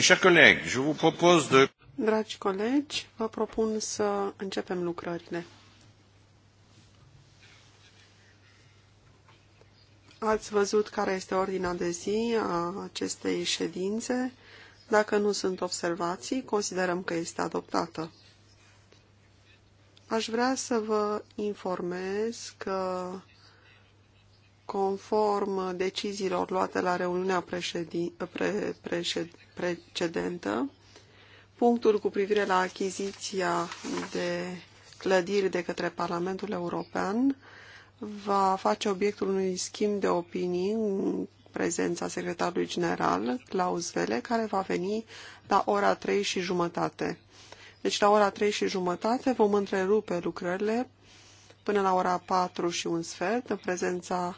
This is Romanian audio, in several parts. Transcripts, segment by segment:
Mes chers collègues, je vous propose de... Dragi colegi, vă propun să începem lucrările. Ați văzut care este ordinea de zi a acestei ședințe. Dacă nu sunt observații, considerăm că este adoptată. Aș vrea să vă informez că conform deciziilor luate la reuniunea pre, precedentă, punctul cu privire la achiziția de clădiri de către Parlamentul European va face obiectul unui schimb de opinii în prezența secretarului general, Claus Vele, care va veni la ora 3 și jumătate. Deci la ora 3 și jumătate vom întrerupe lucrările până la ora 4 și un sfert, în prezența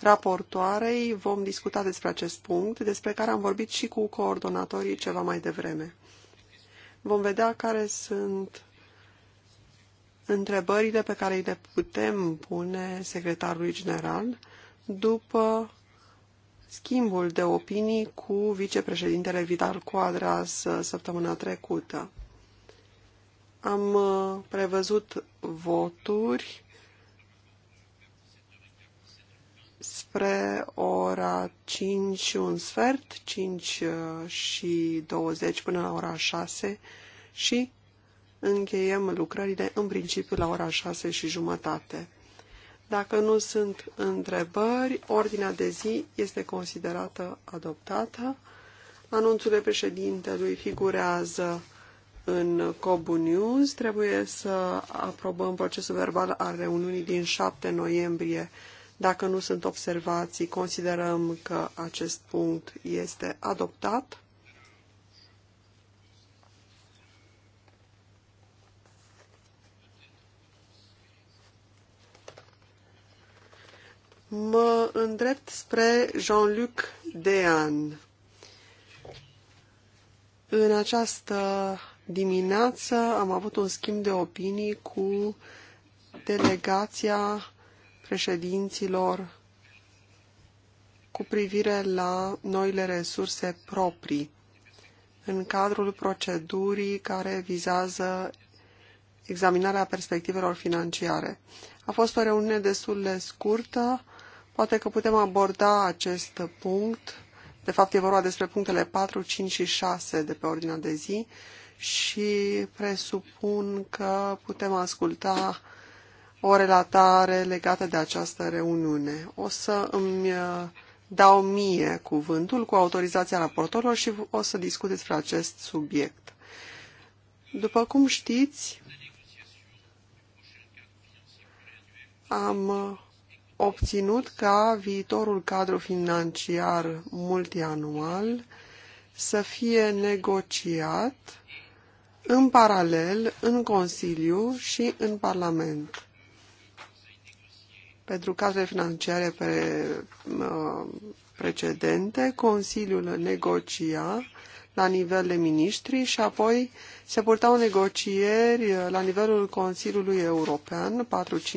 raportoarei, vom discuta despre acest punct, despre care am vorbit și cu coordonatorii ceva mai devreme. Vom vedea care sunt întrebările pe care le putem pune secretarului general după schimbul de opinii cu vicepreședintele Vital Quadras uh, săptămâna trecută. Am uh, prevăzut voturi spre ora 5 și un sfert, 5 uh, și 20 până la ora 6 și încheiem lucrările în principiu la ora 6 și jumătate. Dacă nu sunt întrebări, ordinea de zi este considerată adoptată. Anunțurile președintelui figurează în Cobu News. Trebuie să aprobăm procesul verbal al reuniunii din 7 noiembrie dacă nu sunt observații, considerăm că acest punct este adoptat. Mă îndrept spre Jean-Luc Dean. În această dimineață am avut un schimb de opinii cu delegația președinților cu privire la noile resurse proprii în cadrul procedurii care vizează examinarea perspectivelor financiare. A fost o reuniune destul de scurtă, poate că putem aborda acest punct, de fapt e vorba despre punctele 4, 5 și 6 de pe ordinea de zi și presupun că putem asculta o relatare legată de această reuniune. O să îmi uh, dau mie cuvântul cu autorizația raportorilor și o să discut despre acest subiect. După cum știți, am obținut ca viitorul cadru financiar multianual să fie negociat în paralel în Consiliu și în Parlament. Pentru cazurile financiare pre, precedente, Consiliul negocia la nivel de miniștri și apoi se purtau negocieri la nivelul Consiliului European,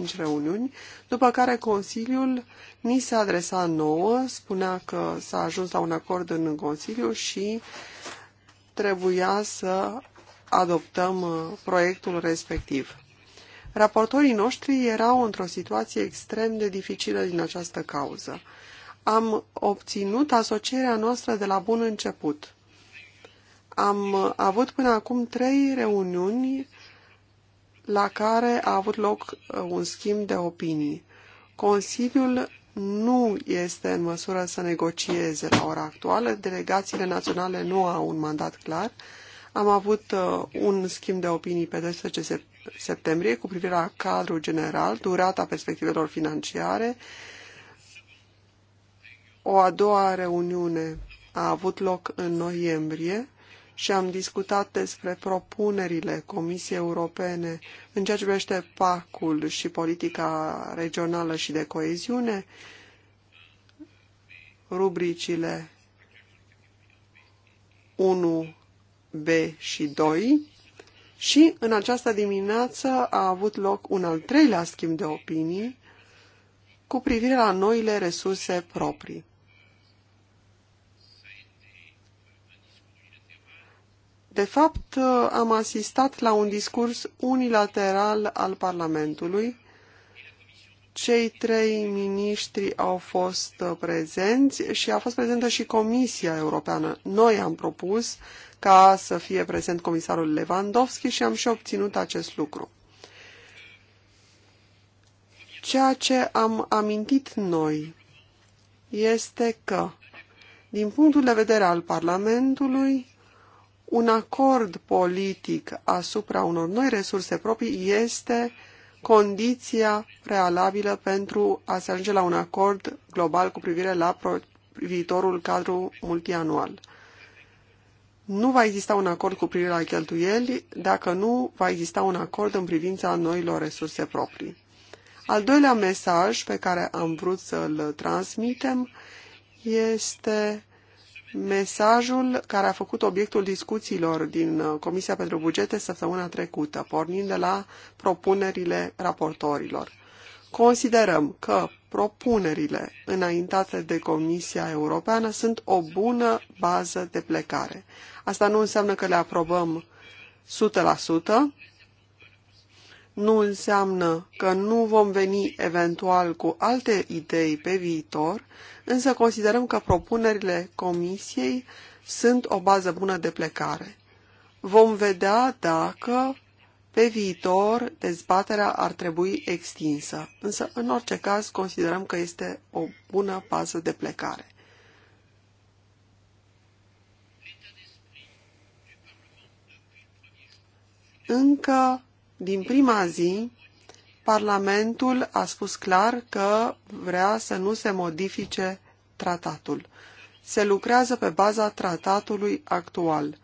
4-5 reuniuni, după care Consiliul ni se adresa nouă, spunea că s-a ajuns la un acord în Consiliu și trebuia să adoptăm uh, proiectul respectiv. Raportorii noștri erau într-o situație extrem de dificilă din această cauză. Am obținut asocierea noastră de la bun început. Am avut până acum trei reuniuni la care a avut loc uh, un schimb de opinii. Consiliul nu este în măsură să negocieze la ora actuală, delegațiile naționale nu au un mandat clar. Am avut uh, un schimb de opinii pe 12 septembrie cu privire la cadrul general, durata perspectivelor financiare. O a doua reuniune a avut loc în noiembrie și am discutat despre propunerile Comisiei Europene în ceea ce privește PAC-ul și politica regională și de coeziune, rubricile 1, B și 2 și în această dimineață a avut loc un al treilea schimb de opinii cu privire la noile resurse proprii. De fapt, am asistat la un discurs unilateral al Parlamentului. Cei trei miniștri au fost prezenți și a fost prezentă și Comisia Europeană. Noi am propus ca să fie prezent comisarul Lewandowski și am și obținut acest lucru. Ceea ce am amintit noi este că, din punctul de vedere al Parlamentului, un acord politic asupra unor noi resurse proprii este condiția prealabilă pentru a se ajunge la un acord global cu privire la viitorul cadru multianual. Nu va exista un acord cu privire la cheltuieli dacă nu va exista un acord în privința noilor resurse proprii. Al doilea mesaj pe care am vrut să-l transmitem este mesajul care a făcut obiectul discuțiilor din uh, Comisia pentru Bugete săptămâna trecută, pornind de la propunerile raportorilor. Considerăm că propunerile înaintate de Comisia Europeană sunt o bună bază de plecare. Asta nu înseamnă că le aprobăm 100%, nu înseamnă că nu vom veni eventual cu alte idei pe viitor, însă considerăm că propunerile Comisiei sunt o bază bună de plecare. Vom vedea dacă pe viitor, dezbaterea ar trebui extinsă, însă în orice caz considerăm că este o bună bază de plecare. Încă din prima zi, Parlamentul a spus clar că vrea să nu se modifice tratatul. Se lucrează pe baza tratatului actual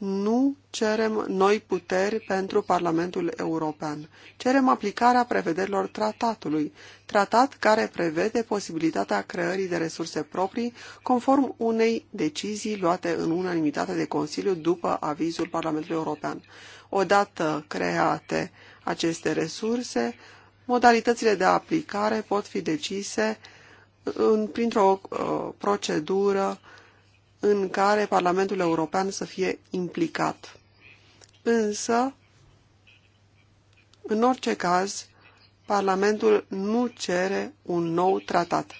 nu cerem noi puteri pentru Parlamentul European. Cerem aplicarea prevederilor tratatului, tratat care prevede posibilitatea creării de resurse proprii conform unei decizii luate în unanimitate de Consiliu după avizul Parlamentului European. Odată create aceste resurse, modalitățile de aplicare pot fi decise printr-o uh, procedură în care Parlamentul European să fie implicat. Însă, în orice caz, Parlamentul nu cere un nou tratat.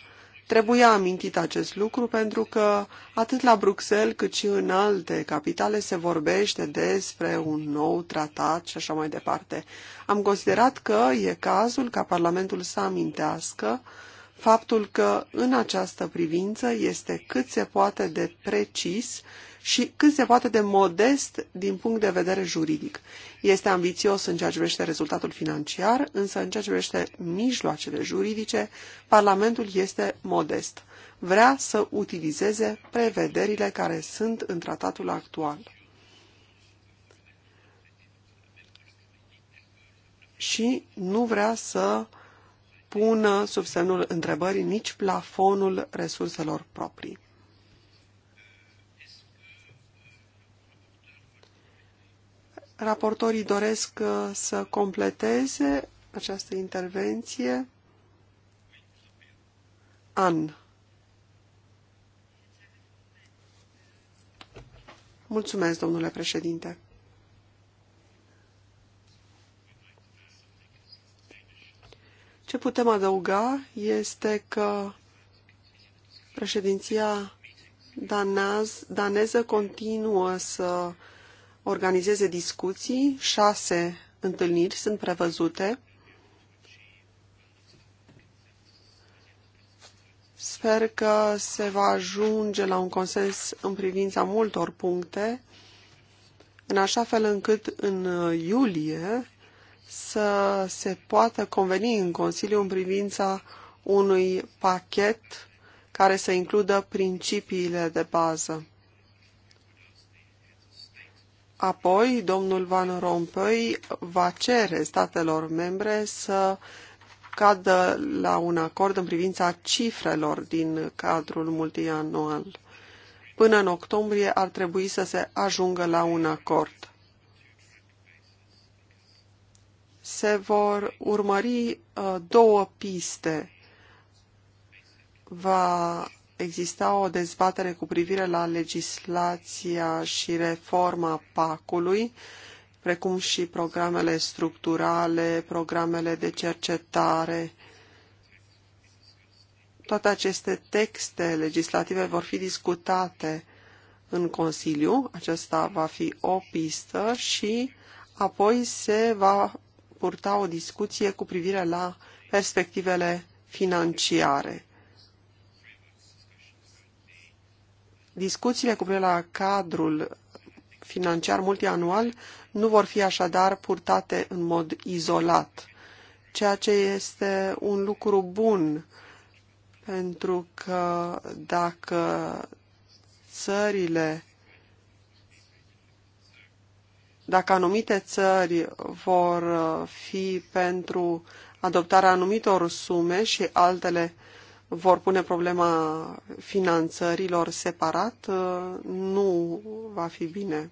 Trebuia amintit acest lucru pentru că atât la Bruxelles cât și în alte capitale se vorbește despre un nou tratat și așa mai departe. Am considerat că e cazul ca Parlamentul să amintească faptul că în această privință este cât se poate de precis și cât se poate de modest din punct de vedere juridic. Este ambițios în ceea ce privește rezultatul financiar, însă în ceea ce privește mijloacele juridice, Parlamentul este modest. Vrea să utilizeze prevederile care sunt în tratatul actual. Și nu vrea să pună sub semnul întrebării nici plafonul resurselor proprii. Raportorii doresc uh, să completeze această intervenție. An. Mulțumesc, domnule președinte. Ce putem adăuga este că președinția danaz, daneză continuă să organizeze discuții. Șase întâlniri sunt prevăzute. Sper că se va ajunge la un consens în privința multor puncte, în așa fel încât în iulie să se poată conveni în Consiliu în privința unui pachet care să includă principiile de bază. Apoi, domnul Van Rompuy va cere statelor membre să cadă la un acord în privința cifrelor din cadrul multianual. Până în octombrie ar trebui să se ajungă la un acord. se vor urmări uh, două piste. Va exista o dezbatere cu privire la legislația și reforma PAC-ului, precum și programele structurale, programele de cercetare. Toate aceste texte legislative vor fi discutate în Consiliu, aceasta va fi o pistă și apoi se va purta o discuție cu privire la perspectivele financiare. Discuțiile cu privire la cadrul financiar multianual nu vor fi așadar purtate în mod izolat, ceea ce este un lucru bun, pentru că dacă țările dacă anumite țări vor uh, fi pentru adoptarea anumitor sume și altele vor pune problema finanțărilor separat, uh, nu va fi bine.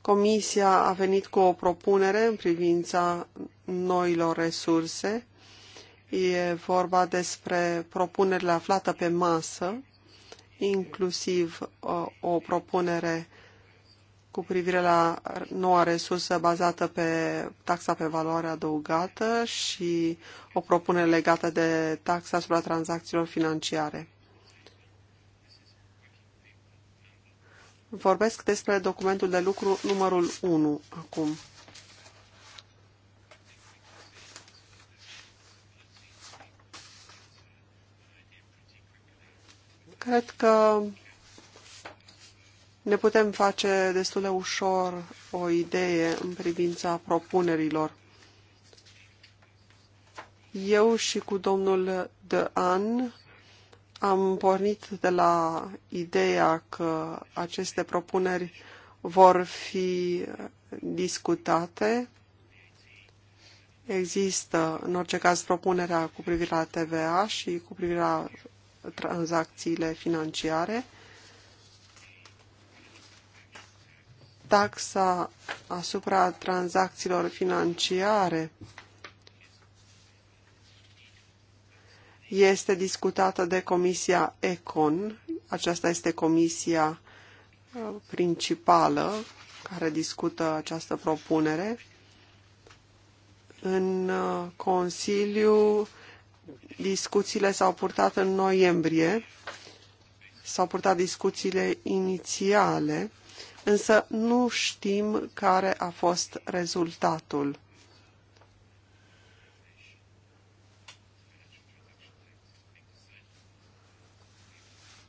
Comisia a venit cu o propunere în privința noilor resurse. E vorba despre propunerile aflată pe masă inclusiv uh, o propunere cu privire la noua resursă bazată pe taxa pe valoare adăugată și o propunere legată de taxa asupra tranzacțiilor financiare. Vorbesc despre documentul de lucru numărul 1 acum. Cred că ne putem face destul de ușor o idee în privința propunerilor. Eu și cu domnul De An am pornit de la ideea că aceste propuneri vor fi discutate. Există, în orice caz, propunerea cu privire la TVA și cu privire la tranzacțiile financiare, taxa asupra tranzacțiilor financiare este discutată de Comisia ECON. Aceasta este comisia uh, principală care discută această propunere. În uh, Consiliu Discuțiile s-au purtat în noiembrie, s-au purtat discuțiile inițiale, însă nu știm care a fost rezultatul.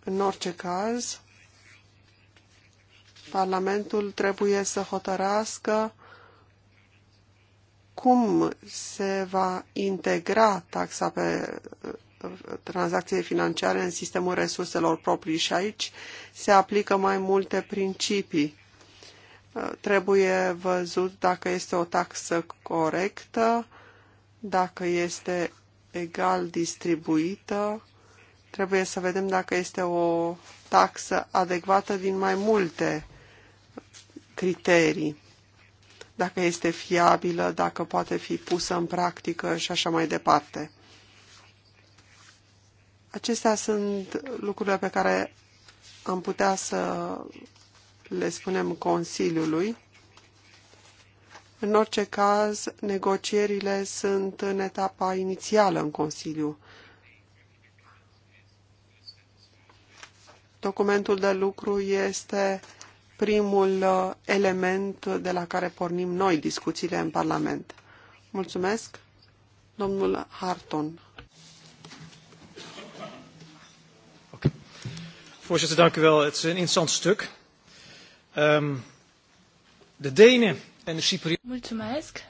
În orice caz, Parlamentul trebuie să hotărască cum se va integra taxa pe uh, tranzacțiile financiare în sistemul resurselor proprii și aici se aplică mai multe principii. Uh, trebuie văzut dacă este o taxă corectă, dacă este egal distribuită. Trebuie să vedem dacă este o taxă adecvată din mai multe criterii dacă este fiabilă, dacă poate fi pusă în practică și așa mai departe. Acestea sunt lucrurile pe care am putea să le spunem Consiliului. În orice caz, negocierile sunt în etapa inițială în Consiliu. Documentul de lucru este primul uh, element de la care pornim noi discuțiile în Parlament. Mulțumesc, domnul Harton. Voorzitter, dank u wel. Het is een interessant stuk. Um, de Denen en de Cyprioten. Mulțumesc.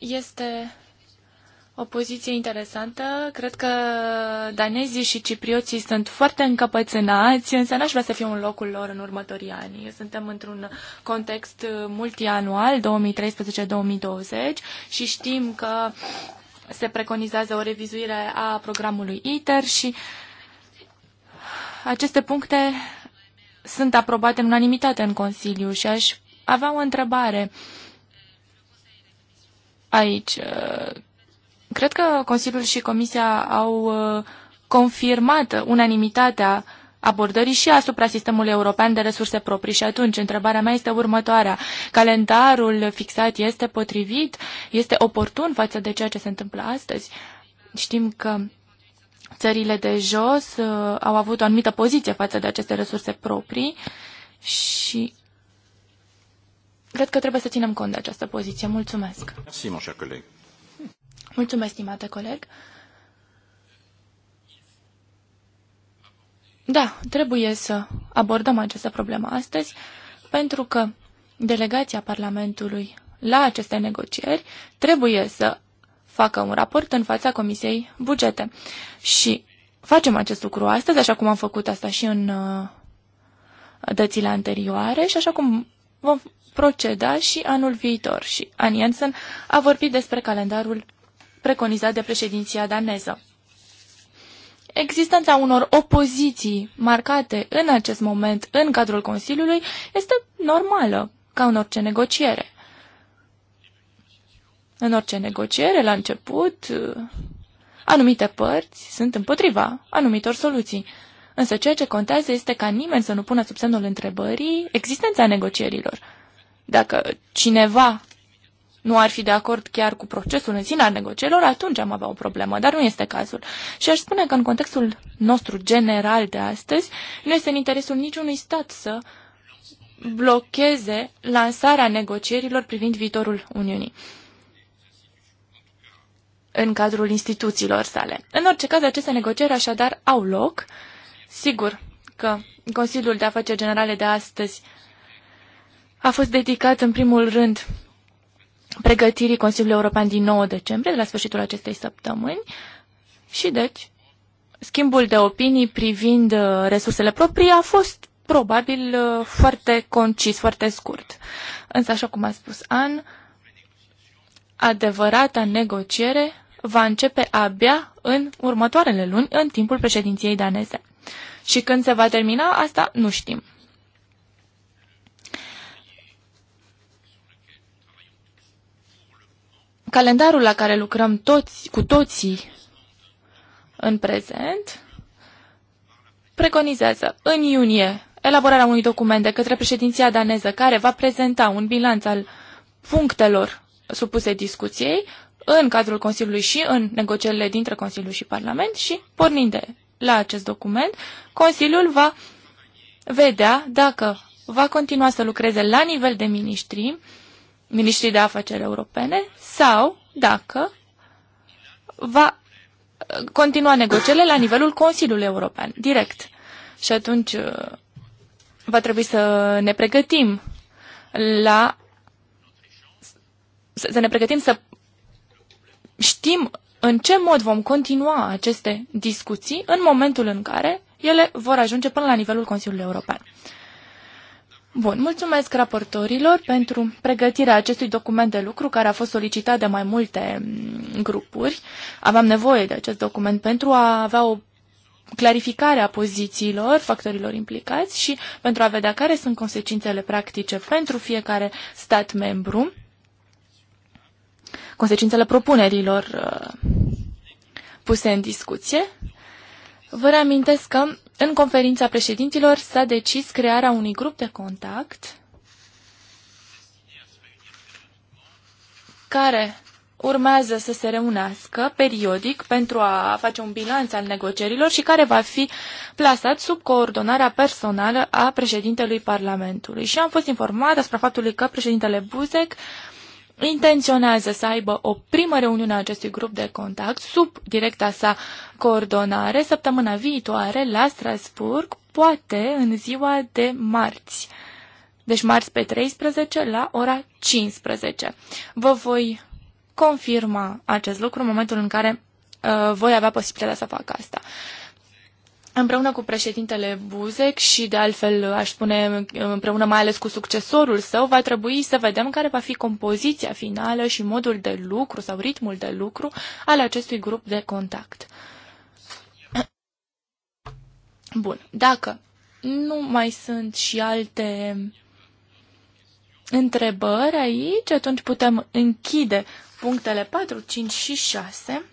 Este o poziție interesantă. Cred că danezii și ciprioții sunt foarte încăpățânați, însă n-aș vrea să fie un locul lor în următorii ani. Suntem într-un context multianual, 2013-2020, și știm că se preconizează o revizuire a programului ITER și aceste puncte sunt aprobate în unanimitate în Consiliu și aș avea o întrebare aici Cred că Consiliul și Comisia au uh, confirmat unanimitatea abordării și asupra sistemului european de resurse proprii. Și atunci, întrebarea mea este următoarea. Calendarul fixat este potrivit? Este oportun față de ceea ce se întâmplă astăzi? Știm că țările de jos uh, au avut o anumită poziție față de aceste resurse proprii și cred că trebuie să ținem cont de această poziție. Mulțumesc! Merci, mon cher Mulțumesc, stimate coleg. Da, trebuie să abordăm această problemă astăzi, pentru că delegația Parlamentului la aceste negocieri trebuie să facă un raport în fața Comisiei Bugete. Și facem acest lucru astăzi, așa cum am făcut asta și în uh, dățile anterioare și așa cum vom proceda și anul viitor. Și Ann Jensen a vorbit despre calendarul preconizat de președinția daneză. Existența unor opoziții marcate în acest moment în cadrul Consiliului este normală, ca în orice negociere. În orice negociere, la început, anumite părți sunt împotriva anumitor soluții. Însă ceea ce contează este ca nimeni să nu pună sub semnul întrebării existența negocierilor. Dacă cineva nu ar fi de acord chiar cu procesul în sine al negocierilor, atunci am avea o problemă, dar nu este cazul. Și aș spune că în contextul nostru general de astăzi, nu este în interesul niciunui stat să blocheze lansarea negocierilor privind viitorul Uniunii în cadrul instituțiilor sale. În orice caz, aceste negocieri așadar au loc. Sigur că Consiliul de Afaceri Generale de astăzi a fost dedicat în primul rând pregătirii Consiliului European din 9 decembrie, de la sfârșitul acestei săptămâni, și deci schimbul de opinii privind uh, resursele proprii a fost probabil uh, foarte concis, foarte scurt. Însă, așa cum a spus An, adevărata negociere va începe abia în următoarele luni, în timpul președinției daneze. Și când se va termina, asta nu știm. Calendarul la care lucrăm toți, cu toții în prezent preconizează în iunie elaborarea unui document de către președinția daneză care va prezenta un bilanț al punctelor supuse discuției în cadrul Consiliului și în negocierile dintre Consiliu și Parlament și, pornind de la acest document, Consiliul va vedea dacă va continua să lucreze la nivel de miniștri Ministrii de afaceri europene sau dacă va uh, continua negocierile la nivelul Consiliului European, direct. Și atunci uh, va trebui să ne pregătim la să ne pregătim să știm în ce mod vom continua aceste discuții în momentul în care ele vor ajunge până la nivelul Consiliului European. Bun, mulțumesc raportorilor pentru pregătirea acestui document de lucru care a fost solicitat de mai multe mm, grupuri. Aveam nevoie de acest document pentru a avea o clarificare a pozițiilor factorilor implicați și pentru a vedea care sunt consecințele practice pentru fiecare stat membru, consecințele propunerilor uh, puse în discuție. Vă reamintesc că în conferința președintilor s-a decis crearea unui grup de contact care urmează să se reunească periodic pentru a face un bilanț al negocierilor și care va fi plasat sub coordonarea personală a președintelui Parlamentului. Și am fost informat asupra faptului că președintele Buzek intenționează să aibă o primă reuniune a acestui grup de contact sub directa sa coordonare săptămâna viitoare la Strasburg, poate în ziua de marți. Deci marți pe 13 la ora 15. Vă voi confirma acest lucru în momentul în care uh, voi avea posibilitatea să fac asta. Uh, Împreună cu președintele Buzek și, de altfel, aș spune, împreună mai ales cu succesorul său, va trebui să vedem care va fi compoziția finală și modul de lucru sau ritmul de lucru al acestui grup de contact. Bun, dacă nu mai sunt și alte întrebări aici, atunci putem închide punctele 4, 5 și 6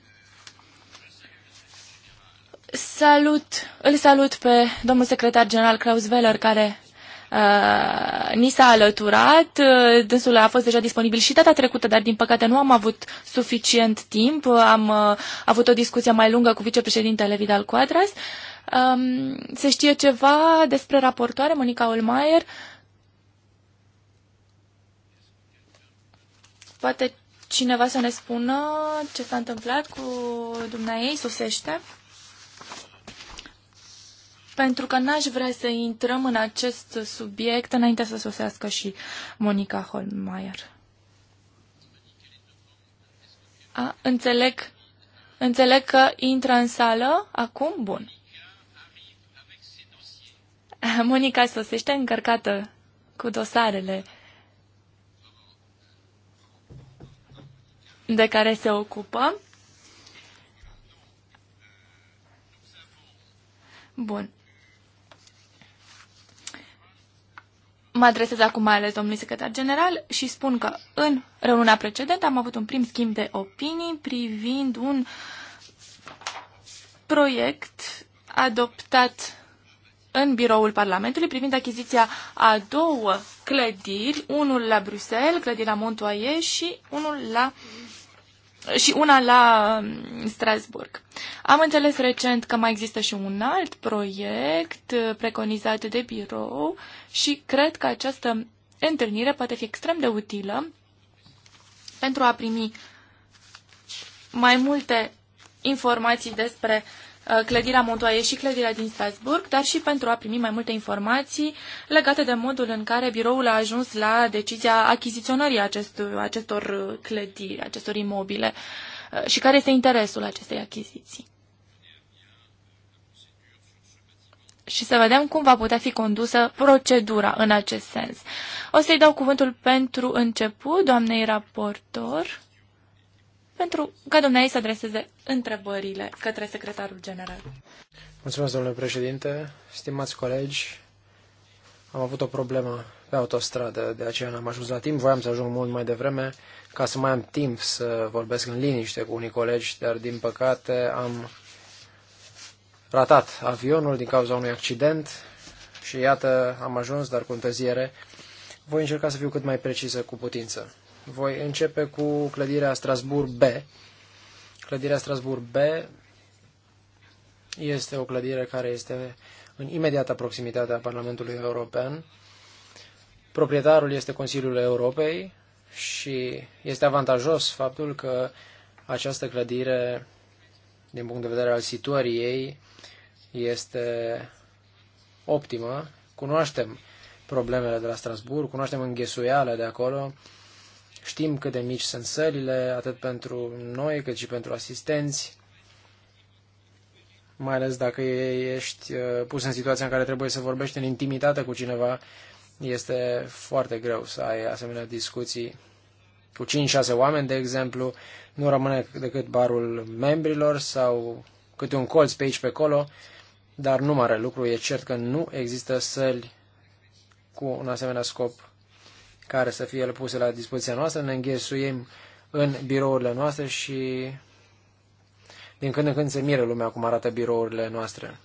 Salut, îl salut pe domnul secretar general Klaus Weller, care uh, ni s-a alăturat. Uh, dânsul a fost deja disponibil și data trecută, dar din păcate nu am avut suficient timp. Am uh, avut o discuție mai lungă cu vicepreședintele Vidal Quadras. Um, se știe ceva despre raportoare, Monica Olmaier? Poate cineva să ne spună ce s-a întâmplat cu dumneai, sosește? pentru că n-aș vrea să intrăm în acest subiect înainte să sosească și Monica Holmeier. A, înțeleg, înțeleg că intră în sală acum? Bun. Monica sosește încărcată cu dosarele de care se ocupă. Bun. mă adresez acum mai ales domnului secretar general și spun că în reuniunea precedentă am avut un prim schimb de opinii privind un proiect adoptat în biroul Parlamentului privind achiziția a două clădiri, unul la Bruxelles, clădirea Montoie și unul la uh, și una la um, Strasburg. Am înțeles recent că mai există și un alt proiect uh, preconizat de birou și cred că această întâlnire poate fi extrem de utilă pentru a primi mai multe informații despre Uh, clădirea Montoaie și clădirea din Strasburg, dar și pentru a primi mai multe informații legate de modul în care biroul a ajuns la decizia achiziționării acestor, acestor clădiri, acestor imobile uh, și care este interesul acestei achiziții. și să vedem cum va putea fi condusă procedura în acest sens. O să-i dau cuvântul pentru început, doamnei raportor pentru ca dumneai să adreseze întrebările către secretarul general. Mulțumesc, domnule președinte. Stimați colegi, am avut o problemă pe autostradă, de aceea n-am ajuns la timp. Voiam să ajung mult mai devreme ca să mai am timp să vorbesc în liniște cu unii colegi, dar din păcate am ratat avionul din cauza unui accident și iată am ajuns, dar cu întârziere. Voi încerca să fiu cât mai precisă cu putință. Voi începe cu clădirea Strasbourg B. Clădirea Strasbourg B este o clădire care este în imediată proximitate a Parlamentului European. Proprietarul este Consiliul Europei și este avantajos faptul că această clădire, din punct de vedere al situării ei, este optimă. Cunoaștem problemele de la Strasburg, cunoaștem înghesuială de acolo, Știm cât de mici sunt sălile, atât pentru noi, cât și pentru asistenți, mai ales dacă ești uh, pus în situația în care trebuie să vorbești în intimitate cu cineva, este foarte greu să ai asemenea discuții cu 5-6 oameni, de exemplu, nu rămâne decât barul membrilor sau câte un colț pe aici pe acolo, dar nu mare lucru, e cert că nu există săli cu un asemenea scop care să fie puse la dispoziția noastră, ne înghesuim în birourile noastre și din când în când se miră lumea cum arată birourile noastre.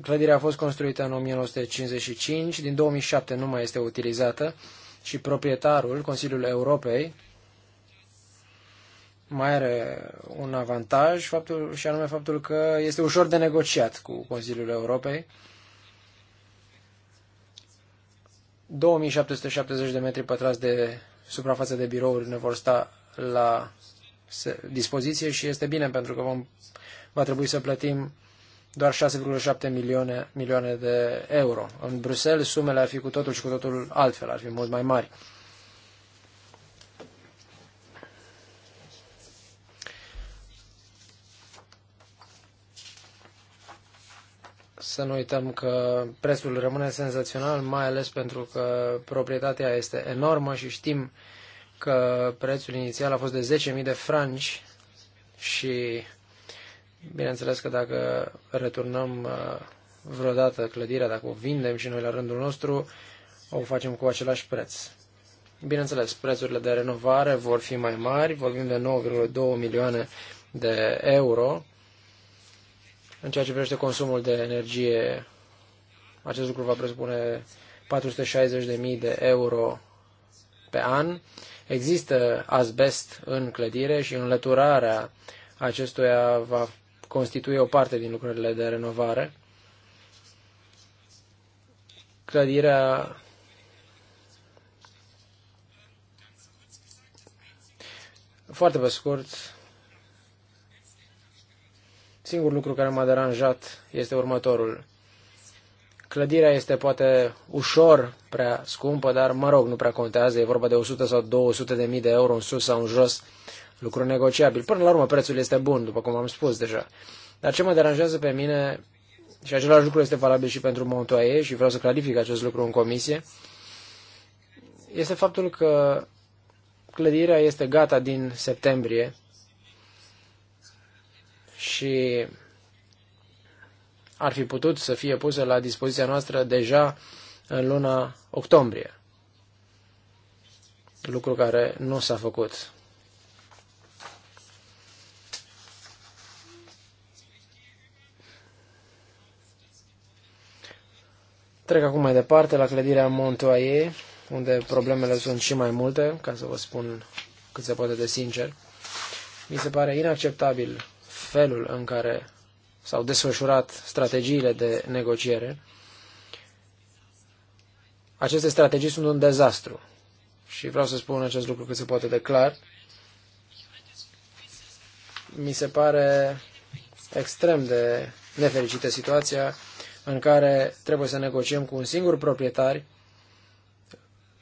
Clădirea a fost construită în 1955, din 2007 nu mai este utilizată și proprietarul, Consiliul Europei, mai are un avantaj, faptul, și anume faptul că este ușor de negociat cu Consiliul Europei 2770 de metri pătrați de suprafață de birouri ne vor sta la dispoziție și este bine pentru că vom, va trebui să plătim doar 6,7 milioane, milioane de euro. În Bruxelles sumele ar fi cu totul și cu totul altfel, ar fi mult mai mari. Să nu uităm că prețul rămâne senzațional, mai ales pentru că proprietatea este enormă și știm că prețul inițial a fost de 10.000 de franci și bineînțeles că dacă returnăm uh, vreodată clădirea, dacă o vindem și noi la rândul nostru, o facem cu același preț. Bineînțeles, prețurile de renovare vor fi mai mari, vorbim de 9,2 milioane de euro în ceea ce privește consumul de energie, acest lucru va presupune 460.000 de euro pe an. Există asbest în clădire și înlăturarea acestuia va constitui o parte din lucrările de renovare. Clădirea foarte pe scurt, Singurul lucru care m-a deranjat este următorul. Clădirea este poate ușor prea scumpă, dar mă rog, nu prea contează, e vorba de 100 sau 200 de mii de euro în sus sau în jos, lucru negociabil. Până la urmă prețul este bun, după cum am spus deja. Dar ce mă deranjează pe mine, și același lucru este valabil și pentru Montoie și vreau să clarific acest lucru în comisie, este faptul că clădirea este gata din septembrie și ar fi putut să fie pusă la dispoziția noastră deja în luna octombrie. Lucru care nu s-a făcut. Trec acum mai departe la clădirea Montoyer, unde problemele sunt și mai multe, ca să vă spun cât se poate de sincer. Mi se pare inacceptabil felul în care s-au desfășurat strategiile de negociere, aceste strategii sunt un dezastru. Și vreau să spun acest lucru cât se poate de clar. Mi se pare extrem de nefericită situația în care trebuie să negociem cu un singur proprietar,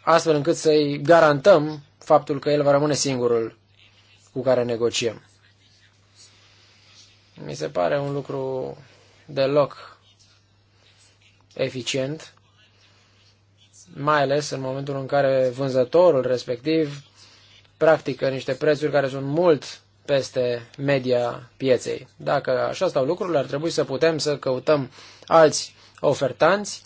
astfel încât să-i garantăm faptul că el va rămâne singurul cu care negociem. Mi se pare un lucru deloc eficient, mai ales în momentul în care vânzătorul respectiv practică niște prețuri care sunt mult peste media pieței. Dacă așa stau lucrurile, ar trebui să putem să căutăm alți ofertanți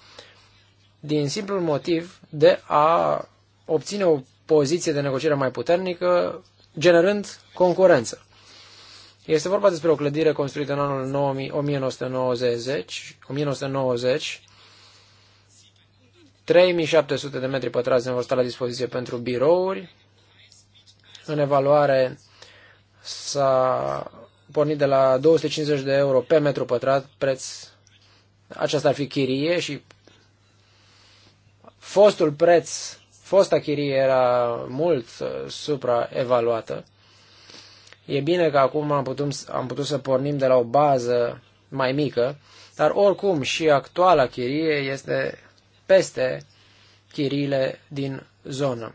din simplul motiv de a obține o poziție de negociere mai puternică, generând concurență. Este vorba despre o clădire construită în anul 1990, 1990 3700 de metri pătrați ne vor sta la dispoziție pentru birouri. În evaluare s-a pornit de la 250 de euro pe metru pătrat, preț, aceasta ar fi chirie și fostul preț, fosta chirie era mult uh, supraevaluată. E bine că acum am putut, am putut să pornim de la o bază mai mică, dar oricum și actuala chirie este peste chiriile din zonă,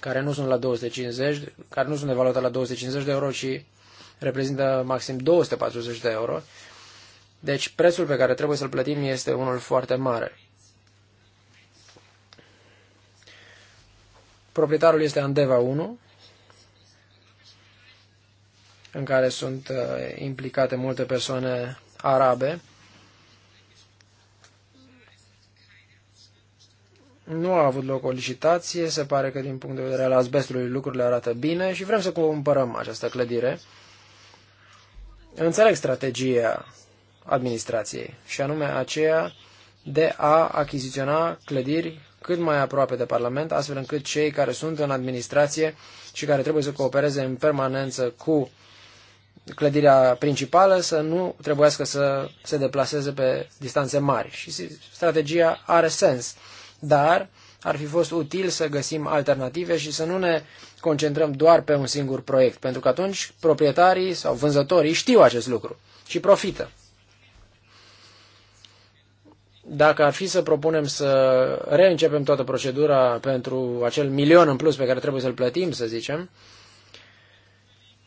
care nu sunt la 250, care nu sunt evaluate la 250 de euro, ci reprezintă maxim 240 de euro. Deci prețul pe care trebuie să-l plătim este unul foarte mare. Proprietarul este Andeva 1, în care sunt uh, implicate multe persoane arabe. Nu a avut loc o licitație, se pare că din punct de vedere al asbestului lucrurile arată bine și vrem să cumpărăm această clădire. Înțeleg strategia administrației și anume aceea de a achiziționa clădiri cât mai aproape de Parlament, astfel încât cei care sunt în administrație și care trebuie să coopereze în permanență cu clădirea principală să nu trebuiască să se deplaseze pe distanțe mari. Și strategia are sens, dar ar fi fost util să găsim alternative și să nu ne concentrăm doar pe un singur proiect, pentru că atunci proprietarii sau vânzătorii știu acest lucru și profită. Dacă ar fi să propunem să reîncepem toată procedura pentru acel milion în plus pe care trebuie să-l plătim, să zicem,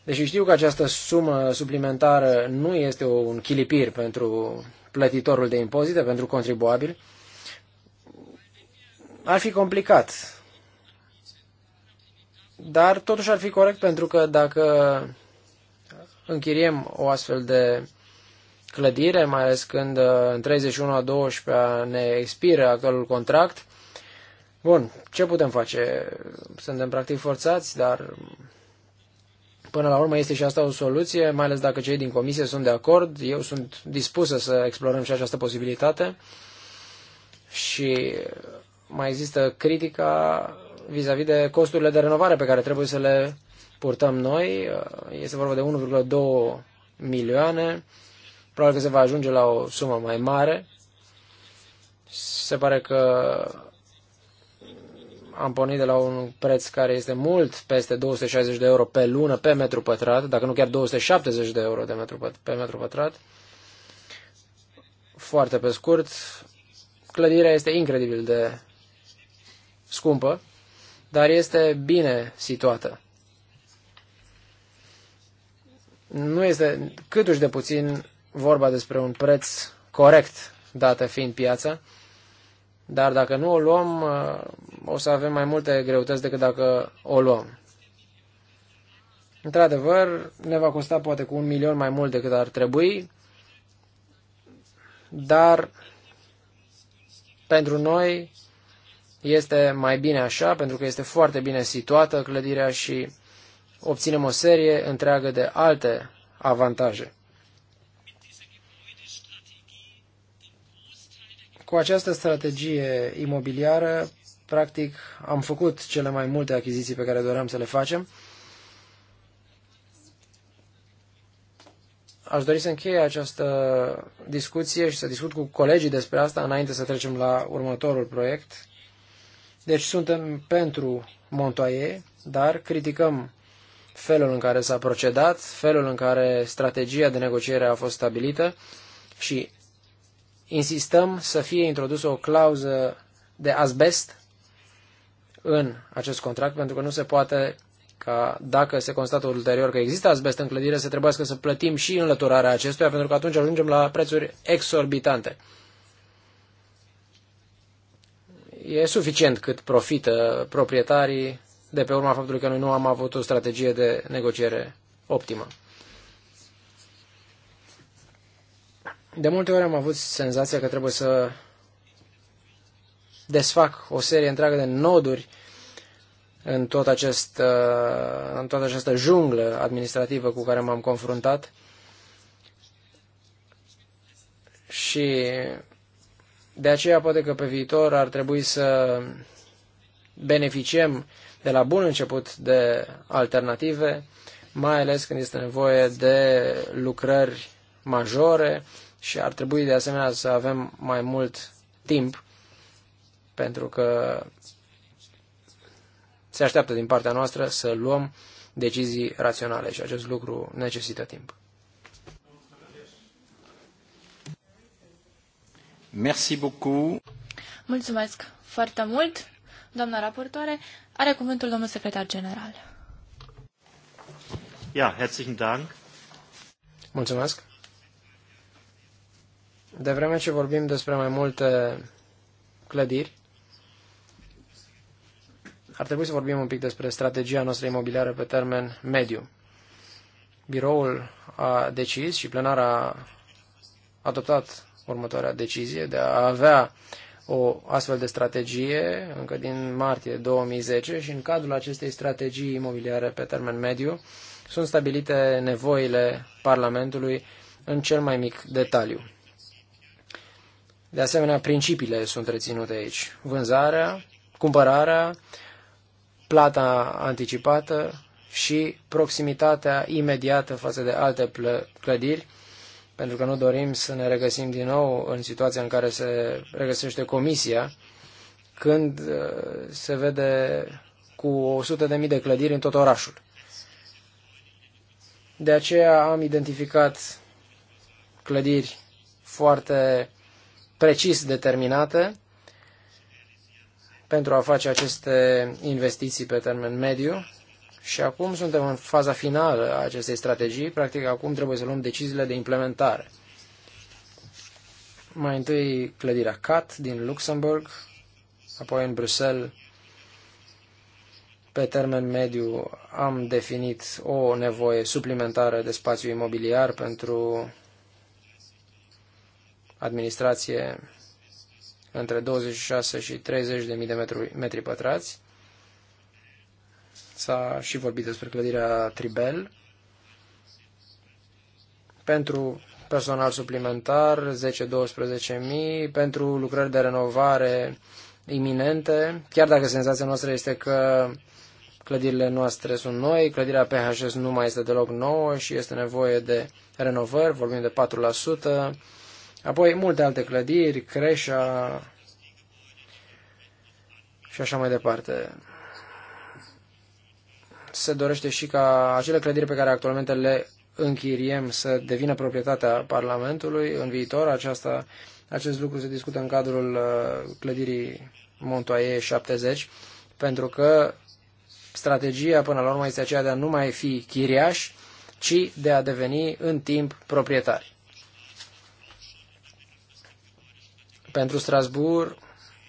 Deși știu că această sumă suplimentară nu este un chilipir pentru plătitorul de impozite, pentru contribuabil, ar fi complicat. Dar totuși ar fi corect pentru că dacă închiriem o astfel de clădire, mai ales când uh, în 31 a 12 ne expiră actualul contract, bun, ce putem face? Suntem practic forțați, dar Până la urmă este și asta o soluție, mai ales dacă cei din comisie sunt de acord. Eu sunt dispusă să explorăm și această posibilitate. Și mai există critica vis-a-vis -vis de costurile de renovare pe care trebuie să le purtăm noi. Este vorba de 1,2 milioane. Probabil că se va ajunge la o sumă mai mare. Se pare că am pornit de la un preț care este mult peste 260 de euro pe lună, pe metru pătrat, dacă nu chiar 270 de euro de metru, pe metru pătrat. Foarte pe scurt, clădirea este incredibil de scumpă, dar este bine situată. Nu este câtuși de puțin vorba despre un preț corect, dată fiind piața. Dar dacă nu o luăm, uh, o să avem mai multe greutăți decât dacă o luăm. Într-adevăr, ne va costa poate cu un milion mai mult decât ar trebui, dar pentru noi este mai bine așa, pentru că este foarte bine situată clădirea și obținem o serie întreagă de alte avantaje. Cu această strategie imobiliară, practic, am făcut cele mai multe achiziții pe care doream să le facem. Aș dori să încheie această discuție și să discut cu colegii despre asta înainte să trecem la următorul proiect. Deci suntem pentru Montoie, dar criticăm felul în care s-a procedat, felul în care strategia de negociere a fost stabilită și insistăm să fie introdusă o clauză de asbest în acest contract, pentru că nu se poate ca dacă se constată ulterior că există asbest în clădire, să trebuiască să plătim și înlăturarea acestuia, pentru că atunci ajungem la prețuri exorbitante. E suficient cât profită proprietarii de pe urma faptului că noi nu am avut o strategie de negociere optimă. De multe ori am avut senzația că trebuie să desfac o serie întreagă de noduri în, tot acest, uh, în toată această junglă administrativă cu care m-am confruntat. Și de aceea poate că pe viitor ar trebui să beneficiem de la bun început de alternative, mai ales când este nevoie de lucrări majore, și ar trebui de asemenea să avem mai mult timp pentru că se așteaptă din partea noastră să luăm decizii raționale și acest lucru necesită timp. Merci beaucoup. Mulțumesc foarte mult, doamna raportoare. Are cuvântul domnul secretar general. Ja, herzlichen Dank. Mulțumesc. De vreme ce vorbim despre mai multe clădiri, ar trebui să vorbim un pic despre strategia noastră imobiliară pe termen mediu. Biroul a decis și plenar a adoptat următoarea decizie de a avea o astfel de strategie încă din martie 2010 și în cadrul acestei strategii imobiliare pe termen mediu sunt stabilite nevoile Parlamentului în cel mai mic detaliu. De asemenea, principiile sunt reținute aici. Vânzarea, cumpărarea, plata anticipată și proximitatea imediată față de alte clădiri, pentru că nu dorim să ne regăsim din nou în situația în care se regăsește comisia, când uh, se vede cu 100.000 de clădiri în tot orașul. De aceea am identificat clădiri foarte precis determinate pentru a face aceste investiții pe termen mediu. Și acum suntem în faza finală a acestei strategii. Practic, acum trebuie să luăm deciziile de implementare. Mai întâi clădirea CAT din Luxemburg, apoi în Bruxelles. Pe termen mediu am definit o nevoie suplimentară de spațiu imobiliar pentru administrație între 26 și 30 de mii de metri, pătrați. S-a și vorbit despre clădirea Tribel. Pentru personal suplimentar, 10-12 mii, pentru lucrări de renovare iminente, chiar dacă senzația noastră este că clădirile noastre sunt noi, clădirea PHS nu mai este deloc nouă și este nevoie de renovări, vorbim de 4%, Apoi multe alte clădiri, creșa și așa mai departe. Se dorește și ca acele clădiri pe care actualmente le închiriem să devină proprietatea Parlamentului în viitor. Aceasta, acest lucru se discută în cadrul uh, clădirii Montoie 70, pentru că strategia până la urmă este aceea de a nu mai fi chiriași, ci de a deveni în timp proprietari. Pentru Strasbourg,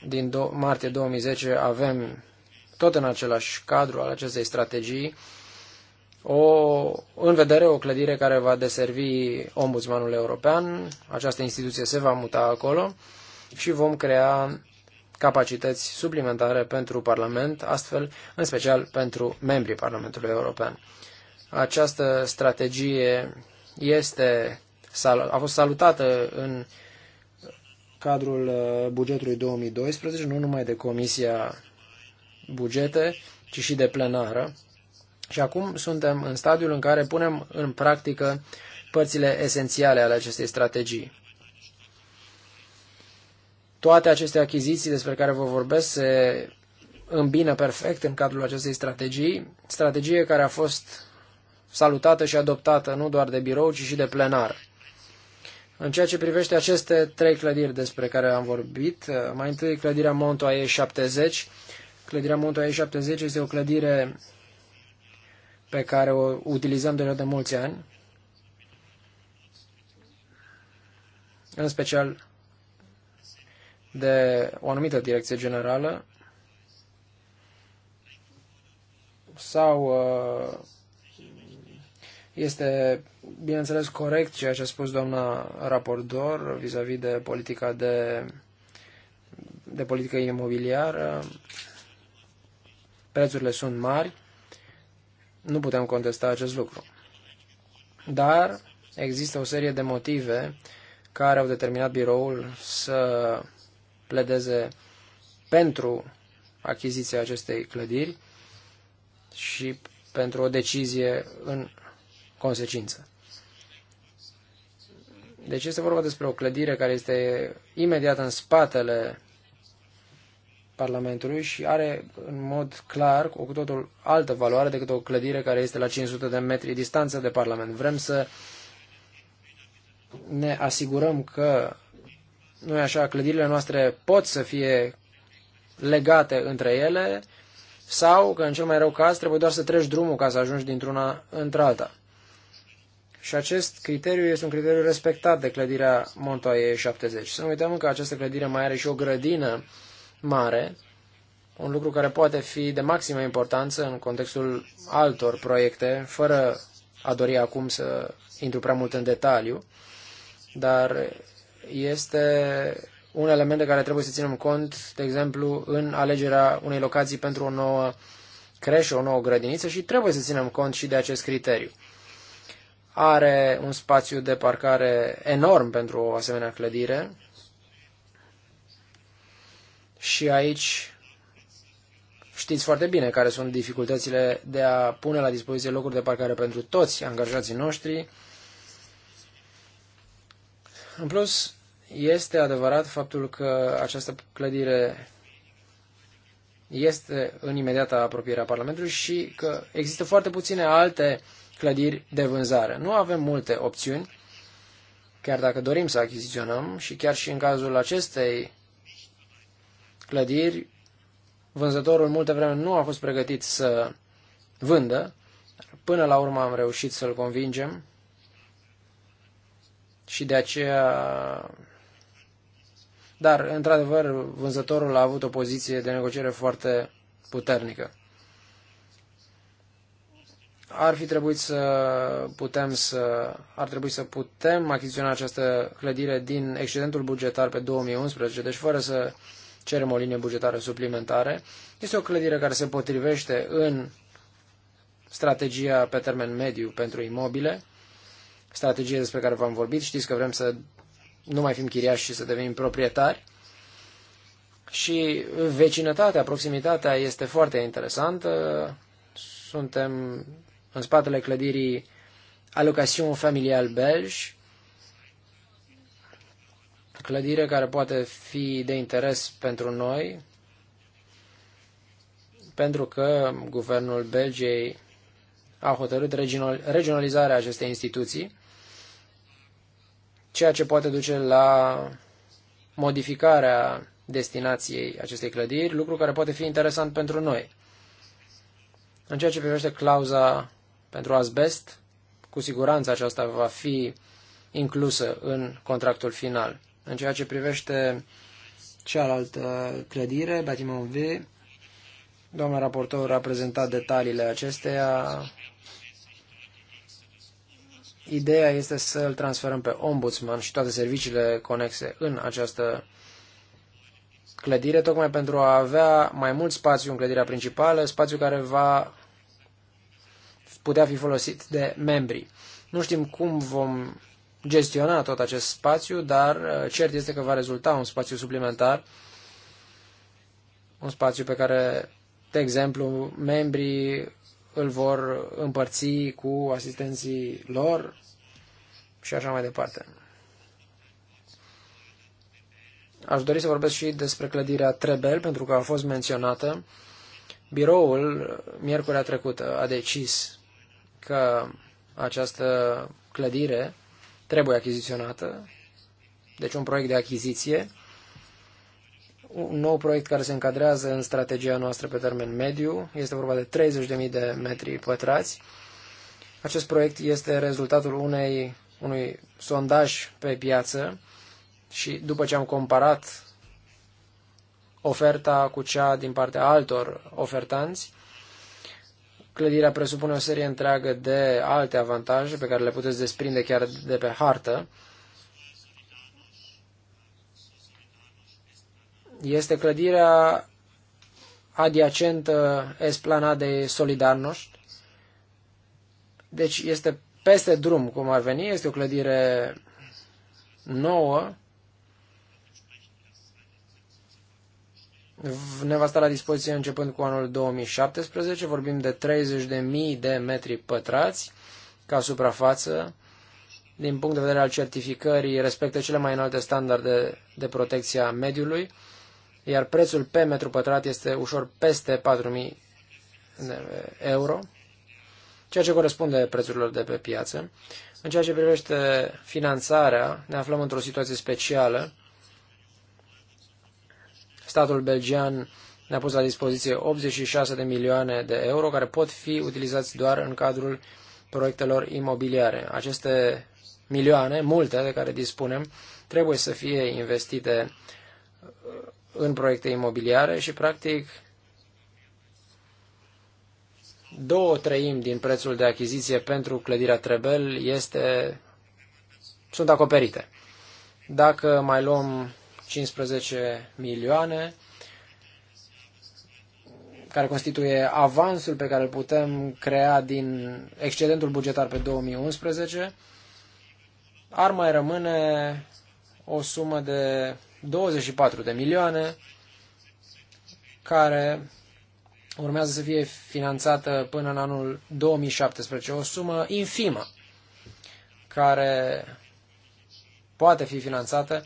din martie 2010, avem tot în același cadru al acestei strategii o, în vedere o clădire care va deservi Ombudsmanul European. Această instituție se va muta acolo și vom crea capacități suplimentare pentru Parlament, astfel, în special pentru membrii Parlamentului European. Această strategie este, a fost salutată în cadrul uh, bugetului 2012, nu numai de Comisia Bugete, ci și de plenară. Și acum suntem în stadiul în care punem în practică părțile esențiale ale acestei strategii. Toate aceste achiziții despre care vă vorbesc se îmbină perfect în cadrul acestei strategii, strategie care a fost salutată și adoptată nu doar de birou, ci și de plenar. În ceea ce privește aceste trei clădiri despre care am vorbit, uh, mai întâi clădirea Montoaie 70. Clădirea Montoaie 70 este o clădire pe care o utilizăm deja de mulți ani, în special de o anumită direcție generală, sau uh, este, bineînțeles, corect ceea ce a spus doamna raportor vis-a-vis -vis de politica de, de politică imobiliară. Prețurile sunt mari, nu putem contesta acest lucru. Dar există o serie de motive care au determinat biroul să pledeze pentru achiziția acestei clădiri și pentru o decizie în consecință. Deci este vorba despre o clădire care este imediat în spatele Parlamentului și are în mod clar o cu totul altă valoare decât o clădire care este la 500 de metri distanță de Parlament. Vrem să ne asigurăm că, nu așa, clădirile noastre pot să fie legate între ele sau că în cel mai rău caz trebuie doar să treci drumul ca să ajungi dintr-una într-alta. Și acest criteriu este un criteriu respectat de clădirea Montoaie 70. Să nu uităm că această clădire mai are și o grădină mare, un lucru care poate fi de maximă importanță în contextul altor proiecte, fără a dori acum să intru prea mult în detaliu, dar este un element de care trebuie să ținem cont, de exemplu, în alegerea unei locații pentru o nouă creșă, o nouă grădiniță și trebuie să ținem cont și de acest criteriu are un spațiu de parcare enorm pentru o asemenea clădire. Și aici știți foarte bine care sunt dificultățile de a pune la dispoziție locuri de parcare pentru toți angajații noștri. În plus, este adevărat faptul că această clădire este în imediata apropiere a Parlamentului și că există foarte puține alte uh, clădiri de vânzare. Nu avem multe opțiuni, chiar dacă dorim să achiziționăm și chiar și în cazul acestei clădiri, vânzătorul multe vreme nu a fost pregătit să vândă. Până la urmă am reușit să-l convingem și de aceea... Dar, într-adevăr, vânzătorul a avut o poziție de negociere foarte puternică ar fi trebuit să putem să, ar trebui să putem achiziționa această clădire din excedentul bugetar pe 2011, deci fără să cerem o linie bugetară suplimentare. Este o clădire care se potrivește în strategia pe termen mediu pentru imobile, strategie despre care v-am vorbit. Știți că vrem să nu mai fim chiriași și să devenim proprietari. Și vecinătatea, proximitatea este foarte interesantă. Suntem în spatele clădirii Alocation Familial Belge, clădire care poate fi de interes pentru noi, pentru că guvernul Belgiei a hotărât regionalizarea acestei instituții, ceea ce poate duce la modificarea destinației acestei clădiri, lucru care poate fi interesant pentru noi. În ceea ce privește clauza pentru asbest, cu siguranță aceasta va fi inclusă în contractul final. În ceea ce privește cealaltă clădire, Batiment V, doamna raportor a prezentat detaliile acesteia. Ideea este să îl transferăm pe ombudsman și toate serviciile conexe în această clădire, tocmai pentru a avea mai mult spațiu în clădirea principală, spațiu care va putea fi folosit de membri. Nu știm cum vom gestiona tot acest spațiu, dar uh, cert este că va rezulta un spațiu suplimentar, un spațiu pe care, de exemplu, membrii îl vor împărți cu asistenții lor și așa mai departe. Aș dori să vorbesc și despre clădirea Trebel, pentru că a fost menționată. Biroul, miercurea trecută, a decis că această clădire trebuie achiziționată, deci un proiect de achiziție, un nou proiect care se încadrează în strategia noastră pe termen mediu, este vorba de 30.000 de metri pătrați. Acest proiect este rezultatul unei, unui sondaj pe piață și după ce am comparat oferta cu cea din partea altor ofertanți, Clădirea presupune o serie întreagă de alte avantaje pe care le puteți desprinde chiar de pe hartă. Este clădirea adiacentă esplanadei Solidarnoști, deci este peste drum, cum ar veni, este o clădire nouă, ne va sta la dispoziție începând cu anul 2017. Vorbim de 30.000 de metri pătrați ca suprafață. Din punct de vedere al certificării, respectă cele mai înalte standarde de protecție a mediului, iar prețul pe metru pătrat este ușor peste 4.000 de euro, ceea ce corespunde prețurilor de pe piață. În ceea ce privește finanțarea, ne aflăm într-o situație specială Statul belgian ne-a pus la dispoziție 86 de milioane de euro care pot fi utilizați doar în cadrul proiectelor imobiliare. Aceste milioane, multe de care dispunem, trebuie să fie investite uh, în proiecte imobiliare și, practic, două treimi din prețul de achiziție pentru clădirea Trebel este, sunt acoperite. Dacă mai luăm 15 milioane, care constituie avansul pe care îl putem crea din excedentul bugetar pe 2011, ar mai rămâne o sumă de 24 de milioane care urmează să fie finanțată până în anul 2017, o sumă infimă care poate fi finanțată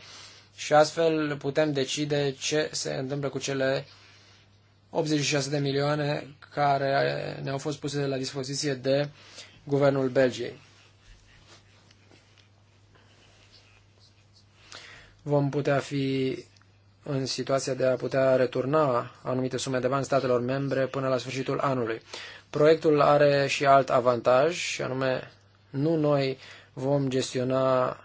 și astfel putem decide ce se întâmplă cu cele 86 de milioane care ne-au fost puse la dispoziție de guvernul Belgiei. Vom putea fi în situația de a putea returna anumite sume de bani statelor membre până la sfârșitul anului. Proiectul are și alt avantaj, și anume nu noi vom gestiona,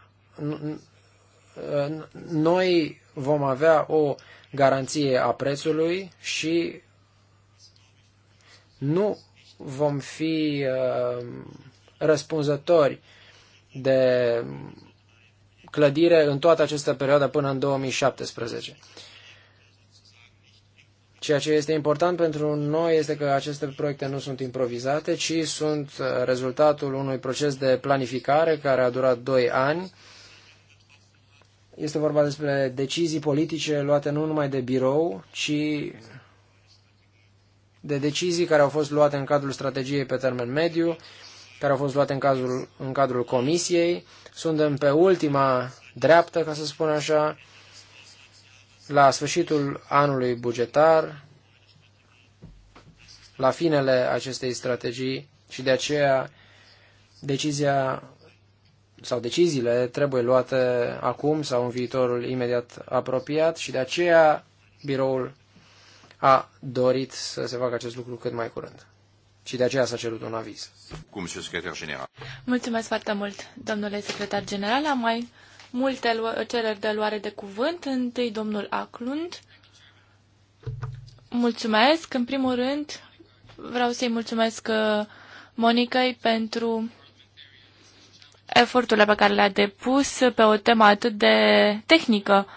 noi vom avea o garanție a prețului și nu vom fi uh, răspunzători de clădire în toată această perioadă până în 2017. Ceea ce este important pentru noi este că aceste proiecte nu sunt improvizate, ci sunt uh, rezultatul unui proces de planificare care a durat 2 ani este vorba despre decizii politice luate nu numai de birou, ci de decizii care au fost luate în cadrul strategiei pe termen mediu, care au fost luate în, cazul, în cadrul comisiei. Suntem pe ultima dreaptă, ca să spun așa, la sfârșitul anului bugetar, la finele acestei strategii și de aceea decizia sau deciziile trebuie luate acum sau în viitorul imediat apropiat și de aceea biroul a dorit să se facă acest lucru cât mai curând. Și de aceea s-a cerut un aviz. Cum, secretar general? Mulțumesc foarte mult, domnule secretar general. Am mai multe cereri de luare de cuvânt. Întâi domnul Aclund. Mulțumesc. În primul rând, vreau să-i mulțumesc uh, Monicăi pentru eforturile pe care le-a depus pe o temă atât de tehnică,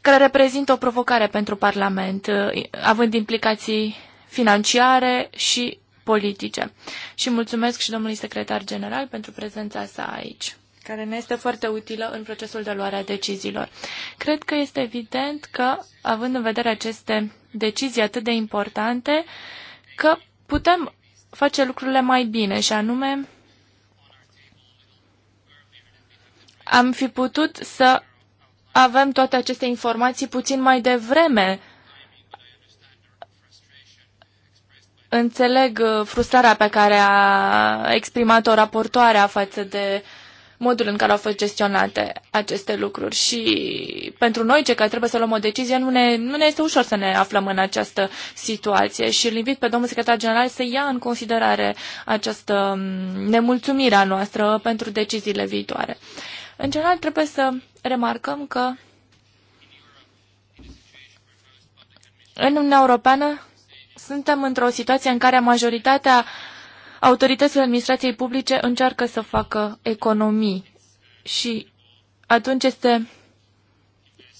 care reprezintă o provocare pentru Parlament, uh, având implicații financiare și politice. Și mulțumesc și domnului secretar general pentru prezența sa aici care ne este foarte utilă în procesul de luare a deciziilor. Cred că este evident că, având în vedere aceste decizii atât de importante, că putem face lucrurile mai bine și anume am fi putut să avem toate aceste informații puțin mai devreme. Înțeleg uh, frustrarea pe care a exprimat-o raportoarea față de modul în care au fost gestionate aceste lucruri și pentru noi, cei care trebuie să luăm o decizie, nu ne, nu ne este ușor să ne aflăm în această situație și îl invit pe domnul secretar general să ia în considerare această mm, nemulțumire a noastră pentru deciziile viitoare. În general, trebuie să remarcăm că în Uniunea Europeană suntem într-o situație în care majoritatea autorităților administrației publice încearcă să facă economii și atunci este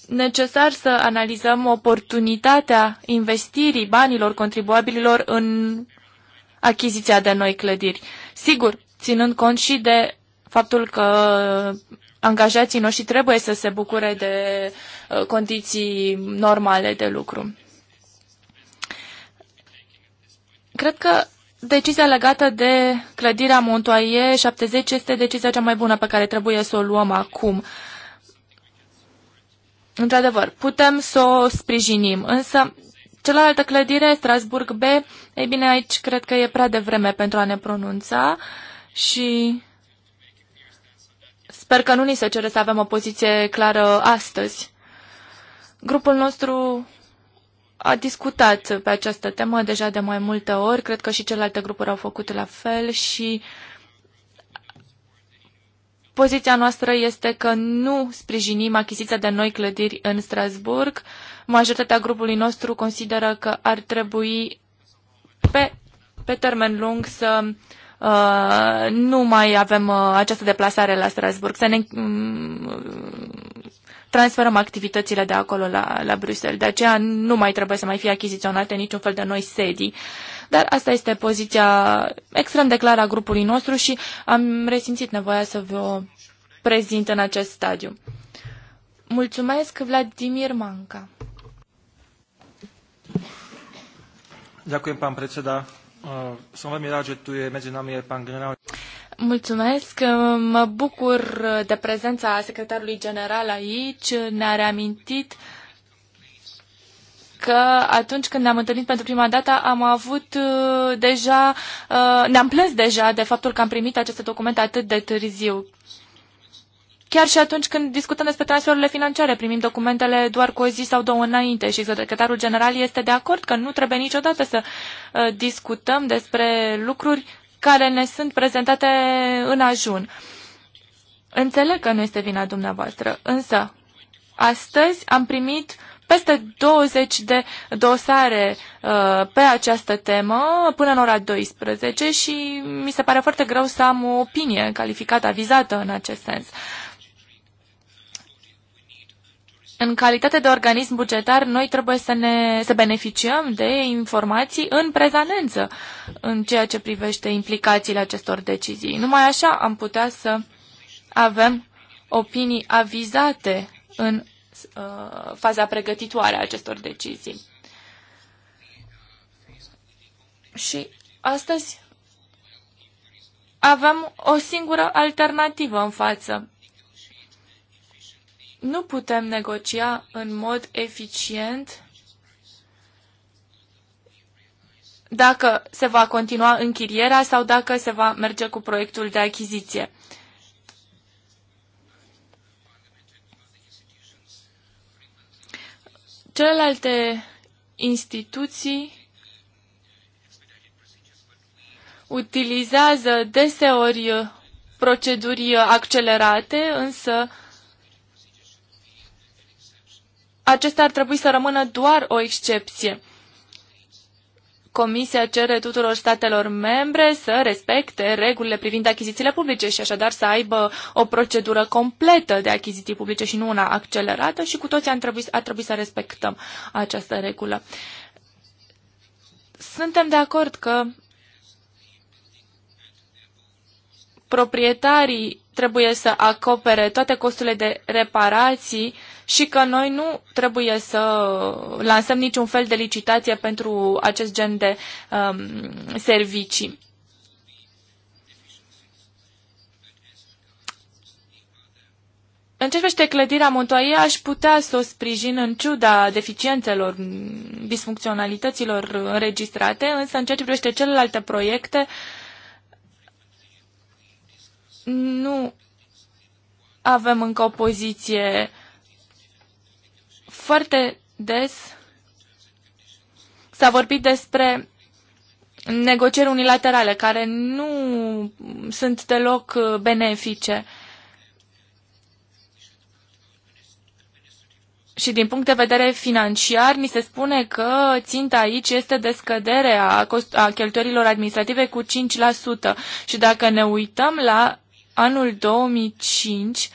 necesar să analizăm oportunitatea investirii banilor contribuabililor în achiziția de noi clădiri. Sigur, ținând cont și de faptul că angajații noștri trebuie să se bucure de uh, condiții normale de lucru. Cred că decizia legată de clădirea Montoie 70 este decizia cea mai bună pe care trebuie să o luăm acum. Într-adevăr, putem să o sprijinim, însă celălaltă clădire, Strasburg B, ei bine, aici cred că e prea devreme pentru a ne pronunța și Sper că nu ni se cere să avem o poziție clară astăzi. Grupul nostru a discutat pe această temă deja de mai multe ori, cred că și celelalte grupuri au făcut la fel și poziția noastră este că nu sprijinim achiziția de noi clădiri în Strasburg. Majoritatea grupului nostru consideră că ar trebui pe, pe termen lung să uh, Uh, nu mai avem uh, această deplasare la Strasburg, să ne mm, transferăm activitățile de acolo la, la Bruxelles. De aceea nu mai trebuie să mai fie achiziționate niciun fel de noi sedii. Dar asta este poziția extrem de clară a grupului nostru și am resimțit nevoia să vă prezint în acest stadiu. Mulțumesc, Vladimir Manca. Ďakujem, pán predseda veľmi rád, že tu je medzi nami pán generál. Mulțumesc, uh, mă bucur uh, de prezența secretarului general aici. Ne-a reamintit că atunci când ne-am întâlnit pentru prima dată am avut uh, deja, ne-am plâns deja de faptul că am primit aceste documente atât de târziu. Chiar și atunci când discutăm despre transferurile financiare, primim documentele doar cu o zi sau două înainte și secretarul general este de acord că nu trebuie niciodată să uh, discutăm despre lucruri care ne sunt prezentate în ajun. Înțeleg că nu este vina dumneavoastră, însă astăzi am primit peste 20 de dosare uh, pe această temă până în ora 12 și mi se pare foarte greu să am o opinie calificată, avizată în acest sens. Uh, în calitate de organism bugetar, noi trebuie să, ne, să beneficiem de informații în prezanență în ceea ce privește implicațiile acestor decizii. Numai așa am putea să avem opinii avizate în uh, faza pregătitoare a acestor decizii. Și astăzi avem o singură alternativă în față nu putem negocia în mod eficient dacă se va continua închirierea sau dacă se va merge cu proiectul de achiziție. Celelalte instituții utilizează deseori proceduri accelerate, însă acesta ar trebui să rămână doar o excepție. Comisia cere tuturor statelor membre să respecte regulile privind achizițiile publice și așadar să aibă o procedură completă de achiziții publice și nu una accelerată și cu toții ar trebui, ar trebui să respectăm această regulă. Suntem de acord că proprietarii trebuie să acopere toate costurile de reparații uh, și că noi nu trebuie să lansăm niciun fel de licitație pentru acest gen de um, servicii. În ce privește clădirea Montoie, aș putea să o sprijin în ciuda deficiențelor, disfuncționalităților înregistrate, însă în ceea ce privește celelalte proiecte, nu avem încă o poziție uh, foarte des s-a vorbit despre negocieri unilaterale care nu sunt deloc uh, benefice. Și din punct de vedere financiar, mi se spune că ținta aici este de scădere a, cost- a cheltuielilor administrative cu 5%. Și dacă ne uităm la anul 2005,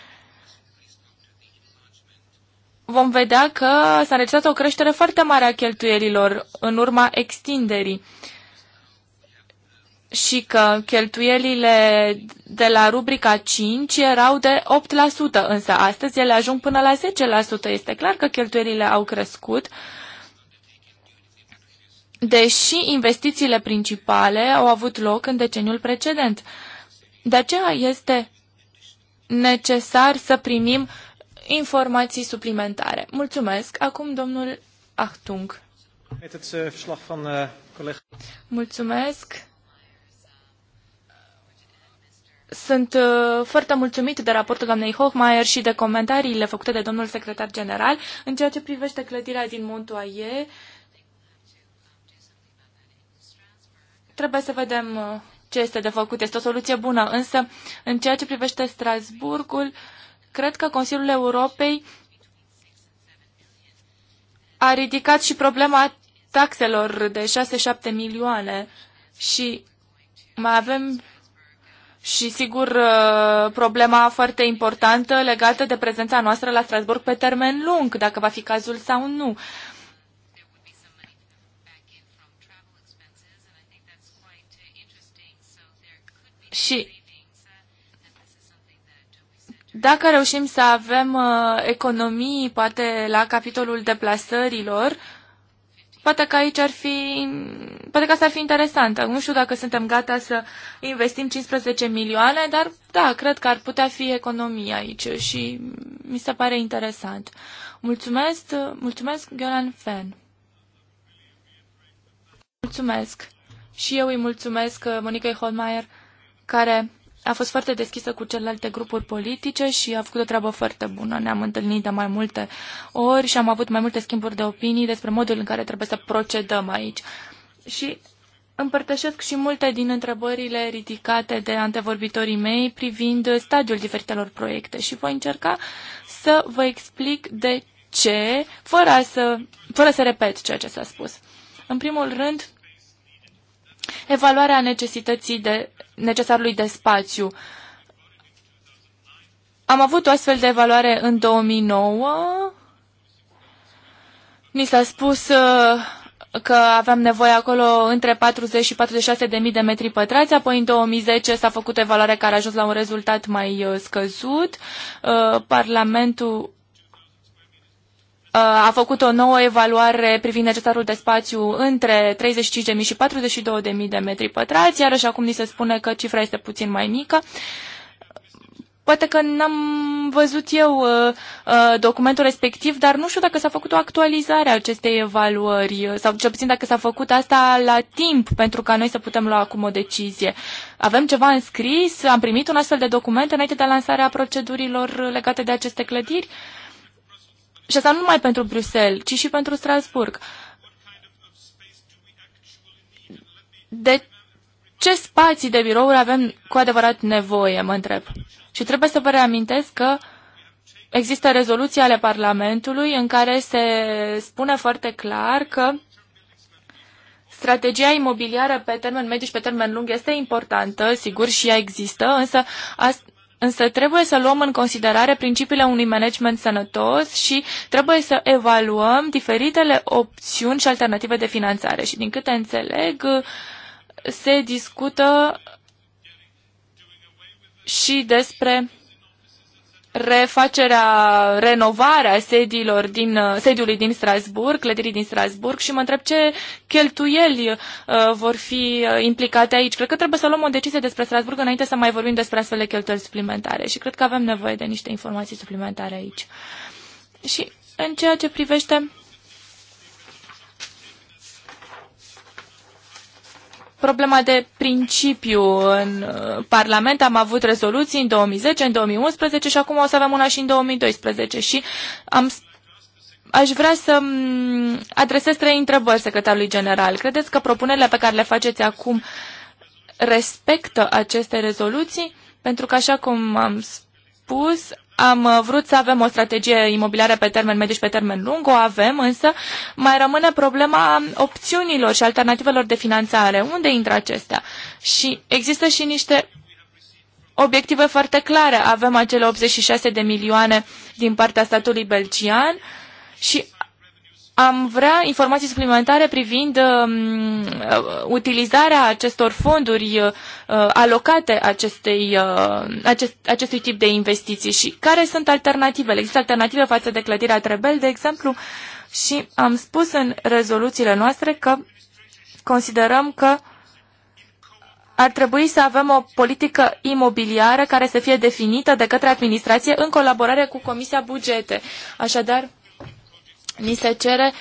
vom vedea că s-a înregistrat o creștere foarte mare a cheltuielilor în urma extinderii și că cheltuielile de la rubrica 5 erau de 8%, însă astăzi ele ajung până la 10%. Este clar că cheltuielile au crescut, deși investițiile principale au avut loc în deceniul precedent. De aceea este necesar să primim informații suplimentare. Mulțumesc. Acum domnul Achtung. Eh, eh, Mulțumesc. Sunt eh, foarte mulțumit de raportul doamnei Hochmeier și de comentariile făcute de domnul secretar general în ceea ce privește clădirea din Montoaie. Trebuie să vedem ce este de făcut. Este o soluție bună, însă în ceea ce privește Strasburgul, uh, Cred că Consiliul Europei a ridicat și problema taxelor de 6-7 milioane și mai avem și, sigur, uh, problema foarte importantă legată de prezența noastră la Strasburg pe termen lung, dacă va fi cazul sau nu. Și dacă reușim să avem uh, economii, poate la capitolul deplasărilor, poate că aici ar fi, poate că asta ar fi interesant. Nu știu dacă suntem gata să investim 15 milioane, dar da, cred că ar putea fi economii aici și mi se pare interesant. Mulțumesc, mulțumesc, Gheolan Fan. Mulțumesc. Și eu îi mulțumesc uh, Monica Holmeier, care a fost foarte deschisă cu celelalte grupuri politice și a făcut o treabă foarte bună. Ne-am întâlnit de mai multe ori și am avut mai multe schimburi de opinii despre modul în care trebuie să procedăm aici. Și împărtășesc și multe din întrebările ridicate de antevorbitorii mei privind stadiul diferitelor proiecte și voi încerca să vă explic de ce, fără să, fără să repet ceea ce s-a spus. În primul rând, evaluarea necesității de, necesarului de spațiu. Am avut o astfel de evaluare în 2009. Ni s-a spus uh, că aveam nevoie acolo între 40 și 46 de mii de metri pătrați, apoi în 2010 s-a făcut o evaluare care a ajuns la un rezultat mai uh, scăzut. Uh, Parlamentul Uh, a făcut o nouă evaluare privind necesarul de spațiu între 35.000 și 42.000 de metri pătrați, iarăși acum ni se spune că cifra este puțin mai mică. Poate că n-am văzut eu uh, uh, documentul respectiv, dar nu știu dacă s-a făcut o actualizare a acestei evaluări uh, sau cel puțin dacă s-a făcut asta la timp pentru ca noi să putem lua acum o decizie. Avem ceva scris, Am primit un astfel de document înainte de lansarea procedurilor legate de aceste clădiri? Uh, și asta nu numai pentru Bruxelles, ci și pentru Strasburg. De ce spații de birouri avem cu adevărat nevoie, mă întreb. Și trebuie să vă reamintesc că există rezoluții ale Parlamentului în care se spune foarte clar că strategia imobiliară pe termen mediu și pe termen lung este importantă, sigur, și ea există, însă Însă trebuie să luăm în considerare principiile unui management sănătos și trebuie să evaluăm diferitele opțiuni și alternative de finanțare. Și din câte înțeleg, se discută și despre refacerea, renovarea sediilor din, uh, sediului din Strasburg, clădirii din Strasburg și mă întreb ce cheltuieli uh, vor fi uh, implicate aici. Cred că trebuie să luăm o decizie despre Strasburg înainte să mai vorbim despre astfel de cheltuieli suplimentare și cred că avem nevoie de niște informații suplimentare aici. Și în ceea ce privește problema de principiu în uh, Parlament. Am avut rezoluții în 2010, în 2011 și acum o să avem una și în 2012 și am Aș vrea să adresez trei întrebări secretarului general. Credeți că propunerile pe care le faceți acum respectă aceste rezoluții? Pentru că, așa cum am spus, am uh, vrut să avem o strategie imobiliară pe termen mediu și pe termen lung, o avem, însă mai rămâne problema opțiunilor și alternativelor de finanțare. Unde intră acestea? Și există și niște obiective foarte clare. Avem acele 86 de milioane din partea statului belgian și am vrea informații suplimentare privind um, uh, utilizarea acestor fonduri uh, alocate acestei, uh, acest, acestui tip de investiții și care sunt alternativele. Există alternative față de clădirea Trebel, de exemplu, și am spus în rezoluțiile noastre că considerăm că ar trebui să avem o politică imobiliară care să fie definită de către administrație în colaborare cu Comisia Bugete. Așadar, Ni se cere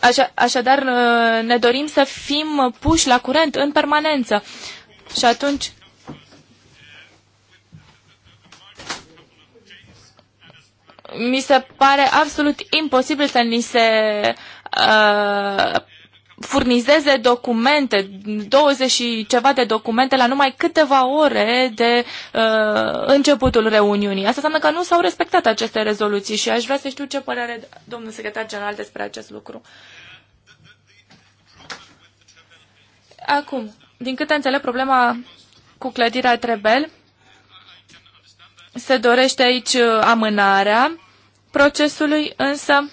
Așa, așadar, uh, ne dorim să fim puși la curent în permanență. Și atunci, mi se pare absolut imposibil să ni se uh, furnizeze documente, 20 și ceva de documente la numai câteva ore de uh, începutul reuniunii. Asta înseamnă că nu s-au respectat aceste rezoluții și aș vrea să știu ce părere are domnul secretar general despre acest lucru. Acum, din câte înțeleg problema cu clădirea Trebel, se dorește aici uh, amânarea procesului, însă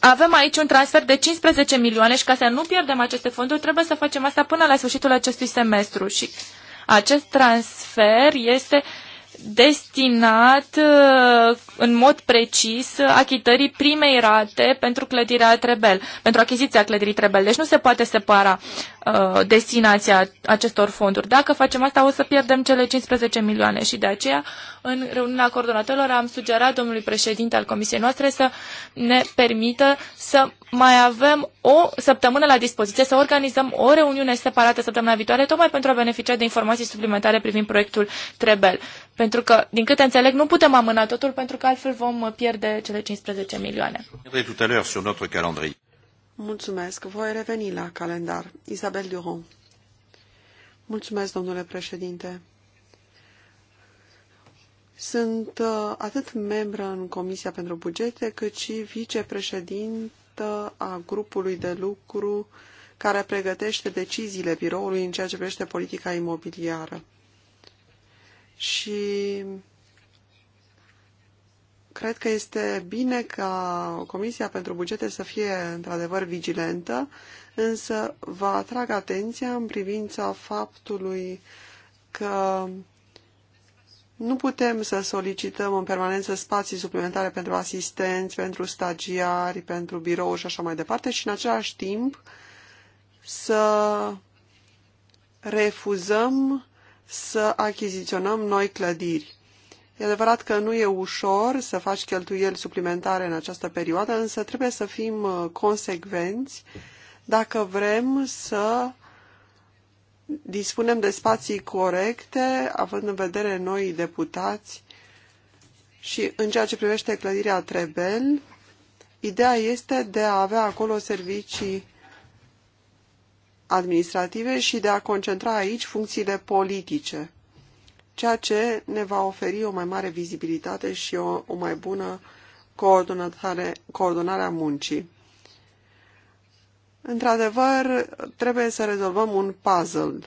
avem aici un transfer de 15 milioane și ca să nu pierdem aceste fonduri, trebuie să facem asta până la sfârșitul acestui semestru. Și acest transfer este destinat uh, în mod precis achitării primei rate pentru clădirea Trebel, pentru achiziția clădirii Trebel. Deci nu se poate separa uh, destinația acestor fonduri. Dacă facem asta, o să pierdem cele 15 milioane și de aceea în reuniunea coordonatorilor am sugerat domnului președinte al comisiei noastre să ne permită să mai avem o săptămână la dispoziție, să organizăm o reuniune separată săptămâna viitoare, tocmai pentru a beneficia de informații suplimentare privind proiectul Trebel. Pentru că, din câte înțeleg, nu putem amâna totul, pentru că altfel vom pierde cele 15 milioane. Mulțumesc. Voi reveni la calendar. Isabel Duron. Mulțumesc, domnule președinte. Sunt uh, atât membră în Comisia pentru Bugete, cât și vicepreședintă a grupului de lucru care pregătește deciziile biroului în ceea ce privește politica imobiliară. Și cred că este bine ca Comisia pentru Bugete să fie într-adevăr vigilentă, însă vă atrag atenția în privința faptului că nu putem să solicităm în permanență spații suplimentare pentru asistenți, pentru stagiari, pentru birou și așa mai departe și în același timp să refuzăm să achiziționăm noi clădiri. E adevărat că nu e ușor să faci cheltuieli suplimentare în această perioadă, însă trebuie să fim uh, consecvenți dacă vrem să dispunem de spații corecte, având în vedere noi deputați și în ceea ce privește clădirea Trebel, ideea este de a avea acolo servicii administrative și de a concentra aici funcțiile politice, ceea ce ne va oferi o mai mare vizibilitate și o, o mai bună coordonare, coordonare a muncii. Într-adevăr, trebuie să rezolvăm un puzzle.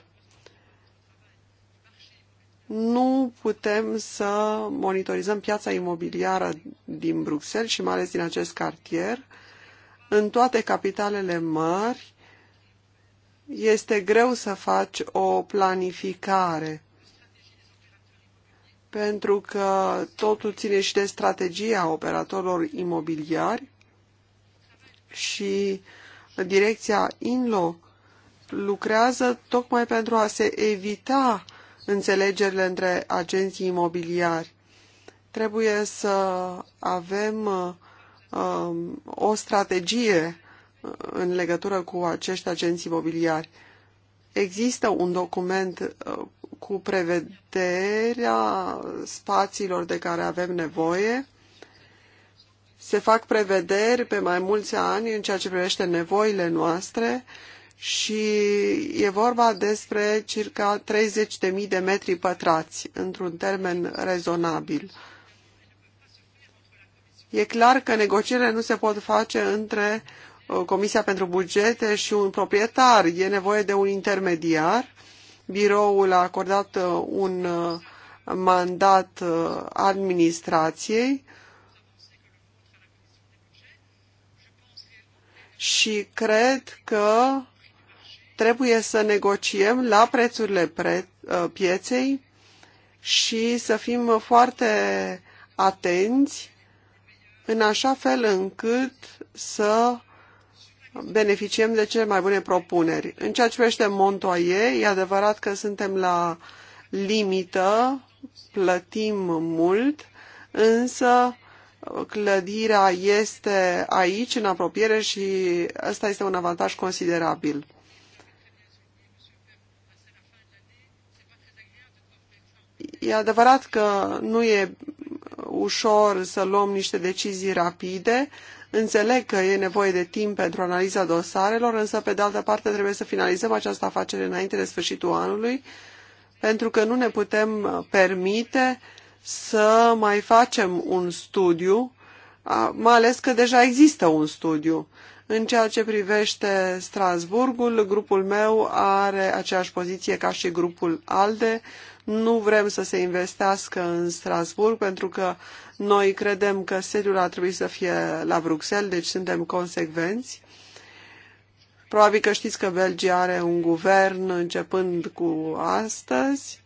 Nu putem să monitorizăm piața imobiliară din Bruxelles și mai ales din acest cartier. În toate capitalele mari este greu să faci o planificare pentru că totul ține și de strategia operatorilor imobiliari și uh, direcția INLO lucrează tocmai pentru a se evita înțelegerile între agenții imobiliari. Trebuie să avem um, o strategie în legătură cu acești agenți imobiliari. Există un document uh, cu prevederea spațiilor de care avem nevoie, se fac prevederi pe mai mulți ani în ceea ce privește nevoile noastre și e vorba despre circa 30.000 de metri pătrați într-un termen rezonabil. E clar că negocierile nu se pot face între uh, Comisia pentru Bugete și un proprietar. E nevoie de un intermediar. Biroul a acordat uh, un uh, mandat administrației și cred că trebuie să negociem la prețurile pre, uh, pieței și să fim foarte atenți în așa fel încât să beneficiem de cele mai bune propuneri. În ceea ce privește Montoie, e adevărat că suntem la limită, plătim mult, însă Clădirea este aici, în apropiere, și ăsta este un avantaj considerabil. E adevărat că nu e ușor să luăm niște decizii rapide. Înțeleg că e nevoie de timp pentru analiza dosarelor, însă, pe de altă parte, trebuie să finalizăm această afacere înainte de sfârșitul anului, pentru că nu ne putem permite să mai facem un studiu, mai ales că deja există un studiu. În ceea ce privește Strasburgul, grupul meu are aceeași poziție ca și grupul ALDE. Nu vrem să se investească în Strasburg pentru că noi credem că sediul ar trebui să fie la Bruxelles, deci suntem consecvenți. Probabil că știți că Belgia are un guvern începând cu astăzi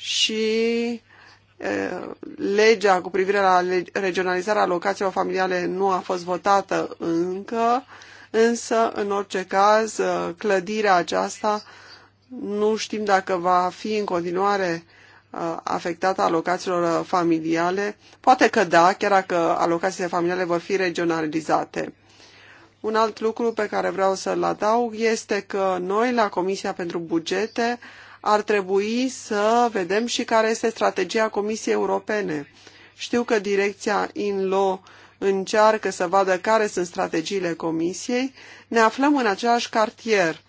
și legea cu privire la regionalizarea locațiilor familiale nu a fost votată încă, însă, în orice caz, clădirea aceasta nu știm dacă va fi în continuare afectată alocațiilor familiale. Poate că da, chiar dacă alocațiile familiale vor fi regionalizate. Un alt lucru pe care vreau să-l adaug este că noi, la Comisia pentru Bugete, ar trebui să vedem și care este strategia Comisiei Europene. Știu că direcția INLO încearcă să vadă care sunt strategiile Comisiei. Ne aflăm în același cartier.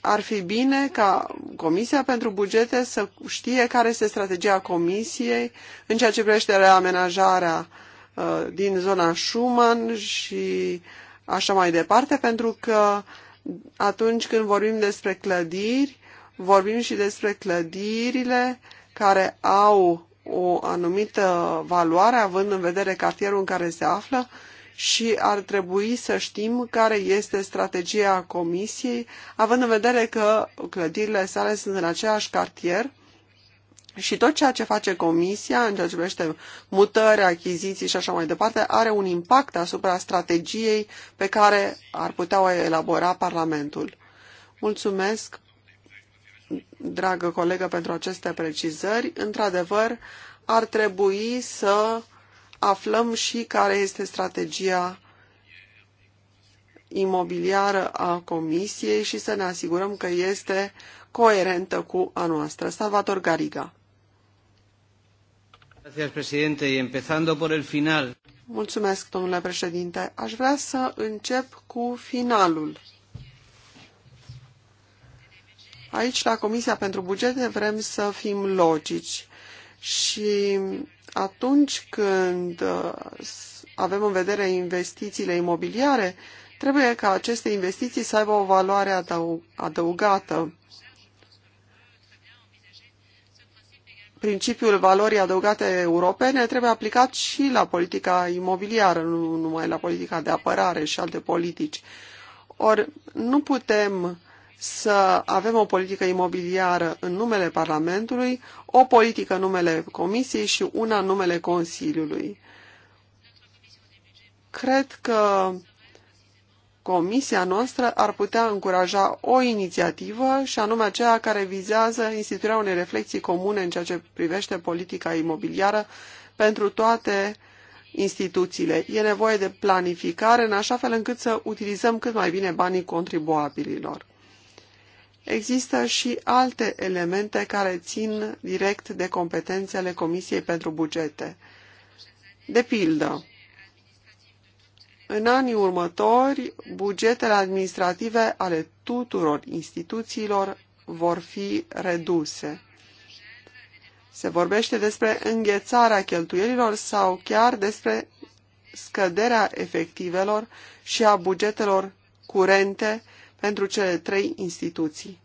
Ar fi bine ca Comisia pentru Bugete să știe care este strategia Comisiei în ceea ce privește reamenajarea uh, din zona Schuman și așa mai departe, pentru că atunci când vorbim despre clădiri, vorbim și despre clădirile care au o anumită valoare, având în vedere cartierul în care se află și ar trebui să știm care este strategia comisiei, având în vedere că clădirile sale sunt în același cartier și tot ceea ce face Comisia în ceea ce privește mutări, achiziții și așa mai departe are un impact asupra strategiei pe care ar putea o elabora Parlamentul. Mulțumesc, dragă colegă, pentru aceste precizări. Într-adevăr, ar trebui să aflăm și care este strategia imobiliară a Comisiei și să ne asigurăm că este coerentă cu a noastră. Salvator Gariga. Mulțumesc, domnule președinte. Aș vrea să încep cu finalul. Aici, la Comisia pentru Bugete, vrem să fim logici și atunci când uh, avem în vedere investițiile imobiliare, trebuie ca aceste investiții să aibă o valoare adăugată. principiul valorii adăugate europene trebuie aplicat și la politica imobiliară, nu numai la politica de apărare și alte politici. Ori nu putem să avem o politică imobiliară în numele Parlamentului, o politică în numele Comisiei și una în numele Consiliului. Cred că comisia noastră ar putea încuraja o inițiativă și anume aceea care vizează instituirea unei reflexii comune în ceea ce privește politica imobiliară pentru toate instituțiile. E nevoie de planificare în așa fel încât să utilizăm cât mai bine banii contribuabililor. Există și alte elemente care țin direct de competențele Comisiei pentru Bugete. De pildă, în anii următori, bugetele administrative ale tuturor instituțiilor vor fi reduse. Se vorbește despre înghețarea cheltuielilor sau chiar despre scăderea efectivelor și a bugetelor curente pentru cele trei instituții.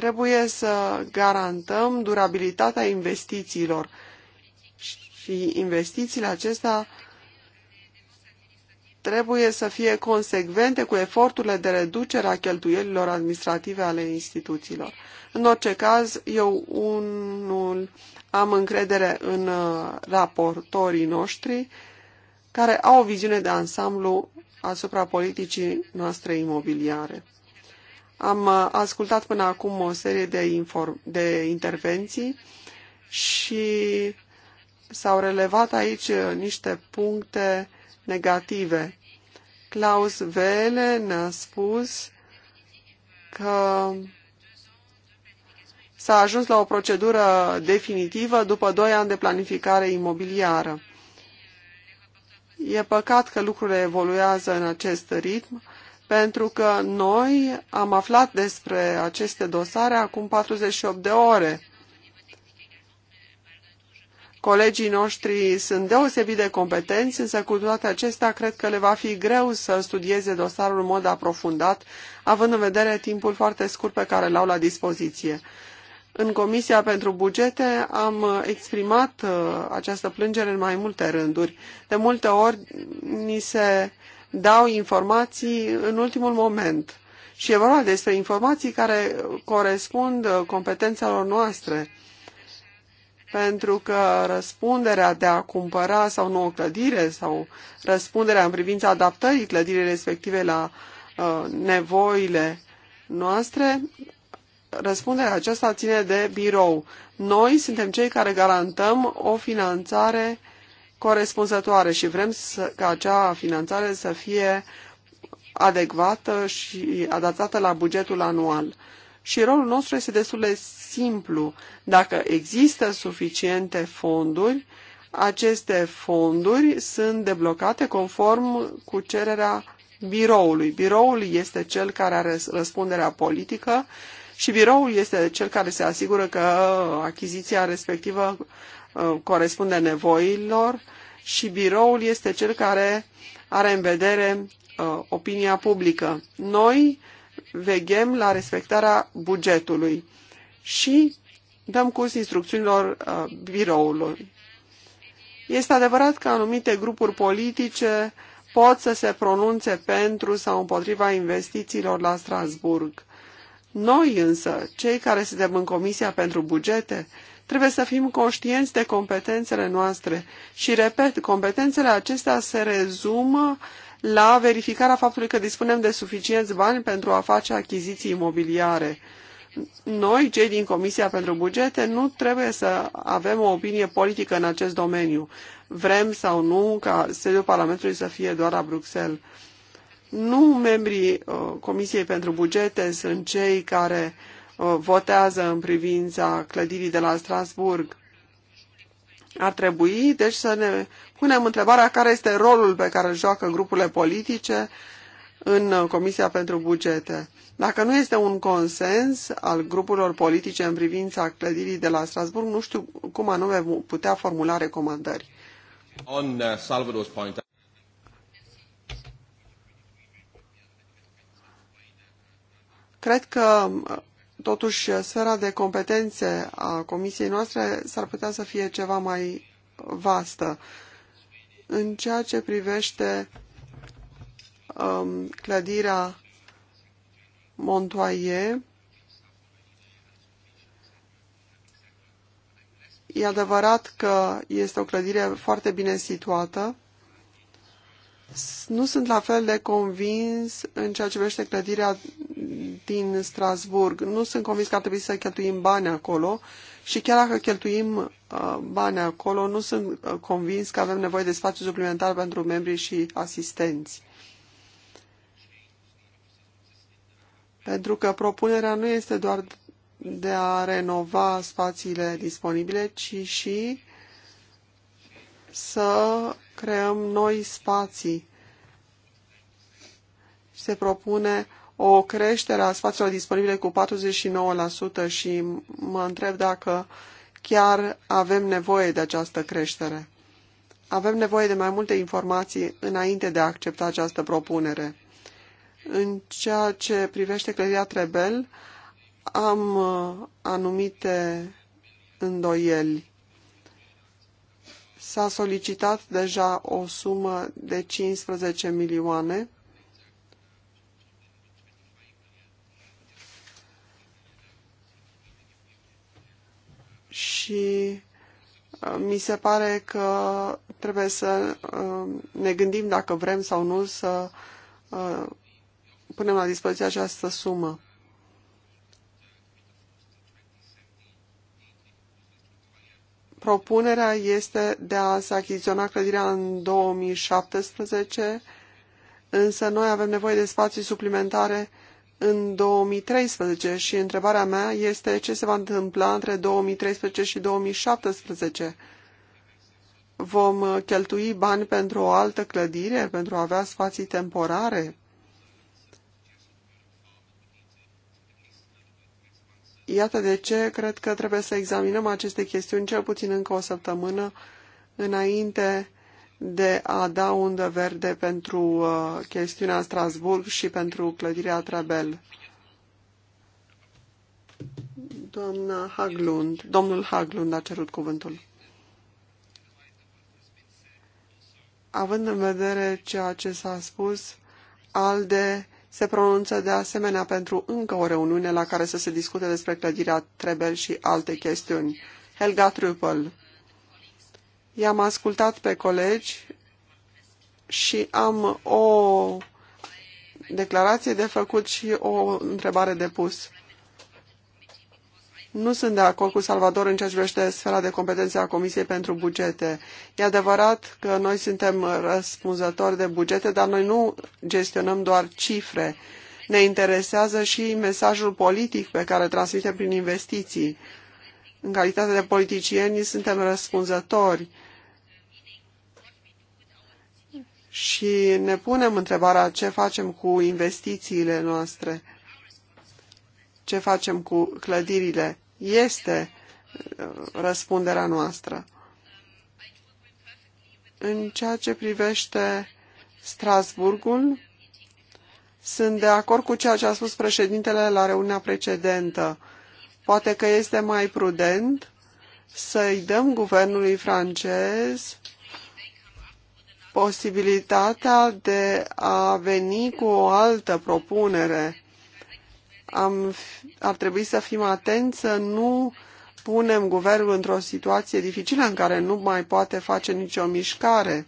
Trebuie să garantăm durabilitatea investițiilor și investițiile acestea trebuie să fie consecvente cu eforturile de reducere a cheltuielilor administrative ale instituțiilor. În orice caz, eu unul am încredere în uh, raportorii noștri care au o viziune de ansamblu asupra politicii noastre imobiliare. Am uh, ascultat până acum o serie de, de intervenții și s-au relevat aici uh, niște puncte negative. Klaus Vele ne-a spus că s-a ajuns la o procedură definitivă după doi ani de planificare imobiliară. E păcat că lucrurile evoluează în acest ritm pentru că noi am aflat despre aceste dosare acum 48 de ore. Colegii noștri sunt deosebit de competenți, însă cu toate acestea cred că le va fi greu să studieze dosarul în mod aprofundat, având în vedere timpul foarte scurt pe care l-au la dispoziție. În Comisia pentru Bugete am exprimat uh, această plângere în mai multe rânduri. De multe ori ni se dau informații în ultimul moment. Și e vorba despre informații care corespund uh, competențelor noastre. Pentru că răspunderea de a cumpăra sau nu o clădire sau răspunderea în privința adaptării clădirii respective la uh, nevoile noastre, răspunderea aceasta ține de birou. Noi suntem cei care garantăm o finanțare corespunzătoare și vrem să, ca acea finanțare să fie adecvată și adaptată la bugetul anual. Și rolul nostru este destul de simplu. Dacă există suficiente fonduri, aceste fonduri sunt deblocate conform cu cererea biroului. Biroul este cel care are răspunderea politică și biroul este cel care se asigură că achiziția respectivă Uh, corespunde nevoilor și biroul este cel care are în vedere uh, opinia publică. Noi veghem la respectarea bugetului și dăm curs instrucțiunilor uh, biroului. Este adevărat că anumite grupuri politice pot să se pronunțe pentru sau împotriva investițiilor la Strasburg. Noi însă, cei care suntem în Comisia pentru Bugete, Trebuie să fim conștienți de competențele noastre și, repet, competențele acestea se rezumă la verificarea faptului că dispunem de suficienți bani pentru a face achiziții imobiliare. Noi, cei din Comisia pentru Bugete, nu trebuie să avem o opinie politică în acest domeniu. Vrem sau nu ca sediul Parlamentului să fie doar la Bruxelles. Nu membrii uh, Comisiei pentru Bugete sunt cei care uh, votează în privința clădirii de la Strasburg. Ar trebui, deci, să ne punem întrebarea care este rolul pe care îl joacă grupurile politice în Comisia pentru Bugete. Dacă nu este un consens al grupurilor politice în privința clădirii de la Strasburg, nu știu cum anume putea formula recomandări. On uh, Salvador's point. Cred că Totuși, sfera de competențe a comisiei noastre s-ar putea să fie ceva mai vastă. În ceea ce privește um, clădirea Montoie, E adevărat că este o clădire foarte bine situată. Nu sunt la fel de convins în ceea ce privește clădirea din Strasburg. Nu sunt convins că ar trebui să cheltuim bani acolo și chiar dacă cheltuim uh, bani acolo, nu sunt uh, convins că avem nevoie de spațiu suplimentar pentru membrii și asistenți. Pentru că propunerea nu este doar de a renova spațiile disponibile, ci și să creăm noi spații. Se propune o creștere a spațiilor disponibile cu 49% și mă întreb dacă chiar avem nevoie de această creștere. Avem nevoie de mai multe informații înainte de a accepta această propunere. În ceea ce privește clădirea Trebel, am uh, anumite îndoieli. S-a solicitat deja o sumă de 15 milioane și uh, mi se pare că trebuie să uh, ne gândim dacă vrem sau nu să uh, punem la dispoziție această sumă. Propunerea este de a se achiziționa clădirea în 2017, însă noi avem nevoie de spații suplimentare în 2013 și întrebarea mea este ce se va întâmpla între 2013 și 2017. Vom uh, cheltui bani pentru o altă clădire, pentru a avea spații temporare? Iată de ce cred că trebuie să examinăm aceste chestiuni cel puțin încă o săptămână înainte de a da undă verde pentru uh, chestiunea Strasburg și pentru clădirea Trabel. Doamna Haglund, domnul Haglund a cerut cuvântul. Având în vedere ceea ce s-a spus, ALDE se pronunță de asemenea pentru încă o reuniune la care să se discute despre clădirea Trebel și alte chestiuni. Helga Trupel i-am ascultat pe colegi și am o declarație de făcut și o întrebare de pus. Nu sunt de acord cu Salvador în ceea ce privește sfera de competențe a Comisiei pentru bugete. E adevărat că noi suntem răspunzători de bugete, dar noi nu gestionăm doar cifre. Ne interesează și mesajul politic pe care îl transmitem prin investiții. În calitate de politicieni suntem răspunzători și ne punem întrebarea ce facem cu investițiile noastre, ce facem cu clădirile. Este uh, răspunderea noastră. În ceea ce privește Strasburgul, sunt de acord cu ceea ce a spus președintele la reuniunea precedentă. Poate că este mai prudent să-i dăm guvernului francez posibilitatea de a veni cu o altă propunere. Am, ar trebui să fim atenți să nu punem guvernul într-o situație dificilă în care nu mai poate face nicio mișcare.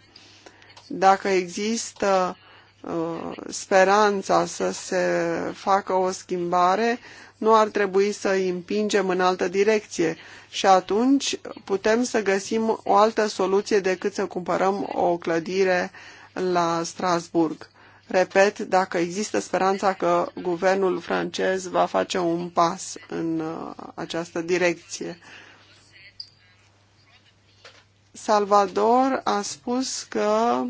Dacă există uh, speranța să se facă o schimbare, nu ar trebui să îi împingem în altă direcție și atunci putem să găsim o altă soluție decât să cumpărăm o clădire la Strasburg. Repet, dacă există speranța că guvernul francez va face un pas în uh, această direcție. Salvador a spus că,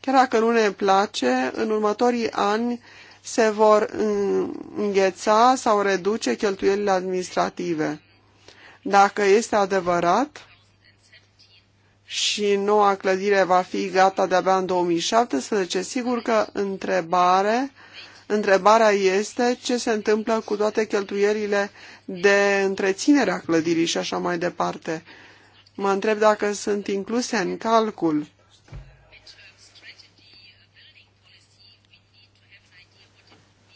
chiar dacă nu ne place, în următorii ani se vor îngheța sau reduce cheltuielile administrative. Dacă este adevărat și noua clădire va fi gata de-abia în 2017, sigur că întrebare, întrebarea este ce se întâmplă cu toate cheltuielile de întreținere a clădirii și așa mai departe. Mă întreb dacă sunt incluse în calcul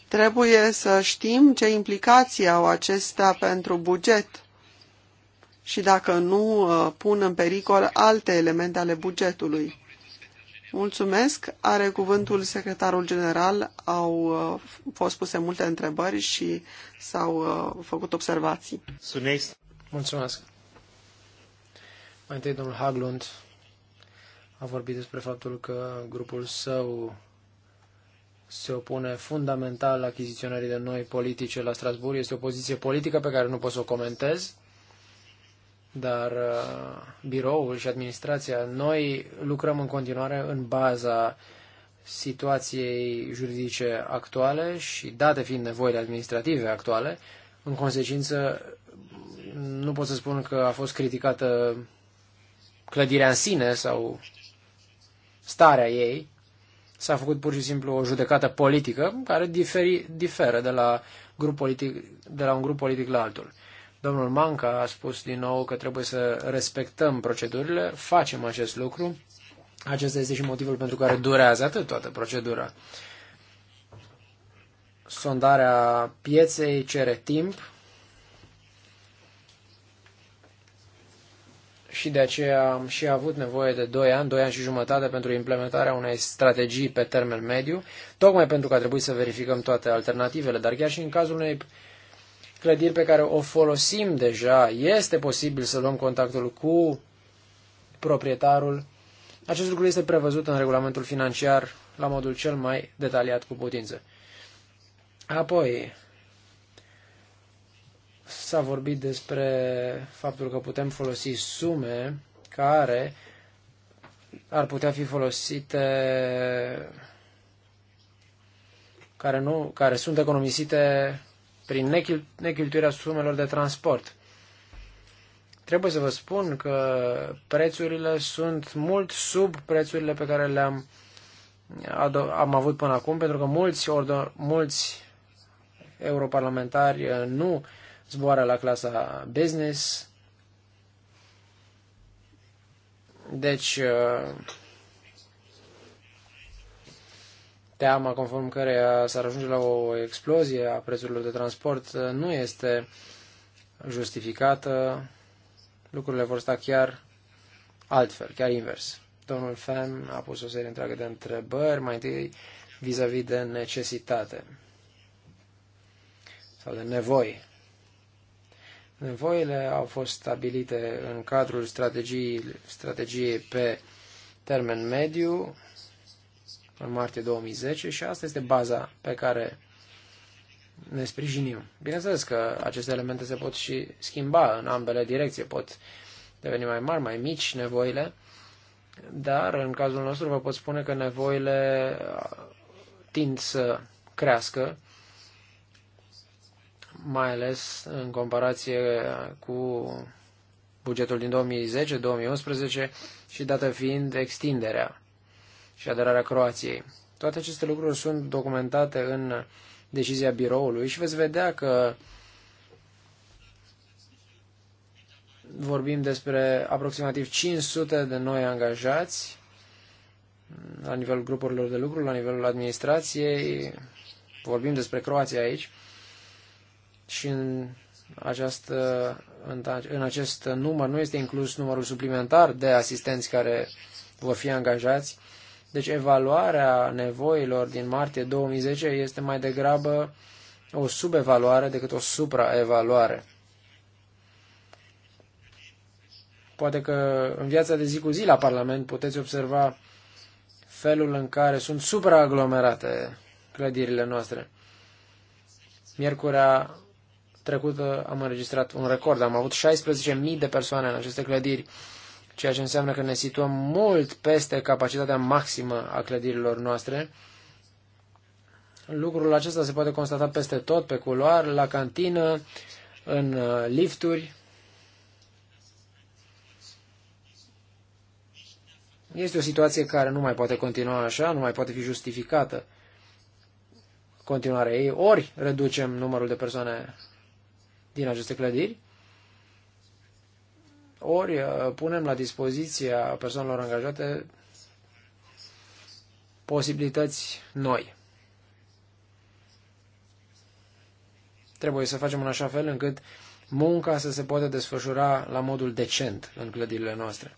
Trebuie să știm ce implicații au acestea pentru buget și dacă nu uh, pun în pericol alte elemente ale bugetului. Mulțumesc. Are cuvântul secretarul general. Au uh, fost puse multe întrebări și s-au uh, făcut observații. Sunesc. Mulțumesc. Mai întâi, domnul Haglund a vorbit despre faptul că grupul său se opune fundamental achiziționării de noi politice la Strasbourg. Este o poziție politică pe care nu pot să o comentez, dar uh, biroul și administrația, noi lucrăm în continuare în baza situației juridice actuale și date fiind nevoile administrative actuale, în consecință nu pot să spun că a fost criticată clădirea în sine sau starea ei, S-a făcut pur și simplu o judecată politică care diferi, diferă de la, grup politic, de la un grup politic la altul. Domnul Manca a spus din nou că trebuie să respectăm procedurile, facem acest lucru. Acesta este și motivul pentru care durează atât toată procedura. Sondarea pieței cere timp, și de aceea am și avut nevoie de 2 ani, 2 ani și jumătate pentru implementarea unei strategii pe termen mediu, tocmai pentru că a trebuit să verificăm toate alternativele, dar chiar și în cazul unei clădiri pe care o folosim deja, este posibil să luăm contactul cu proprietarul. Acest lucru este prevăzut în regulamentul financiar la modul cel mai detaliat cu putință. Apoi, S-a vorbit despre faptul că putem folosi sume care ar putea fi folosite care, nu, care sunt economisite prin nechil, nechiltuirea sumelor de transport. Trebuie să vă spun că prețurile sunt mult sub prețurile pe care le-am am avut până acum, pentru că mulți, ordo, mulți europarlamentari uh, nu zboară la clasa business. Deci, uh, teama conform care s-ar ajunge la o explozie a prețurilor de transport uh, nu este justificată. Lucrurile vor sta chiar altfel, chiar invers. Domnul Fem a pus o serie întreagă de întrebări, mai întâi vis-a-vis -vis de necesitate sau de nevoi. Nevoile au fost stabilite în cadrul strategiei, strategiei pe termen mediu în martie 2010 și asta este baza pe care ne sprijinim. Bineînțeles că aceste elemente se pot și schimba în ambele direcții, pot deveni mai mari, mai mici nevoile, dar în cazul nostru vă pot spune că nevoile uh, tind să crească mai ales în comparație cu bugetul din 2010-2011 și dată fiind extinderea și aderarea Croației. Toate aceste lucruri sunt documentate în decizia biroului și veți vedea că vorbim despre aproximativ 500 de noi angajați la nivelul grupurilor de lucru, la nivelul administrației. Vorbim despre Croația aici și în, această, în, în acest număr nu este inclus numărul suplimentar de asistenți care vor fi angajați. Deci evaluarea nevoilor din martie 2010 este mai degrabă o subevaluare decât o supraevaluare. Poate că în viața de zi cu zi la Parlament puteți observa felul în care sunt supraaglomerate clădirile noastre. Miercurea trecută am înregistrat un record. Am avut 16.000 de persoane în aceste clădiri, ceea ce înseamnă că ne situăm mult peste capacitatea maximă a clădirilor noastre. Lucrul acesta se poate constata peste tot, pe culoar, la cantină, în uh, lifturi. Este o situație care nu mai poate continua așa, nu mai poate fi justificată continuarea ei, ori reducem numărul de persoane din aceste clădiri, ori uh, punem la dispoziția persoanelor angajate posibilități noi. Trebuie să facem în așa fel încât munca să se poată desfășura la modul decent în clădirile noastre.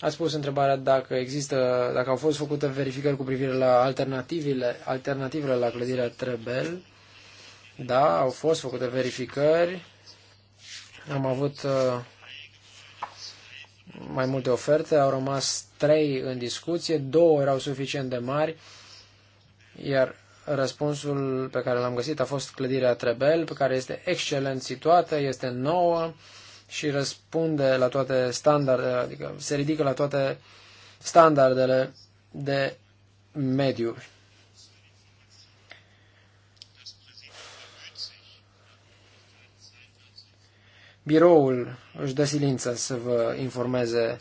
Ați pus întrebarea dacă există, dacă au fost făcute verificări cu privire la alternativele, alternativele la clădirea Trebel. Da, au fost făcute verificări. Am avut uh, mai multe oferte, au rămas trei în discuție, două erau suficient de mari, iar răspunsul pe care l-am găsit a fost clădirea Trebel, pe care este excelent situată, este nouă și răspunde la toate standardele, adică se ridică la toate standardele de mediu biroul își dă silință să vă informeze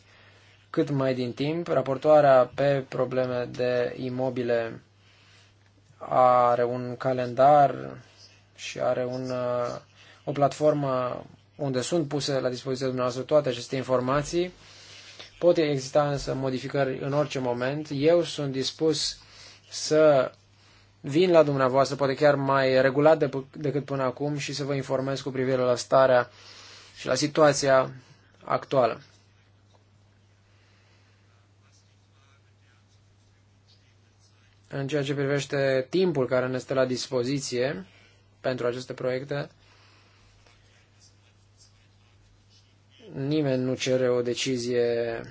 cât mai din timp. Raportoarea pe probleme de imobile are un calendar și are un, uh, o platformă unde sunt puse la dispoziția dumneavoastră toate aceste informații. Pot exista însă modificări în orice moment. Eu sunt dispus să vin la dumneavoastră, poate chiar mai regulat decât până acum, și să vă informez cu privire la starea uh, și la situația actuală. În ceea ce privește timpul care ne stă la dispoziție pentru aceste proiecte, nimeni nu cere o decizie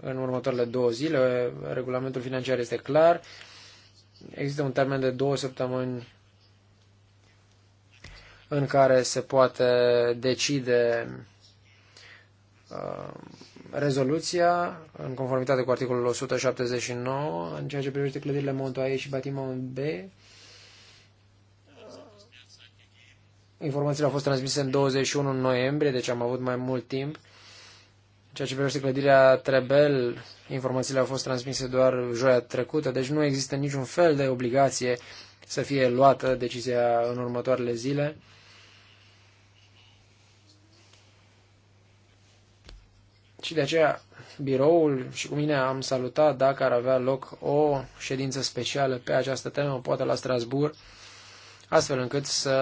în următoarele două zile. Regulamentul financiar este clar. Există un termen de două săptămâni în care se poate decide uh, rezoluția în conformitate cu articolul 179 în ceea ce privește clădirile Montoaie și Batimaon B. Informațiile au fost transmise în 21 noiembrie, deci am avut mai mult timp. În ceea ce privește clădirea Trebel, informațiile au fost transmise doar joia trecută, deci nu există niciun fel de obligație să fie luată decizia în următoarele zile. Și de aceea biroul și cu mine am salutat dacă ar avea loc o ședință specială pe această temă, poate la Strasbourg, astfel încât să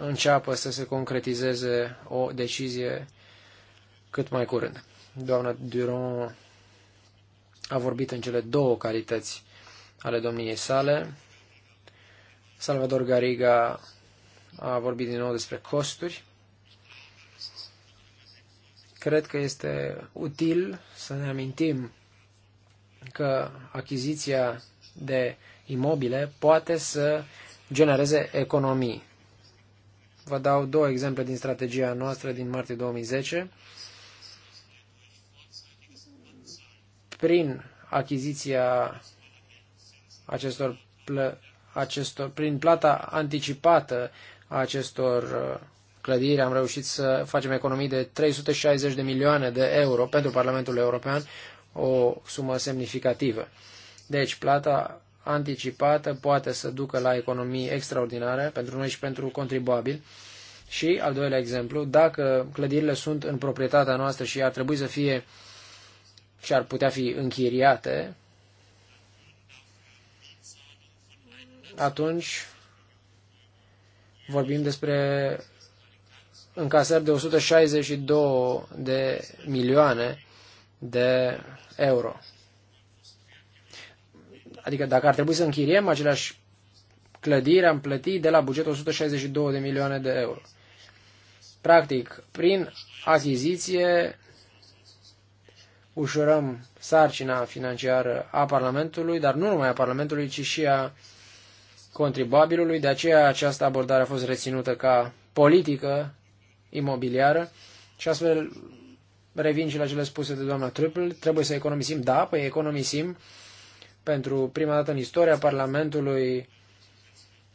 înceapă să se concretizeze o decizie cât mai curând. Doamna Duron a vorbit în cele două calități ale domniei sale. Salvador Gariga a vorbit din nou despre costuri. Cred că este util să ne amintim că achiziția de imobile poate să genereze economii. Vă dau două exemple din strategia noastră din martie 2010. Prin achiziția acestor, plă, acestor prin plata anticipată a acestor uh, clădiri, am reușit să facem economii de 360 de milioane de euro pentru Parlamentul European, o sumă semnificativă. Deci, plata anticipată poate să ducă la economii extraordinare pentru noi și pentru contribuabil. Și, al doilea exemplu, dacă clădirile sunt în proprietatea noastră și ar trebui să fie și ar putea fi închiriate, atunci vorbim despre încasări de 162 de milioane de euro. Adică dacă ar trebui să închiriem aceleași clădiri, am plătit de la buget 162 de milioane de euro. Practic, prin achiziție ușurăm sarcina financiară a Parlamentului, dar nu numai a Parlamentului, ci și a contribuabilului. De aceea această abordare a fost reținută ca politică imobiliară și astfel revin și la cele spuse de doamna Triple, trebuie să economisim, da, păi economisim. Pentru prima dată în istoria Parlamentului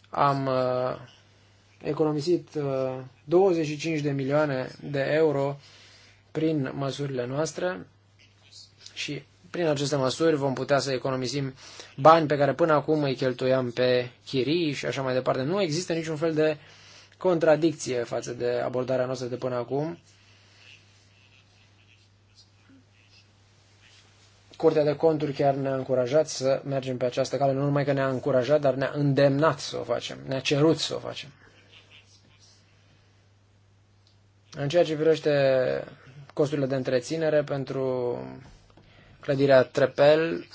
am uh, economisit uh, 25 de milioane de euro prin măsurile noastre și prin aceste măsuri vom putea să economisim bani pe care până acum îi cheltuiam pe chirii și așa mai departe. Nu există niciun fel de contradicție față de abordarea noastră de până acum. Curtea de conturi chiar ne-a încurajat să mergem pe această cale, nu numai că ne-a încurajat, dar ne-a îndemnat să o facem, ne-a cerut să o facem. În ceea ce privește costurile de întreținere pentru clădirea Trepel,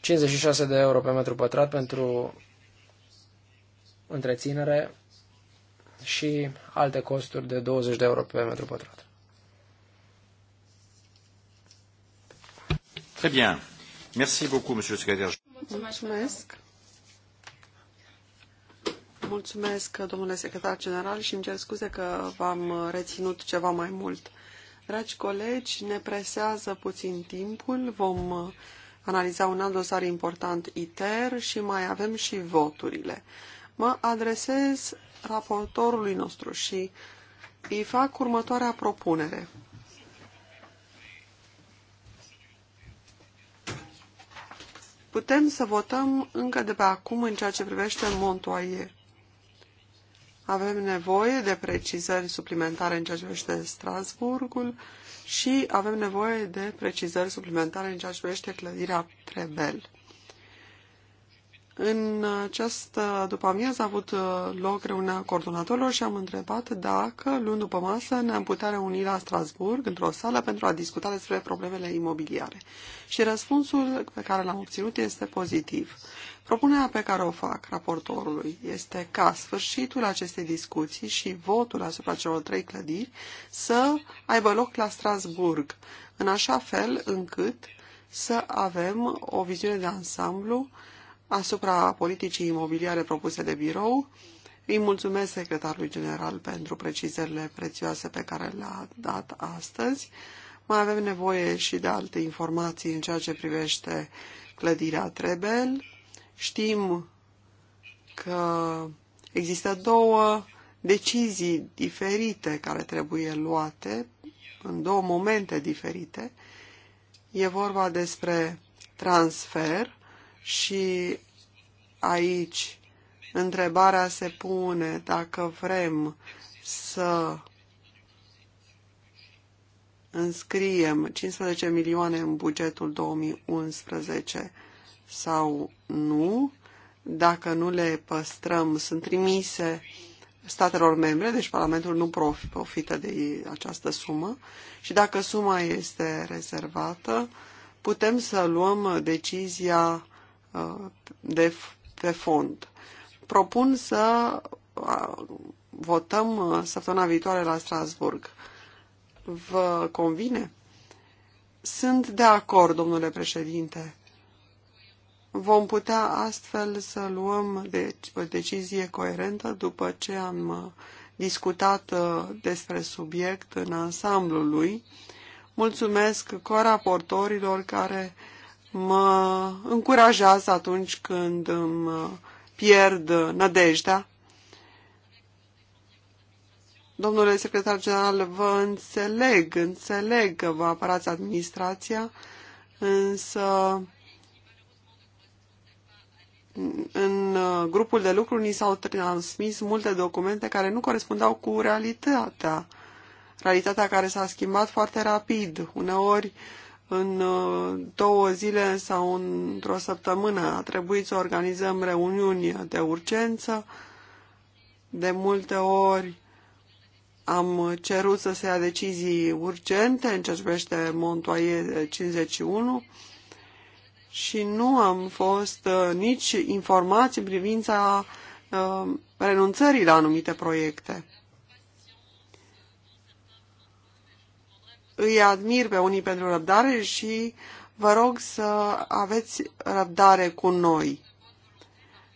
56 de euro pe metru pătrat pentru întreținere și alte costuri de 20 de euro pe metru pătrat. Très bien. Merci beaucoup, monsieur le secrétaire. Mulțumesc. Mulțumesc, domnule secretar general, și îmi cer scuze că v-am reținut ceva mai mult. Dragi colegi, ne presează puțin timpul, vom analiza un alt dosar important ITER și mai avem și voturile mă adresez raportorului nostru și îi fac următoarea propunere. Putem să votăm încă de pe acum în ceea ce privește Montoie. Avem nevoie de precizări suplimentare în ceea ce privește Strasburgul și avem nevoie de precizări suplimentare în ceea ce privește clădirea Trebel. În această după amiază a avut uh, loc reuniunea coordonatorilor și am întrebat dacă luni după masă ne-am putea reuni la Strasburg, într-o sală, pentru a discuta despre problemele imobiliare. Și răspunsul pe care l-am obținut este pozitiv. Propunerea pe care o fac raportorului este ca sfârșitul acestei discuții și votul asupra celor trei clădiri să aibă loc la Strasburg, în așa fel încât să avem o viziune de ansamblu asupra politicii imobiliare propuse de birou. Îi mulțumesc secretarului general pentru precizările prețioase pe care le-a dat astăzi. Mai avem nevoie și de alte informații în ceea ce privește clădirea Trebel. Știm că există două decizii diferite care trebuie luate în două momente diferite. E vorba despre transfer și aici întrebarea se pune dacă vrem să înscriem 15 milioane în bugetul 2011 sau nu, dacă nu le păstrăm, sunt trimise statelor membre, deci Parlamentul nu profită de această sumă și dacă suma este rezervată, putem să luăm decizia de, pe fond. Propun să votăm uh, săptămâna viitoare la Strasburg. Vă convine? Sunt de acord, domnule președinte. Vom putea astfel să luăm de o decizie coerentă după ce am uh, discutat uh, despre subiect în ansamblul lui. Mulțumesc coraportorilor care mă încurajează atunci când îmi uh, pierd uh, nădejdea. Domnule secretar general, vă înțeleg, înțeleg că vă apărați administrația, însă în uh, grupul de lucru ni s-au transmis multe documente care nu corespundeau cu realitatea. Realitatea care s-a schimbat foarte rapid. Uneori uh, în uh, două zile sau într-o săptămână. A trebuit să organizăm reuniuni de urgență. De multe ori am cerut să se ia decizii urgente în ce privește Montoie 51 și nu am fost uh, nici informați în privința uh, renunțării la anumite proiecte. îi admir pe unii pentru răbdare și vă rog să aveți răbdare cu noi.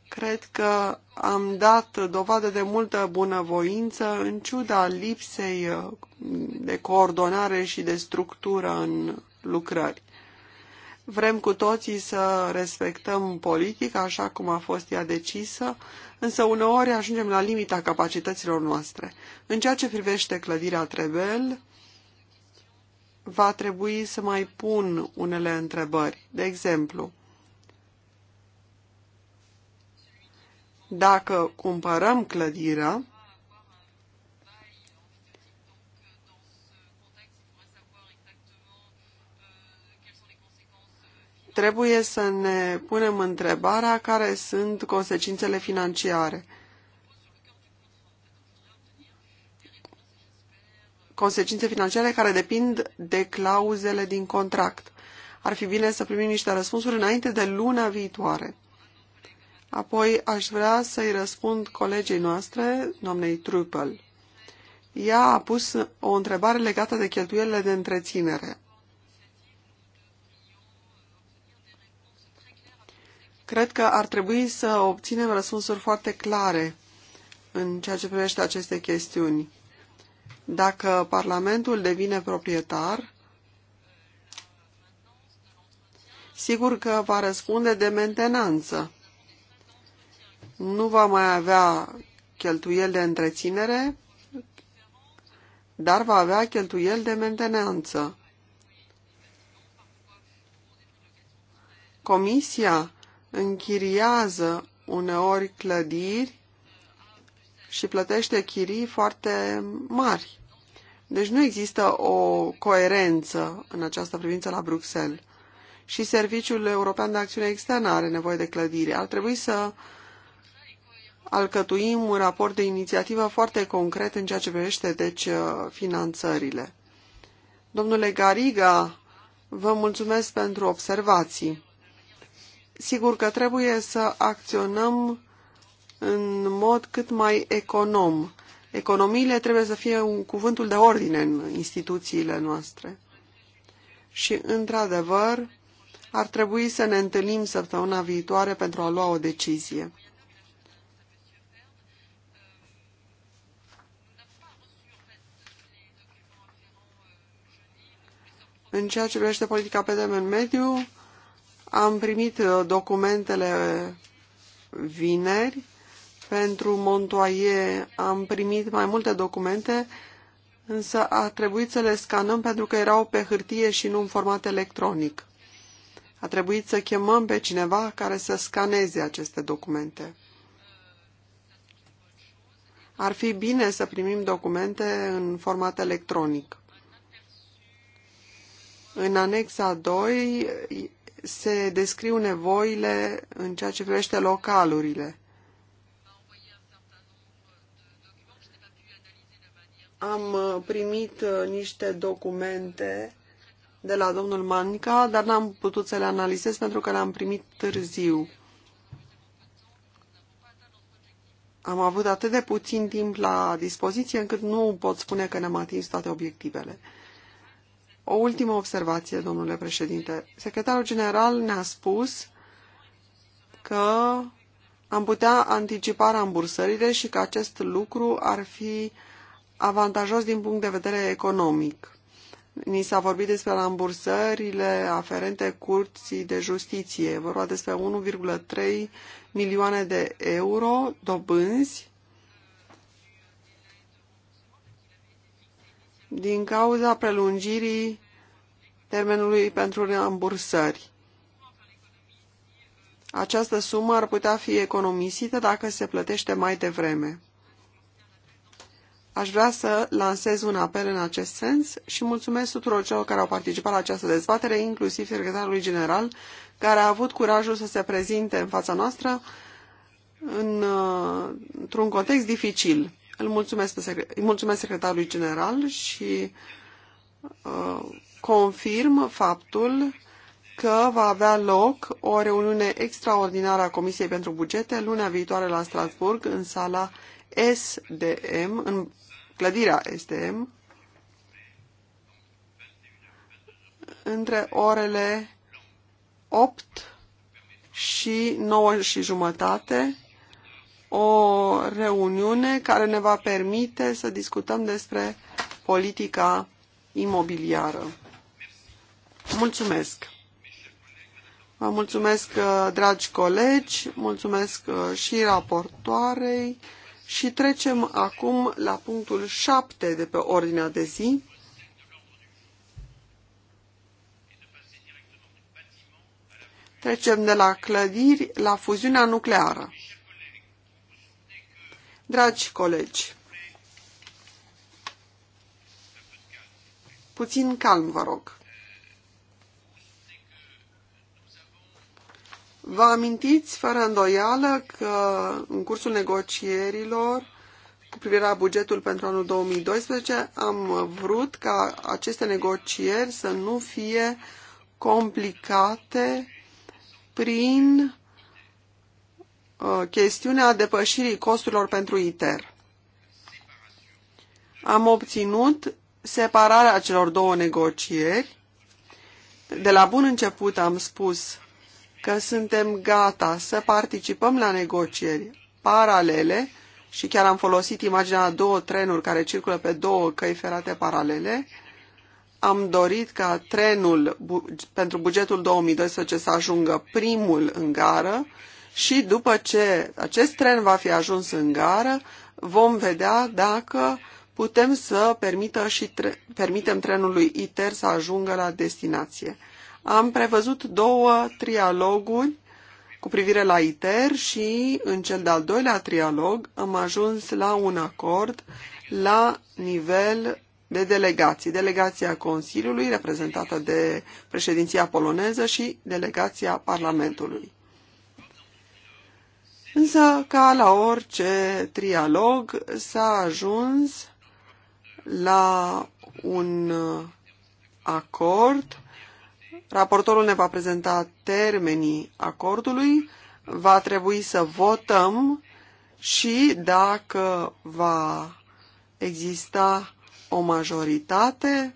Cred că am dat dovadă de multă bunăvoință în ciuda lipsei uh, de coordonare și de structură în lucrări. Vrem cu toții să respectăm politica așa cum a fost ea decisă, însă uneori ajungem la limita capacităților noastre. În ceea ce privește clădirea Trebel, va trebui să mai pun unele întrebări. De exemplu, dacă cumpărăm clădirea, trebuie să ne punem întrebarea care sunt consecințele financiare. consecințe financiare care depind de clauzele din contract. Ar fi bine să primim niște răspunsuri înainte de luna viitoare. Apoi aș vrea să-i răspund colegii noastre, doamnei Trupel. Ea a pus o întrebare legată de cheltuielile de întreținere. Cred că ar trebui să obținem răspunsuri foarte clare în ceea ce privește aceste chestiuni. Dacă Parlamentul devine proprietar, sigur că va răspunde de mentenanță. Nu va mai avea cheltuieli de întreținere, dar va avea cheltuieli de mentenanță. Comisia închiriază uneori clădiri și plătește chirii foarte mari. Deci nu există o coerență în această privință la Bruxelles. Și Serviciul European de Acțiune Externă are nevoie de clădire. Ar trebui să alcătuim un raport de inițiativă foarte concret în ceea ce privește, deci, uh, finanțările. Domnule Gariga, vă mulțumesc pentru observații. Sigur că trebuie să acționăm în mod cât mai econom. Economiile trebuie să fie un cuvântul de ordine în instituțiile noastre. Și, într-adevăr, ar trebui să ne întâlnim săptămâna viitoare pentru a lua o decizie. În ceea ce privește politica pe termen mediu, am primit documentele vineri pentru Montoie am primit mai multe documente, însă a trebuit să le scanăm pentru că erau pe hârtie și nu în format electronic. A trebuit să chemăm pe cineva care să scaneze aceste documente. Ar fi bine să primim documente în format electronic. În anexa 2 se descriu nevoile în ceea ce privește localurile. Am uh, primit uh, niște documente de la domnul Manca, dar n-am putut să le analizez pentru că le-am primit târziu. Am avut atât de puțin timp la dispoziție încât nu pot spune că ne-am atins toate obiectivele. O ultimă observație, domnule președinte. Secretarul general ne-a spus că am putea anticipa rambursările și că acest lucru ar fi avantajos din punct de vedere economic. Ni s-a vorbit despre rambursările aferente curții de justiție. E vorba despre 1,3 milioane de euro dobânzi din cauza prelungirii termenului pentru rambursări. Această sumă ar putea fi economisită dacă se plătește mai devreme. Aș vrea să lansez un apel în acest sens și mulțumesc tuturor celor care au participat la această dezbatere, inclusiv secretarului general, care a avut curajul să se prezinte în fața noastră în, uh, într-un context dificil. Îl mulțumesc, pe secre- îi mulțumesc secretarului general și uh, confirm faptul că va avea loc o reuniune extraordinară a Comisiei pentru Bugete lunea viitoare la Strasburg, în sala SDM, în clădirea SDM, între orele 8 și 9 și jumătate, o reuniune care ne va permite să discutăm despre politica imobiliară. Mulțumesc! Vă mulțumesc, uh, dragi colegi, mulțumesc uh, și raportoarei. Și trecem acum la punctul 7 de pe ordinea de zi. Trecem de la clădiri la fuziunea nucleară. Dragi colegi, puțin calm, vă rog. Vă amintiți, fără îndoială, că în cursul negocierilor cu privire la bugetul pentru anul 2012 am vrut ca aceste negocieri să nu fie complicate prin uh, chestiunea depășirii costurilor pentru ITER. Am obținut separarea celor două negocieri. De la bun început am spus că suntem gata să participăm la negocieri paralele și chiar am folosit imaginea două trenuri care circulă pe două căi ferate paralele, am dorit ca trenul bu pentru bugetul 2012 să ajungă primul în gară și după ce acest tren va fi ajuns în gară, vom vedea dacă putem să permită și tre permitem trenului ITER să ajungă la destinație am prevăzut două trialoguri cu privire la ITER și în cel de-al doilea trialog am ajuns la un acord la nivel de delegații. Delegația Consiliului, reprezentată de președinția poloneză și delegația Parlamentului. Însă, ca la orice trialog, s-a ajuns la un acord Raportorul ne va prezenta termenii acordului, va trebui să votăm și dacă va exista o majoritate,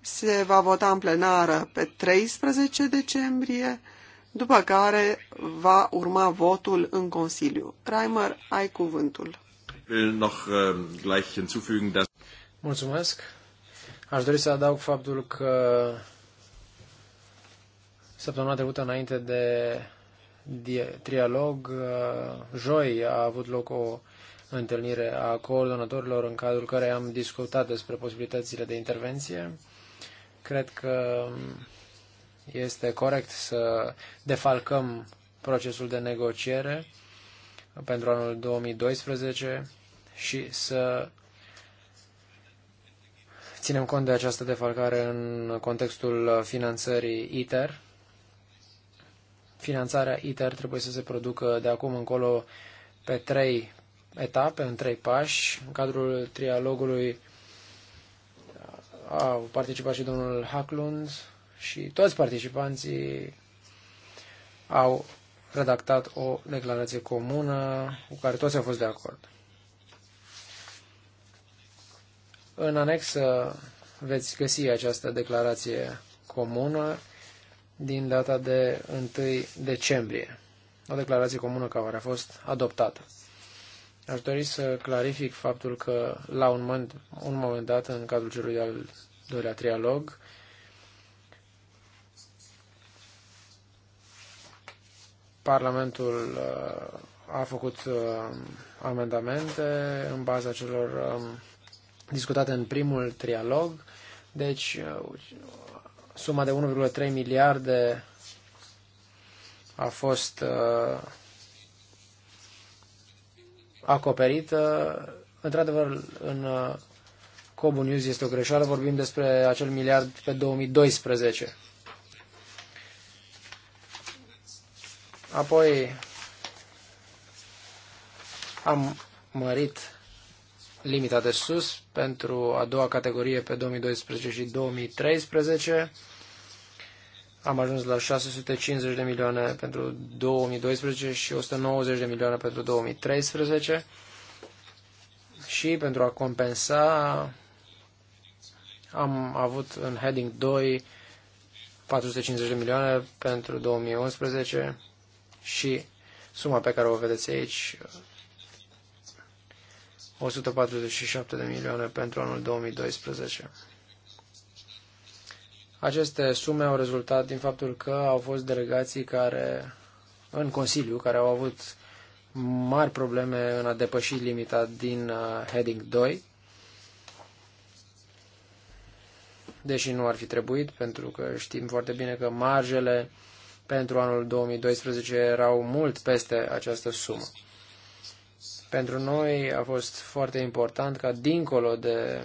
se va vota în plenară pe 13 decembrie, după care va urma votul în Consiliu. Reimer, ai cuvântul. Äh, Mulțumesc. Aș dori să adaug faptul că Săptămâna trecută, înainte de trialog, uh, joi a avut loc o întâlnire a coordonatorilor în cadrul care am discutat despre posibilitățile de intervenție. Cred că este corect să defalcăm procesul de negociere pentru anul 2012 și să ținem cont de această defalcare în contextul finanțării ITER Finanțarea ITER trebuie să se producă de acum încolo pe trei etape, în trei pași. În cadrul trialogului uh, au participat și domnul Hacklund și toți participanții au redactat o declarație comună cu care toți au fost de acord. În anexă veți găsi această declarație comună din data de 1 decembrie. O declarație comună care a fost adoptată. Aș dori să clarific faptul că la un moment, un moment dat, în cadrul celui de-al doilea trialog, Parlamentul uh, a făcut uh, amendamente în baza celor um, discutate în primul trialog, deci uh, suma de 1,3 miliarde a fost uh, acoperită. Într-adevăr, în uh, Cobu News este o greșeală, vorbim despre acel miliard pe 2012. Apoi am mărit limita de sus pentru a doua categorie pe 2012 și 2013. Am ajuns la 650 de milioane pentru 2012 și 190 de milioane pentru 2013. Și pentru a compensa am avut în heading 2 450 de milioane pentru 2011 și suma pe care o vedeți aici 147 de milioane pentru anul 2012. Aceste sume au rezultat din faptul că au fost delegații care, în Consiliu, care au avut mari probleme în a depăși limita din uh, Heading 2, deși nu ar fi trebuit, pentru că știm foarte bine că marjele pentru anul 2012 erau mult peste această sumă. Pentru noi a fost foarte important ca, dincolo de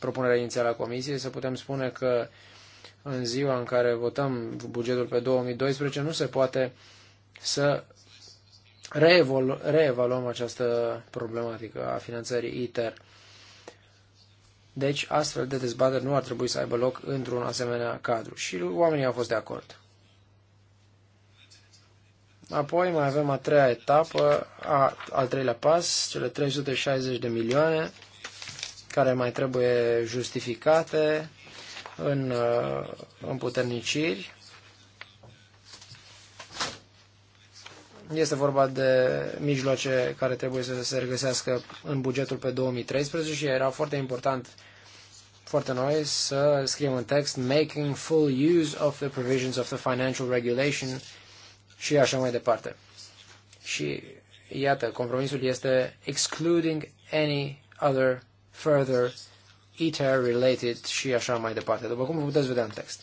propunerea inițială a Comisiei, să putem spune că în ziua în care votăm bugetul pe 2012 nu se poate să reevaluăm această problematică a finanțării ITER. Deci, astfel de dezbateri nu ar trebui să aibă loc într-un asemenea cadru. Și oamenii au fost de acord. Apoi mai avem a treia etapă, a, al treilea pas, cele 360 de milioane care mai trebuie justificate în uh, împuterniciri. Este vorba de mijloace care trebuie să se regăsească în bugetul pe 2013 și era foarte important foarte noi să scriem un text making full use of the provisions of the financial regulation și așa mai departe. Și iată, compromisul este excluding any other further ITER related și așa mai departe, după cum vă puteți vedea în text.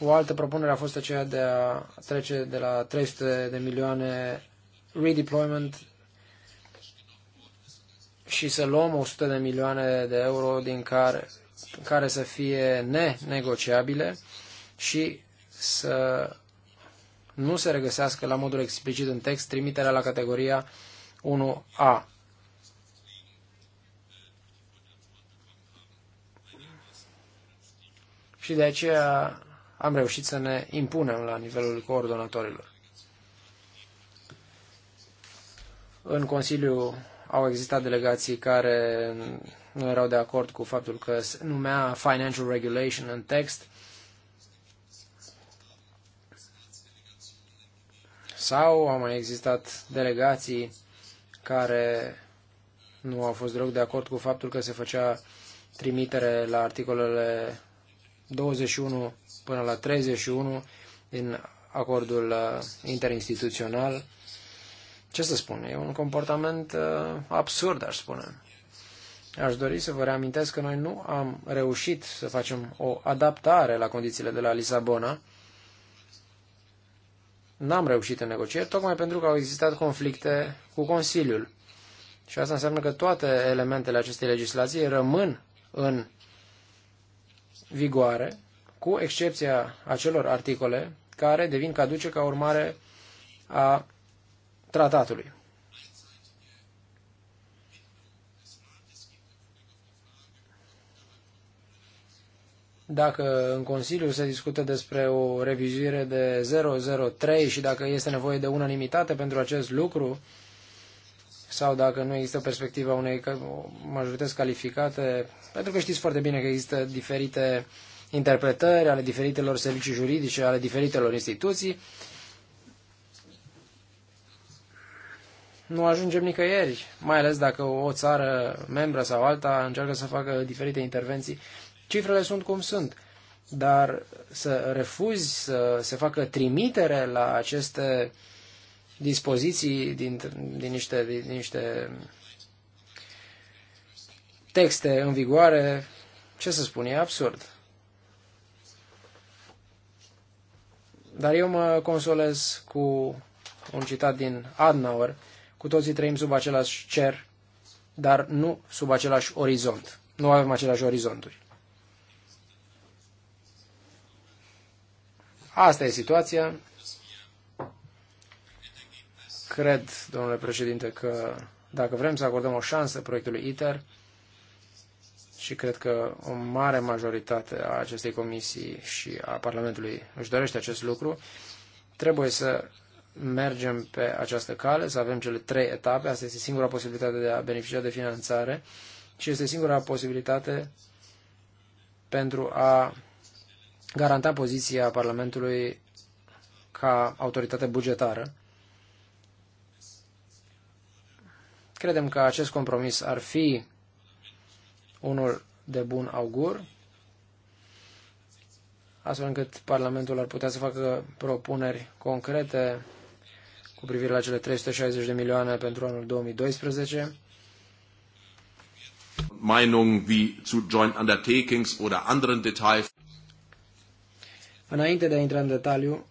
O altă propunere a fost aceea de a trece de la 300 de milioane redeployment și să luăm 100 de milioane de euro din care, care să fie nenegociabile și să nu se regăsească la modul explicit în text trimiterea la categoria 1A. Și de aceea am reușit să ne impunem la nivelul coordonatorilor. În Consiliu au existat delegații care nu erau de acord cu faptul că se numea Financial Regulation în text, sau au mai existat delegații care nu au fost deloc de acord cu faptul că se făcea trimitere la articolele 21 până la 31 din acordul uh, interinstituțional. Ce să spun? E un comportament uh, absurd, aș spune. Aș dori să vă reamintesc că noi nu am reușit să facem o adaptare la condițiile de la Lisabona, n-am reușit în negocieri, tocmai pentru că au existat conflicte cu Consiliul. Și asta înseamnă că toate elementele acestei legislații rămân în vigoare, cu excepția acelor articole care devin caduce ca urmare a tratatului. dacă în Consiliu se discută despre o revizuire de 003 și dacă este nevoie de unanimitate pentru acest lucru, sau dacă nu există perspectiva unei majorități calificate, pentru că știți foarte bine că există diferite interpretări ale diferitelor servicii juridice, ale diferitelor instituții, nu ajungem nicăieri, mai ales dacă o țară membră sau alta încearcă să facă diferite intervenții Cifrele sunt cum sunt, dar să refuzi să se facă trimitere la aceste dispoziții din, din, niște, din, niște texte în vigoare, ce să spun, e absurd. Dar eu mă consolez cu un citat din Adenauer, cu toții trăim sub același cer, dar nu sub același orizont. Nu avem aceleași orizonturi. Asta e situația. Cred, domnule președinte, că dacă vrem să acordăm o șansă proiectului ITER, și cred că o mare majoritate a acestei comisii și a Parlamentului își dorește acest lucru, trebuie să mergem pe această cale, să avem cele trei etape. Asta este singura posibilitate de a beneficia de finanțare și este singura posibilitate pentru a garanta poziția Parlamentului ca autoritate bugetară. Credem că acest compromis ar fi unul de bun augur, astfel încât Parlamentul ar putea să facă propuneri concrete cu privire la cele 360 de milioane pentru anul 2012. Meinungen wie zu joint undertakings oder anderen Details. Înainte de a intra în detaliu,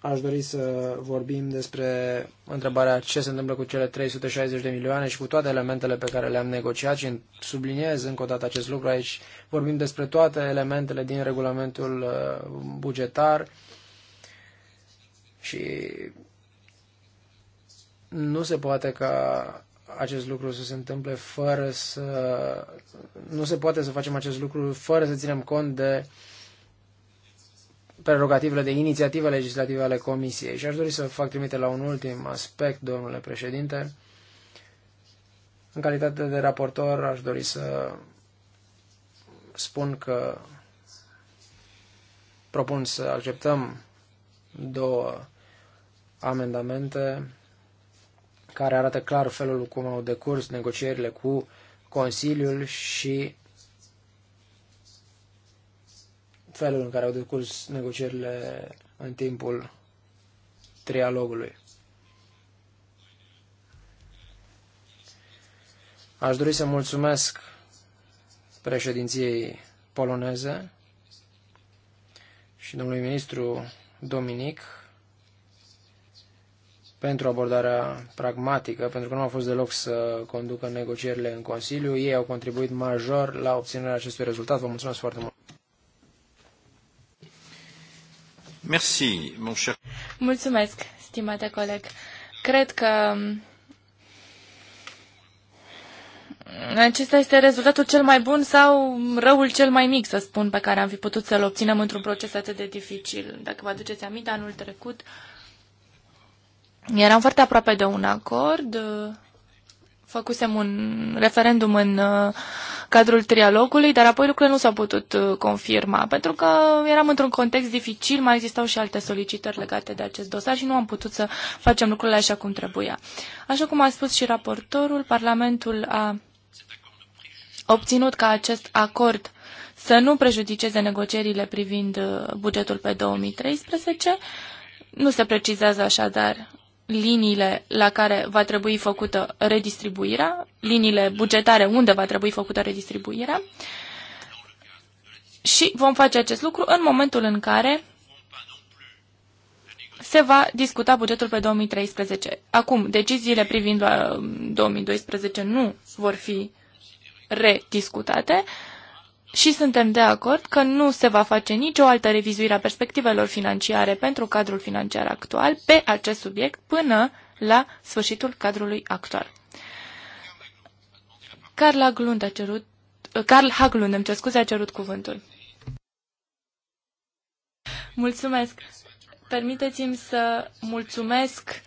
aș dori să vorbim despre întrebarea ce se întâmplă cu cele 360 de milioane și cu toate elementele pe care le-am negociat și subliniez încă o dată acest lucru aici. Vorbim despre toate elementele din regulamentul uh, bugetar și nu se poate ca acest lucru să se întâmple fără să... Nu se poate să facem acest lucru fără să ținem cont de uh, prerogativele de inițiativă legislativă ale Comisiei. Și aș dori să fac trimite la un ultim aspect, domnule președinte. În calitate de raportor, aș dori să spun că propun să acceptăm două amendamente care arată clar felul cum au decurs negocierile cu Consiliul și felul în care au decurs negocierile în timpul trialogului. Aș dori să mulțumesc președinției poloneze și domnului ministru Dominic pentru abordarea pragmatică, pentru că nu a fost deloc să conducă negocierile în Consiliu. Ei au contribuit major la obținerea acestui rezultat. Vă mulțumesc foarte mult! Merci, mon cher. Mulțumesc, stimate coleg. Cred că um, acesta este rezultatul cel mai bun sau răul cel mai mic, să spun, pe care am fi putut să-l obținem într-un proces atât de dificil. Dacă vă aduceți aminte, anul trecut eram foarte aproape de un acord Făcusem un referendum în uh, cadrul trialogului, dar apoi lucrurile nu s-au putut uh, confirma, pentru că eram într-un context dificil, mai existau și alte solicitări legate de acest dosar și nu am putut să facem lucrurile așa cum trebuia. Așa cum a spus și raportorul, Parlamentul a obținut ca acest acord să nu prejudiceze negocierile privind uh, bugetul pe 2013. Nu se precizează așadar liniile la care va trebui făcută redistribuirea, liniile bugetare unde va trebui făcută redistribuirea și vom face acest lucru în momentul în care se va discuta bugetul pe 2013. Acum, deciziile privind 2012 um, nu vor fi rediscutate, și suntem de acord că nu se va face nicio altă revizuire a perspectivelor financiare pentru cadrul financiar actual pe acest subiect până la sfârșitul cadrului actual. Carla Haglund a cerut, Carl Haglund, îmi cer scuze, a cerut cuvântul. Mulțumesc. Permiteți-mi să mulțumesc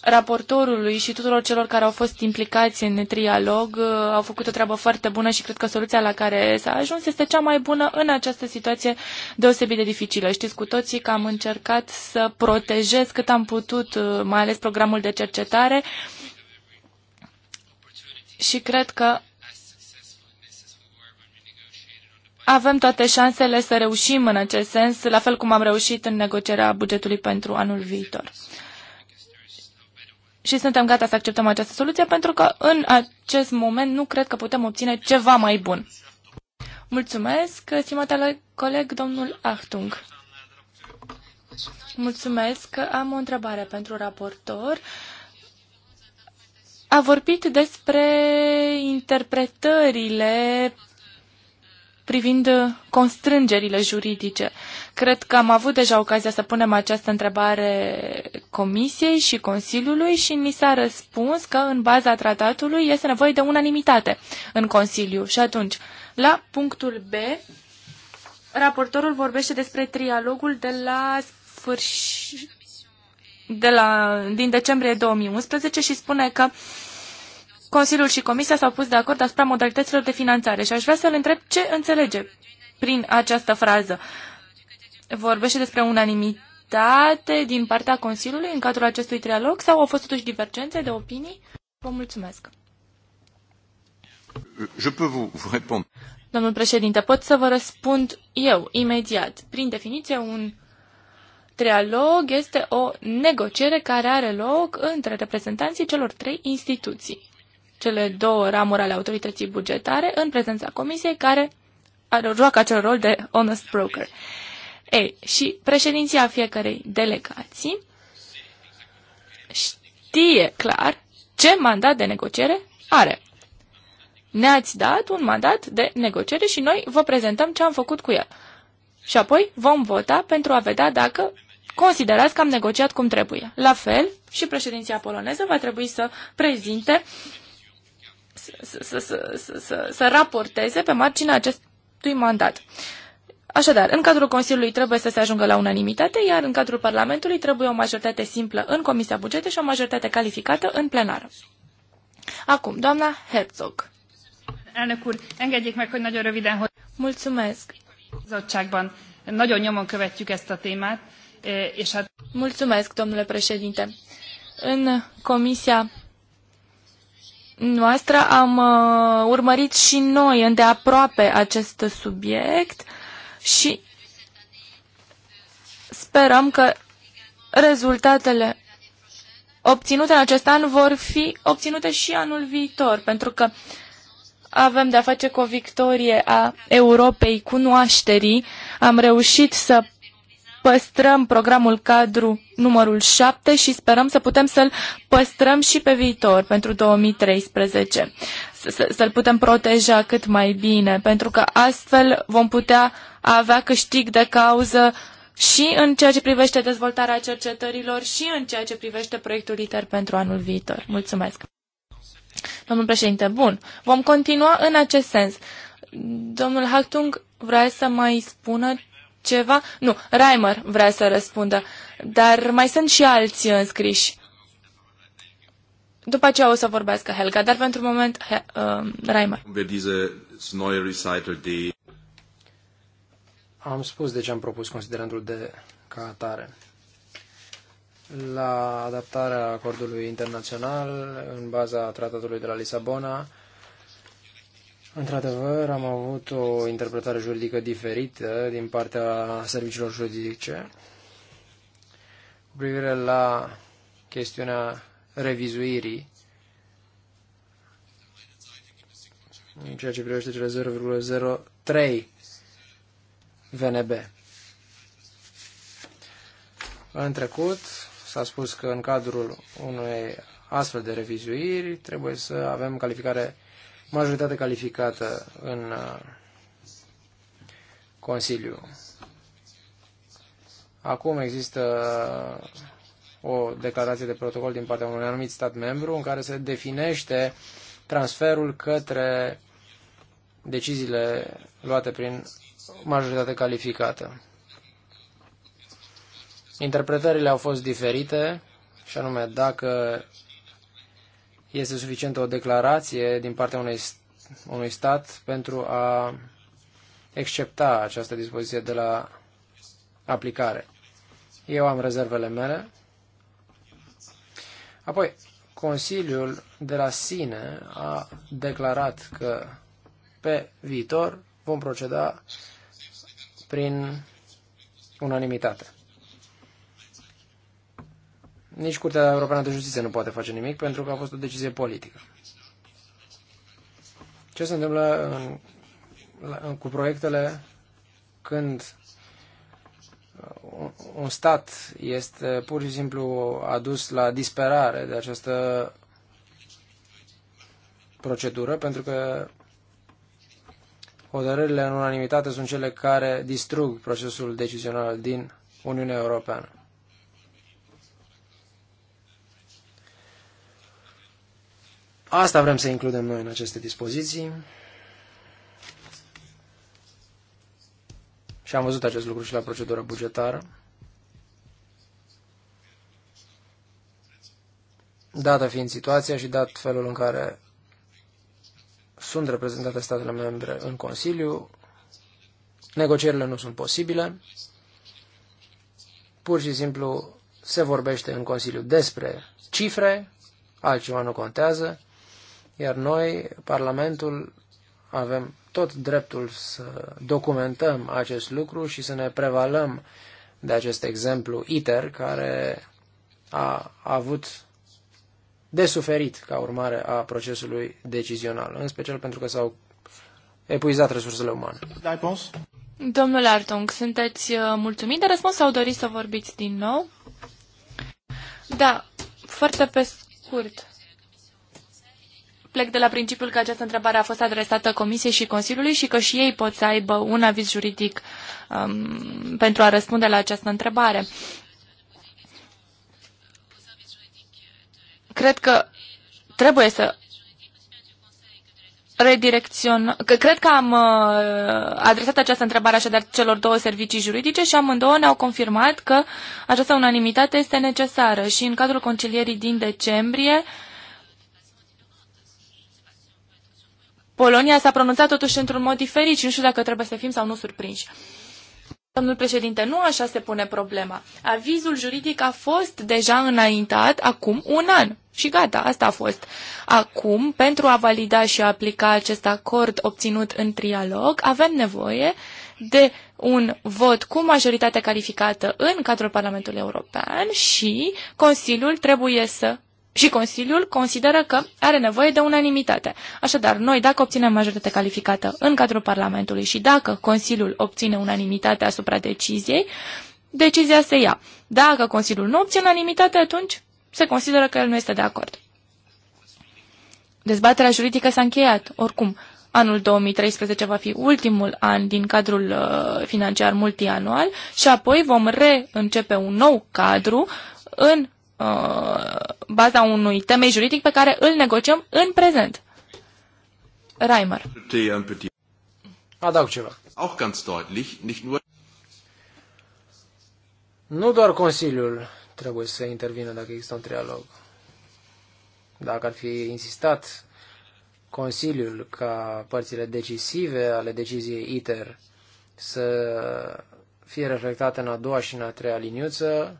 raportorului și tuturor celor care au fost implicați în trialog. Uh, au făcut o treabă foarte bună și cred că soluția la care s-a ajuns este cea mai bună în această situație deosebit de dificilă. Știți cu toții că am încercat să protejez cât am putut, uh, mai ales programul de cercetare și cred că avem toate șansele să reușim în acest sens, la fel cum am reușit în negocierea bugetului pentru anul viitor și suntem gata să acceptăm această soluție pentru că în acest moment nu cred că putem obține ceva mai bun. Mulțumesc, stimatele coleg, domnul Achtung. Mulțumesc. Am o întrebare pentru raportor. A vorbit despre interpretările privind uh, constrângerile juridice. Cred că am avut deja ocazia să punem această întrebare Comisiei și Consiliului și ni s-a răspuns că în baza tratatului este nevoie de unanimitate în Consiliu. Și atunci, la punctul B, raportorul vorbește despre trialogul de la sfârșit de la, din decembrie 2011 și spune că uh, Consiliul și Comisia s-au pus de acord asupra modalităților de finanțare și aș vrea să-l întreb ce înțelege prin această frază. Vorbește despre unanimitate din partea Consiliului în cadrul acestui trialog sau au fost totuși divergențe de opinii? Vă mulțumesc. Je peux vous, répondre. Domnul președinte, pot să vă răspund eu, imediat. Prin definiție, un trialog este o negociere care are loc între reprezentanții celor trei instituții cele două ramuri ale autorității bugetare în prezența comisiei care are, joacă acel rol de honest broker. Ei, și președinția fiecarei delegații știe clar ce mandat de negociere are. Ne-ați dat un mandat de negociere și noi vă prezentăm ce am făcut cu el. Și apoi vom vota pentru a vedea dacă considerați că am negociat cum trebuie. La fel, și președinția poloneză va trebui să prezinte uh, să, să, să, să raporteze pe marginea acestui mandat. Așadar, în cadrul Consiliului trebuie să se ajungă la unanimitate, iar în cadrul Parlamentului trebuie o majoritate simplă în Comisia Bugete și o majoritate calificată în plenară. Acum, doamna Herzog. Elnök úr, engedjék meg, hogy nagyon röviden, hogy... Mulțumesc. Bizottságban nagyon nyomon követjük ezt a témát, eh, és hát... Mulțumesc, domnule președinte. În Comisia noastră am uh, urmărit și noi îndeaproape acest subiect și sperăm că rezultatele obținute în acest an vor fi obținute și anul viitor, pentru că avem de-a face cu o victorie a Europei cunoașterii. Am reușit să păstrăm programul cadru numărul 7 și sperăm să putem să-l păstrăm și pe viitor, pentru 2013, să-l putem proteja cât mai bine, pentru că astfel vom putea avea câștig de cauză și în ceea ce privește dezvoltarea cercetărilor și în ceea ce privește proiectul ITER pentru anul viitor. Mulțumesc! Domnul președinte, bun, vom continua în acest sens. Domnul Hactung vrea să mai spună ceva? Nu, Reimer vrea să răspundă, dar mai sunt și alții înscriși. După aceea o să vorbească Helga, dar pentru moment, uh, Reimer. Am spus de ce am propus considerentul de ca atare. La adaptarea acordului internațional, în baza tratatului de la Lisabona, Într-adevăr, am avut o interpretare juridică diferită din partea serviciilor juridice cu privire la chestiunea revizuirii în ceea ce privește cele 0,03 VNB. În trecut s-a spus că în cadrul unei astfel de revizuiri trebuie să avem calificare majoritate calificată în uh, Consiliu. Acum există o declarație de protocol din partea unui anumit stat membru în care se definește transferul către deciziile luate prin majoritate calificată. Interpretările au fost diferite, și anume dacă este suficientă o declarație din partea unei, unui stat pentru a excepta această dispoziție de la aplicare. Eu am rezervele mele. Apoi, Consiliul de la sine a declarat că pe viitor vom proceda prin unanimitate. Nici Curtea Europeană de Justiție nu poate face nimic pentru că a fost o decizie politică. Ce se întâmplă în, în, cu proiectele când un stat este pur și simplu adus la disperare de această procedură, pentru că hotărârile în unanimitate sunt cele care distrug procesul decizional din Uniunea Europeană. Asta vrem să includem noi în aceste dispoziții. Și am văzut acest lucru și la procedura bugetară. Dată fiind situația și dat felul în care sunt reprezentate statele membre în Consiliu, negocierile nu sunt posibile. Pur și simplu se vorbește în Consiliu despre cifre, altceva nu contează iar noi, Parlamentul, avem tot dreptul să documentăm acest lucru și să ne prevalăm de acest exemplu ITER, care a avut de suferit ca urmare a procesului decizional, în special pentru că s-au epuizat resursele umane. Domnule Artung, sunteți uh, mulțumit de răspuns sau doriți să vorbiți din nou? Da, foarte pe scurt plec de la principiul că această întrebare a fost adresată Comisiei și Consiliului și că și ei pot să aibă un aviz juridic um, pentru a răspunde la această întrebare. Cred că trebuie să redirecțion... Că cred că am uh, adresat această întrebare așadar celor două servicii juridice și amândouă ne-au confirmat că această unanimitate este necesară și în cadrul concilierii din decembrie uh, Polonia s-a pronunțat totuși într-un mod diferit și nu știu dacă trebuie să fim sau nu surprinși. Domnul președinte, nu așa se pune problema. Avizul juridic a fost deja înaintat acum un an. Și gata, asta a fost. Acum, pentru a valida și a aplica acest acord obținut în trialog, avem nevoie de un vot cu majoritate calificată în cadrul Parlamentului European și Consiliul trebuie să și Consiliul consideră că are nevoie de unanimitate. Așadar, noi, dacă obținem majoritate calificată în cadrul Parlamentului și dacă Consiliul obține unanimitate asupra deciziei, decizia se ia. Dacă Consiliul nu obține unanimitate, atunci se consideră că el nu este de acord. Dezbaterea juridică s-a încheiat. Oricum, anul 2013 va fi ultimul an din cadrul uh, financiar multianual și apoi vom reîncepe un nou cadru în Uh, baza unui temei juridic pe care îl negociem în prezent. Reimer. Adaug ceva. Auch ganz deutlich, nicht nur nu doar Consiliul trebuie să intervină dacă există un trialog. Dacă ar fi insistat Consiliul ca părțile decisive ale deciziei ITER să fie reflectate în a doua și în a treia liniuță,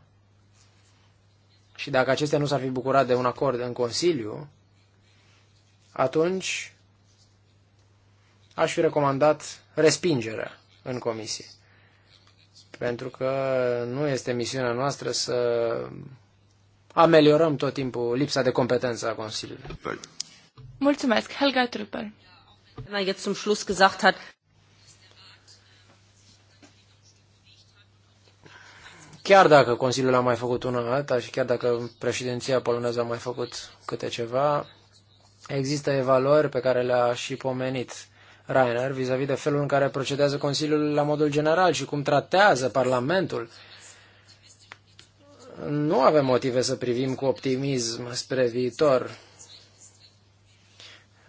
și dacă acestea nu s-ar fi bucurat de un acord în Consiliu, atunci aș fi recomandat respingerea în comisie. Pentru că nu este misiunea noastră să ameliorăm tot timpul lipsa de competență a Consiliului. Mulțumesc, Helga Trupel. Chiar dacă Consiliul a mai făcut una alta și chiar dacă președinția poloneză a mai făcut câte ceva, există evaluări pe care le-a și pomenit Rainer vis-a-vis -vis de felul în care procedează Consiliul la modul general și cum tratează Parlamentul. Nu avem motive să privim cu optimism spre viitor.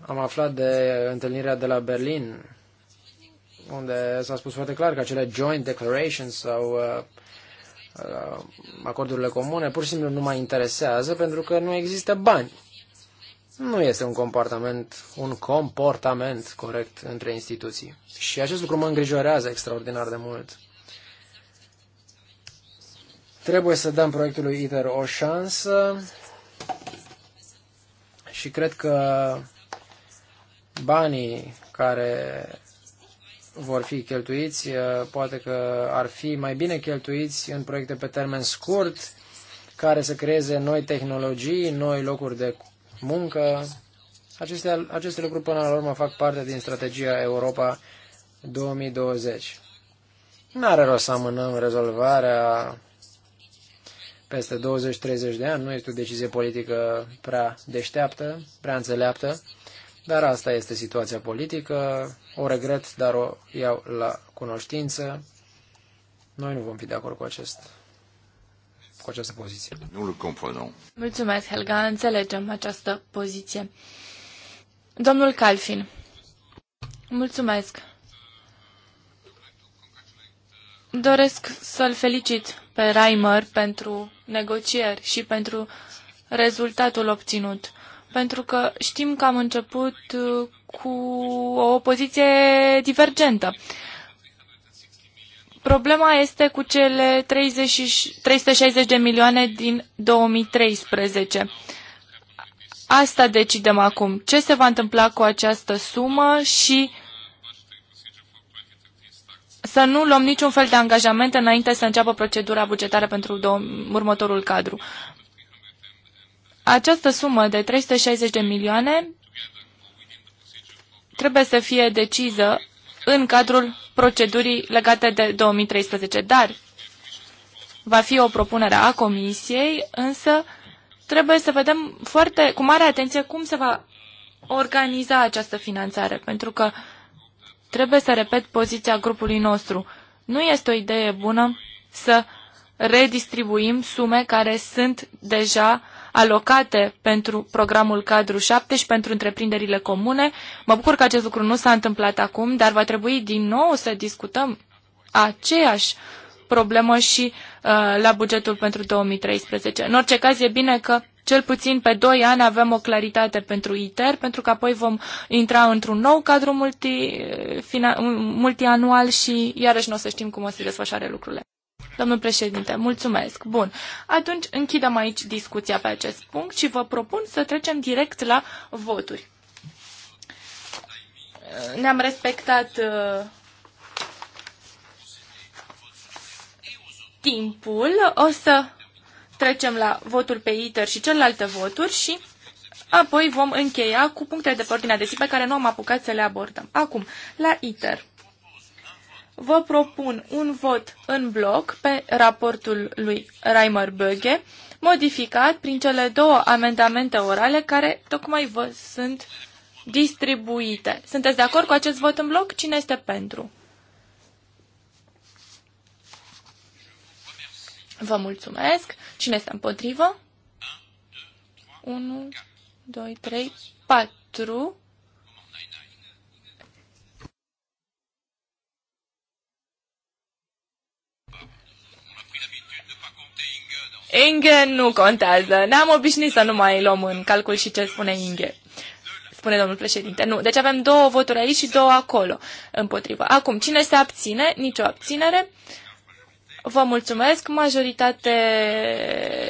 Am aflat de întâlnirea de la Berlin, unde s-a spus foarte clar că acele joint declarations sau uh, Uh, acordurile comune pur și simplu nu mai interesează pentru că nu există bani. Nu este un comportament, un comportament corect între instituții. Și acest lucru mă îngrijorează extraordinar de mult. Trebuie să dăm proiectului ITER o șansă și cred că banii care vor fi cheltuiți, uh, poate că ar fi mai bine cheltuiți în proiecte pe termen scurt, care să creeze noi tehnologii, noi locuri de muncă. Aceste, aceste lucruri până la urmă fac parte din strategia Europa 2020. Nu are rost să amânăm rezolvarea peste 20-30 de ani, nu este o decizie politică prea deșteaptă, prea înțeleaptă. Dar asta este situația politică, o regret, dar o iau la cunoștință. Noi nu vom fi de acord cu acest cu această poziție. Nu îl comprenăm. Mulțumesc, Helga. Înțelegem această poziție. Domnul Calfin. Mulțumesc. Doresc să-l felicit pe Reimer pentru negocieri și pentru rezultatul obținut pentru că știm că am început uh, cu o poziție divergentă. Problema este cu cele 30, 360 de milioane din 2013. Asta decidem acum. Ce se va întâmpla cu această sumă și să nu luăm niciun fel de angajament înainte să înceapă procedura bugetară pentru următorul cadru. Această sumă de 360 de milioane trebuie să fie decisă în cadrul procedurii legate de 2013, dar va fi o propunere a Comisiei, însă trebuie să vedem foarte, cu mare atenție cum se va organiza această finanțare, pentru că trebuie să repet poziția grupului nostru. Nu este o idee bună să redistribuim sume care sunt deja uh, alocate pentru programul cadru 7 și pentru întreprinderile comune. Mă bucur că acest lucru nu s-a întâmplat acum, dar va trebui din nou să discutăm aceeași problemă și uh, la bugetul pentru 2013. În orice caz, e bine că cel puțin pe 2 ani avem o claritate pentru ITER, pentru că apoi vom intra într-un nou cadru multi, uh, multianual și iarăși nu o să știm cum o să desfășoare lucrurile. Domnul președinte, mulțumesc. Bun. Atunci închidem aici discuția pe acest punct și vă propun să trecem direct la voturi. Ne-am respectat uh, timpul. O să trecem la votul pe ITER și celelalte voturi și apoi vom încheia cu punctele de ordine ordinea de zi pe care nu am apucat să le abordăm. Acum, la ITER vă propun un vot în bloc pe raportul lui Reimer Böge, modificat prin cele două amendamente orale care tocmai vă sunt distribuite. Sunteți de acord cu acest vot în bloc? Cine este pentru? Vă mulțumesc. Cine este împotrivă? 1, 2, 3, 4. Inge nu contează. Ne-am obișnuit să nu mai luăm în calcul și ce spune Inge. Spune domnul președinte. Nu. Deci avem două voturi aici și două acolo împotrivă. Acum, cine se abține? Nicio abținere. Vă mulțumesc. Majoritate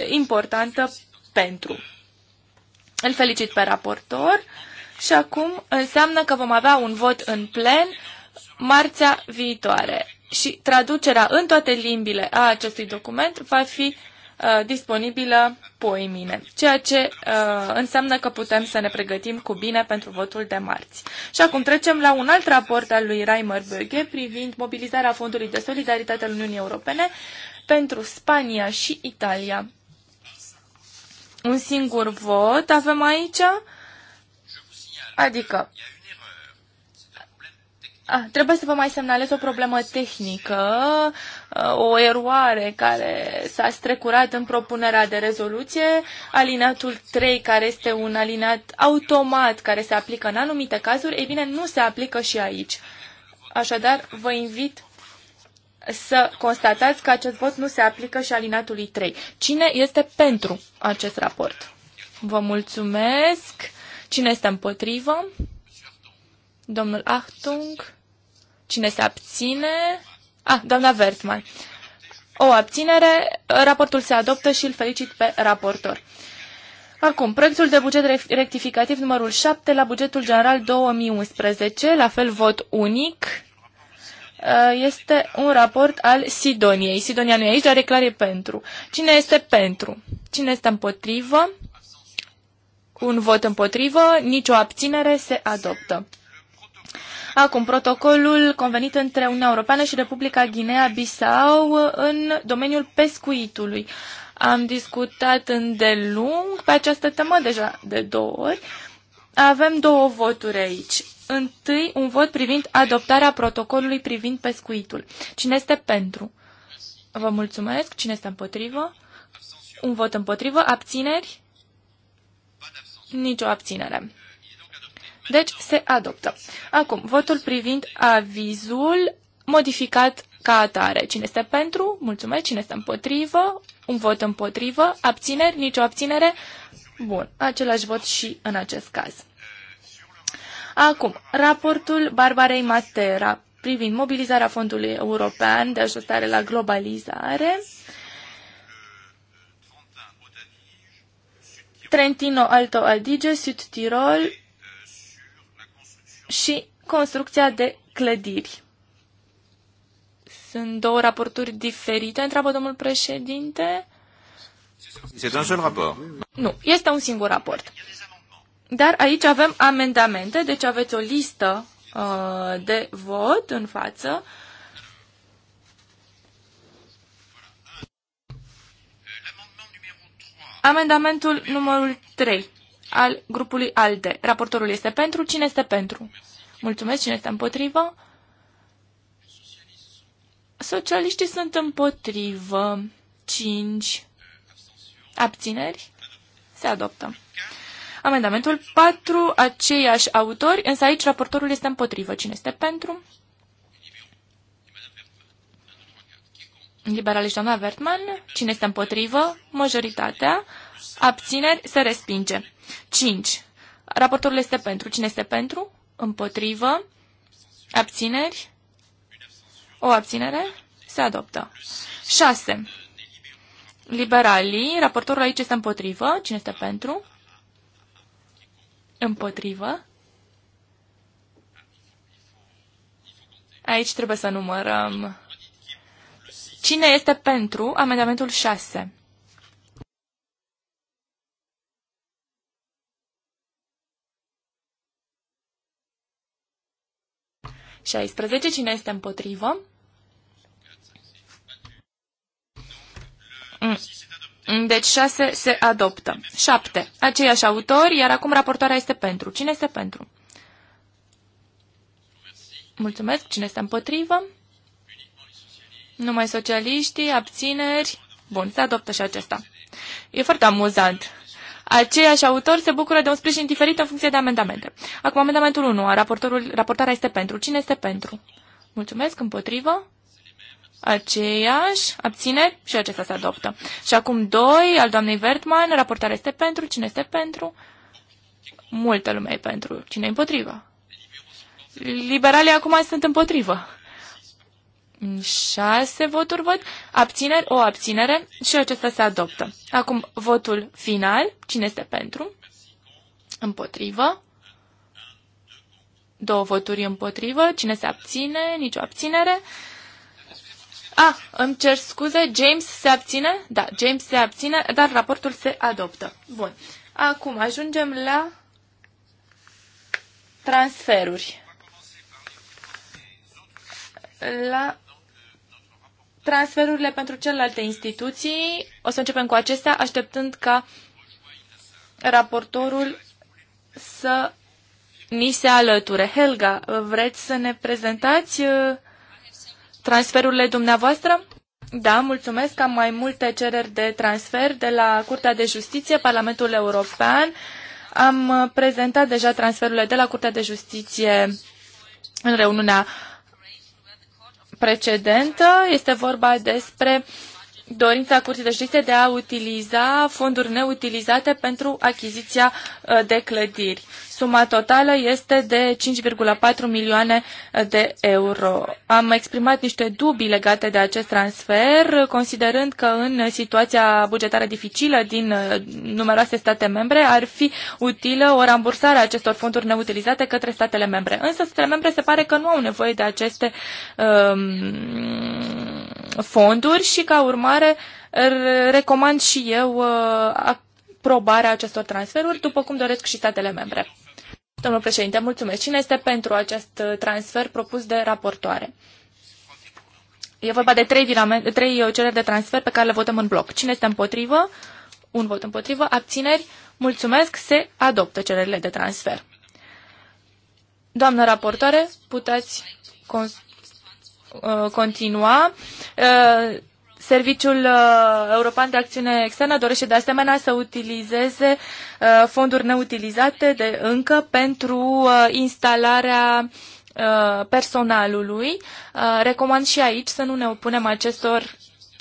importantă pentru. Îl felicit pe raportor și acum înseamnă că vom avea un vot în plen marțea viitoare și traducerea în toate limbile a acestui document va fi Uh, disponibilă poimine, ceea ce uh, înseamnă că putem să ne pregătim cu bine pentru votul de marți. Și acum trecem la un alt raport al lui Reimer Böge privind mobilizarea Fondului de Solidaritate al Uniunii Europene pentru Spania și Italia. Un singur vot avem aici, adică a, trebuie să vă mai semnalez o problemă tehnică. Uh, Uh, o eroare care s-a strecurat în propunerea de rezoluție, alineatul 3, care este un alineat automat care se aplică în anumite cazuri, ei bine, nu se aplică și aici. Așadar, vă invit să constatați că acest vot nu se aplică și alinatului 3. Cine este pentru acest raport? Vă mulțumesc. Cine este împotrivă? Domnul Achtung. Cine se abține? Ah, doamna Wertmann. O abținere, raportul se adoptă și îl felicit pe raportor. Acum, proiectul de buget rectificativ numărul 7 la bugetul general 2011, la fel vot unic, uh, este un raport al Sidoniei. Sidonia nu e aici, dar e pentru. Cine este pentru? Cine este împotrivă? Un vot împotrivă, nicio abținere se adoptă. Acum, protocolul convenit între Uniunea Europeană și Republica Guinea-Bissau în domeniul pescuitului. Am discutat îndelung pe această temă deja de două ori. Avem două voturi aici. Întâi, un vot privind adoptarea protocolului privind pescuitul. Cine este pentru? Vă mulțumesc. Cine este împotrivă? Un vot împotrivă. Abțineri? Nicio abținere. Deci se adoptă. Acum, votul privind avizul modificat ca atare. Cine este pentru? Mulțumesc. Cine este împotrivă? Un vot împotrivă. Abțineri? Nicio abținere? Bun. Același vot și în acest caz. Acum, raportul Barbarei Matera privind mobilizarea Fondului European de ajustare la globalizare. Trentino Alto Adige, Sud Tirol, și construcția de clădiri. Sunt două raporturi diferite, întreabă domnul președinte. Este un raport. Nu, este un singur raport. Dar aici avem amendamente, deci aveți o listă uh, de vot în față. Amendamentul numărul 3 al grupului ALDE. Raportorul este pentru. Cine este pentru? Mulțumesc. Cine este împotrivă? Socialiștii sunt împotrivă. 5. Abțineri? Se adoptă. Amendamentul 4, aceiași autori, însă aici raportorul este împotrivă. Cine este pentru? Liberaliști doamna Wertmann. Cine este împotrivă? Majoritatea abțineri, se respinge. 5. Raportorul este pentru. Cine este pentru? Împotrivă, abțineri, o abținere, se adoptă. 6. Liberalii, raportorul aici este împotrivă. Cine este pentru? Împotrivă. Aici trebuie să numărăm. Cine este pentru amendamentul 6? 16. Cine este împotrivă? Mm. Deci 6 se adoptă. 7. Aceiași autori, iar acum raportoarea este pentru. Cine este pentru? Mulțumesc. Cine este împotrivă? Numai socialiștii, abțineri. Bun, se adoptă și acesta. E foarte amuzant aceiași autori se bucură de un sprijin diferit în funcție de amendamente. Acum, amendamentul 1. Raportorul, raportarea este pentru. Cine este pentru? Mulțumesc. Împotrivă? Aceiași. abține Și acesta se adoptă. Și acum 2. Al doamnei Vertman. Raportarea este pentru. Cine este pentru? Multă lume e pentru. Cine e împotrivă? Liberalii acum sunt împotrivă. 6 voturi văd, abțineri, o abținere și acesta se adoptă. Acum votul final, cine este pentru? Împotrivă. Două voturi împotrivă, cine se abține, nicio abținere. Ah, îmi cer scuze, James se abține? Da, James se abține, dar raportul se adoptă. Bun. Acum ajungem la transferuri. La transferurile pentru celelalte instituții. O să începem cu acestea, așteptând ca raportorul să ni se alăture. Helga, vreți să ne prezentați uh, transferurile dumneavoastră? Da, mulțumesc. Am mai multe cereri de transfer de la Curtea de Justiție, Parlamentul European. Am prezentat deja transferurile de la Curtea de Justiție în reuniunea precedentă. Este vorba despre dorința Curții de Justiție de a utiliza fonduri neutilizate pentru achiziția uh, de clădiri. Suma totală este de 5,4 milioane de euro. Am exprimat niște dubii legate de acest transfer, considerând că în situația bugetară dificilă din uh, numeroase state membre ar fi utilă o rambursare a acestor fonduri neutilizate către statele membre. Însă statele membre se pare că nu au nevoie de aceste um, fonduri și ca urmare recomand și eu uh, aprobarea acestor transferuri, după cum doresc și statele membre. Domnul președinte, mulțumesc. Cine este pentru acest uh, transfer propus de raportoare? E vorba de trei, virament, trei uh, cereri de transfer pe care le votăm în bloc. Cine este împotrivă? Un vot împotrivă. Abțineri? Mulțumesc. Se adoptă cererile de transfer. Doamnă raportoare, puteți con uh, continua. Serviciul uh, European de Acțiune Externă dorește de asemenea să utilizeze uh, fonduri neutilizate de încă pentru uh, instalarea personalului. Recomand și aici să nu ne opunem acestor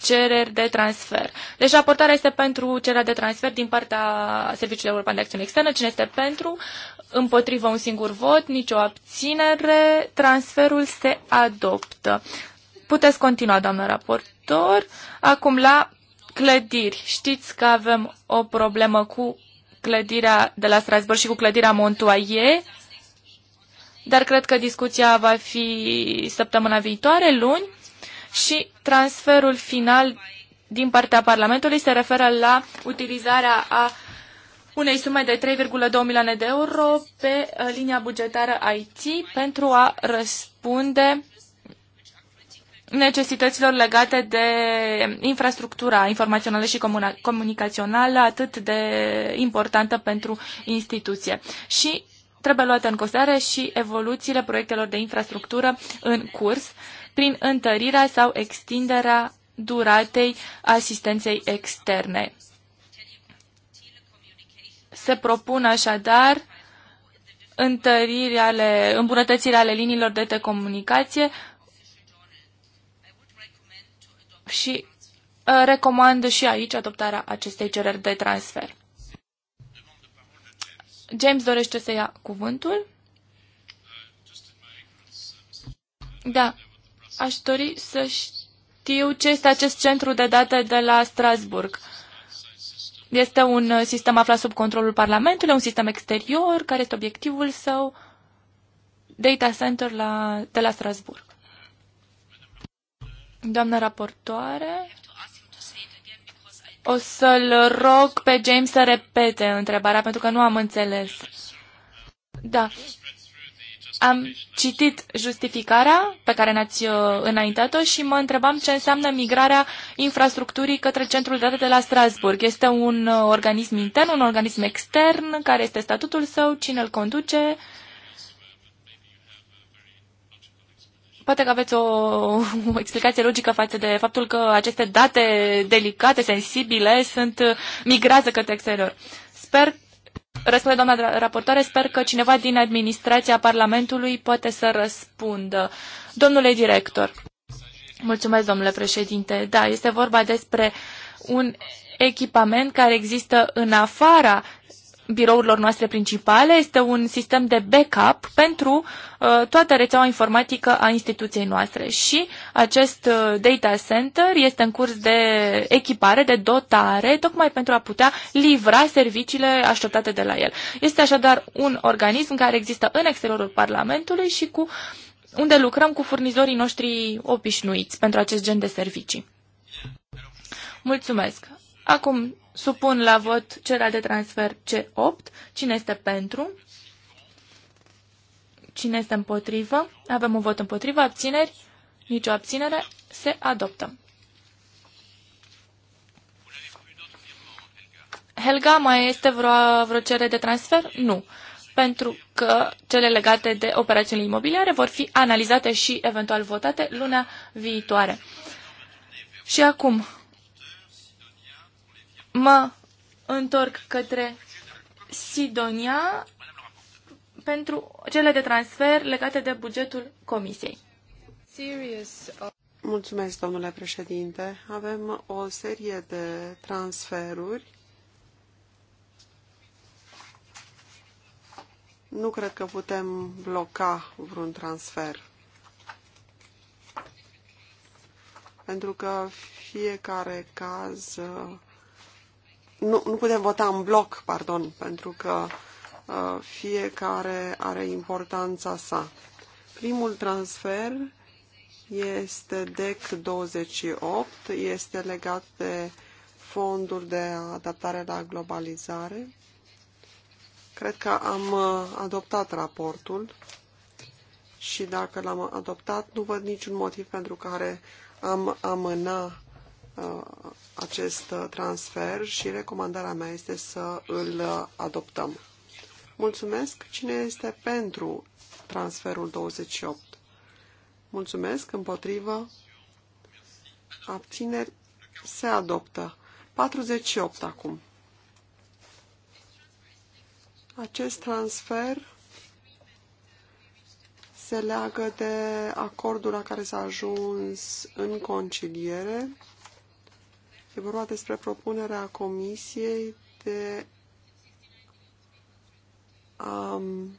cereri de transfer. Deci raportarea este pentru cererea de transfer din partea Serviciului European de Acțiune Externă. Cine este pentru? Împotrivă un singur vot, nicio abținere. Transferul se adoptă. Puteți continua, doamnă raport viitor. Acum la clădiri. Știți că avem o problemă cu clădirea de la Strasbourg și cu clădirea Montoyer, dar cred că discuția va fi săptămâna viitoare, luni, și transferul final din partea Parlamentului se referă la utilizarea a unei sume de 3,2 milioane de euro pe uh, linia bugetară IT pentru a răspunde necesităților legate de infrastructura informațională și comunicațională atât de importantă pentru instituție. Și trebuie luată în considerare și evoluțiile proiectelor de infrastructură în curs prin întărirea sau extinderea duratei asistenței externe. Se propun așadar întărirea ale, îmbunătățirea ale liniilor de telecomunicație și uh, recomand și aici adoptarea acestei cereri de transfer. James dorește să ia cuvântul. Da, aș dori să știu ce este acest centru de date de la Strasburg. Este un uh, sistem aflat sub controlul Parlamentului, un sistem exterior, care este obiectivul său, data center la, de la Strasburg. Doamna raportoare, o să-l rog pe James să repete întrebarea, pentru că nu am înțeles. Da. Am citit justificarea pe care ne-ați uh, înaintat-o și mă întrebam ce înseamnă migrarea infrastructurii către centrul de date de la Strasburg. Este un uh, organism intern, un organism extern, care este statutul său, cine îl conduce Poate că aveți o, o explicație logică față de faptul că aceste date delicate, sensibile, sunt migrează către exterior. Sper, răspunde doamna raportoare, sper că cineva din administrația Parlamentului poate să răspundă. Domnule director. Mulțumesc, domnule președinte. Da, este vorba despre un echipament care există în afara birourilor noastre principale este un sistem de backup pentru uh, toată rețeaua informatică a instituției noastre și acest uh, data center este în curs de echipare, de dotare, tocmai pentru a putea livra serviciile așteptate de la el. Este așadar un organism care există în exteriorul Parlamentului și cu unde lucrăm cu furnizorii noștri obișnuiți pentru acest gen de servicii. Mulțumesc! Acum supun la vot de transfer C8. Cine este pentru? Cine este împotrivă? Avem un vot împotrivă. Abțineri? Nicio abținere. Se adoptă. Helga, mai este vreo, vreo cerere de transfer? Nu. Pentru că cele legate de operațiunile imobiliare vor fi analizate și eventual votate luna viitoare. Și acum, mă întorc către Sidonia pentru cele de transfer legate de bugetul Comisiei. Mulțumesc, domnule președinte. Avem o serie de transferuri. Nu cred că putem bloca vreun transfer. Pentru că fiecare caz nu, nu putem vota în bloc, pardon, pentru că uh, fiecare are importanța sa. Primul transfer este DEC 28, este legat de fondul de adaptare la globalizare. Cred că am uh, adoptat raportul și dacă l-am adoptat, nu văd niciun motiv pentru care am amâna Uh, acest uh, transfer și recomandarea mea este să îl uh, adoptăm. Mulțumesc. Cine este pentru transferul 28? Mulțumesc. Împotrivă. Abțineri. Se adoptă. 48 acum. Acest transfer se leagă de acordul la care s-a ajuns în conciliere E vorba despre propunerea Comisiei de um,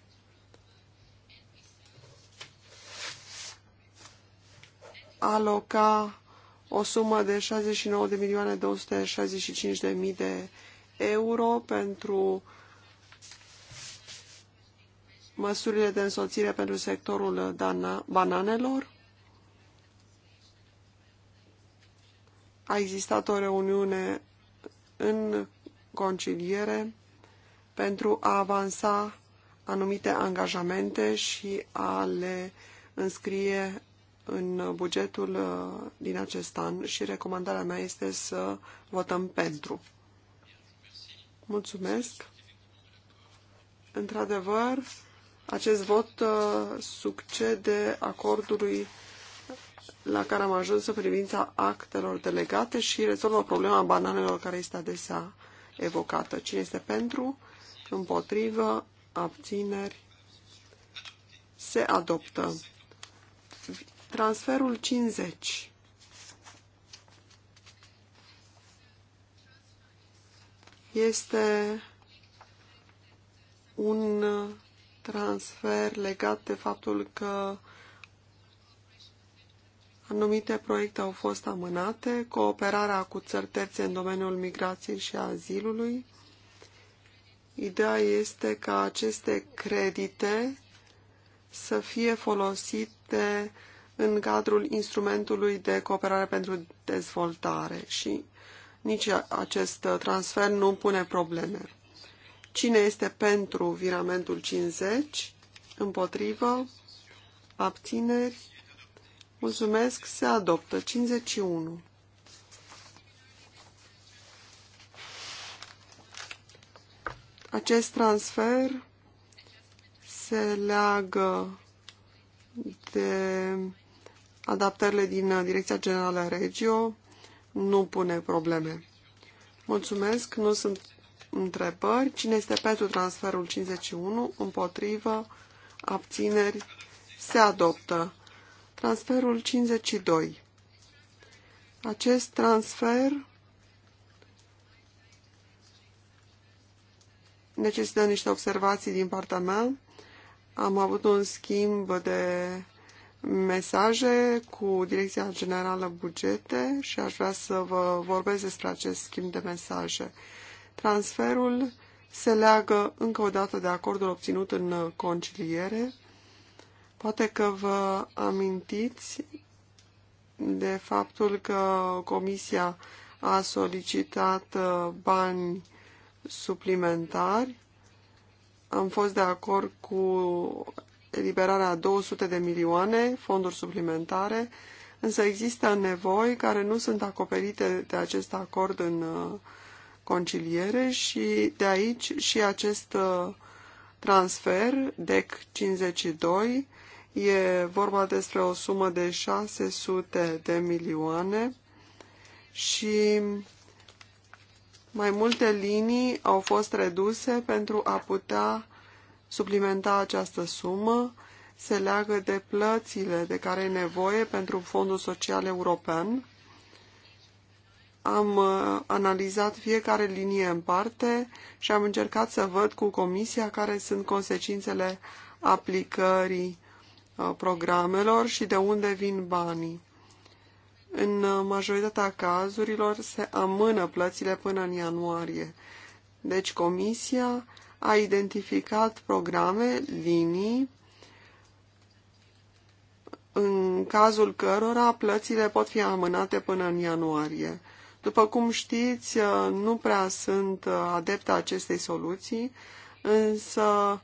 aloca o sumă de 69 de milioane 265 de mii de euro pentru măsurile de însoțire pentru sectorul bananelor. a existat o reuniune în conciliere pentru a avansa anumite angajamente și a le înscrie în bugetul uh, din acest an și recomandarea mea este să votăm pentru. Mulțumesc! Într-adevăr, acest vot uh, succede acordului la care am ajuns în privința actelor delegate și rezolvă problema bananelor care este adesea evocată. Cine este pentru, împotrivă, abțineri, se adoptă. Transferul 50. Este un transfer legat de faptul că Anumite proiecte au fost amânate, cooperarea cu țări terțe în domeniul migrației și azilului. Ideea este ca aceste credite să fie folosite în cadrul instrumentului de cooperare pentru dezvoltare și nici acest transfer nu pune probleme. Cine este pentru viramentul 50? Împotrivă? Abțineri? Mulțumesc, se adoptă. 51. Acest transfer se leagă de adaptările din Direcția Generală Regio, nu pune probleme. Mulțumesc, nu sunt întrebări. Cine este pentru transferul 51? Împotrivă? Abțineri? Se adoptă transferul 52. Acest transfer necesită niște observații din partea mea. Am avut un schimb de mesaje cu Direcția Generală Bugete și aș vrea să vă vorbesc despre acest schimb de mesaje. Transferul se leagă încă o dată de acordul obținut în conciliere Poate că vă amintiți de faptul că Comisia a solicitat uh, bani suplimentari. Am fost de acord cu eliberarea 200 de milioane fonduri suplimentare, însă există nevoi care nu sunt acoperite de acest acord în uh, conciliere și de aici și acest uh, transfer, DEC 52, E vorba despre o sumă de 600 de milioane și mai multe linii au fost reduse pentru a putea suplimenta această sumă. Se leagă de plățile de care e nevoie pentru Fondul Social European. Am uh, analizat fiecare linie în parte și am încercat să văd cu Comisia care sunt consecințele aplicării programelor și de unde vin banii. În majoritatea cazurilor se amână plățile până în ianuarie. Deci comisia a identificat programe, linii, în cazul cărora plățile pot fi amânate până în ianuarie. După cum știți, nu prea sunt adepte acestei soluții, însă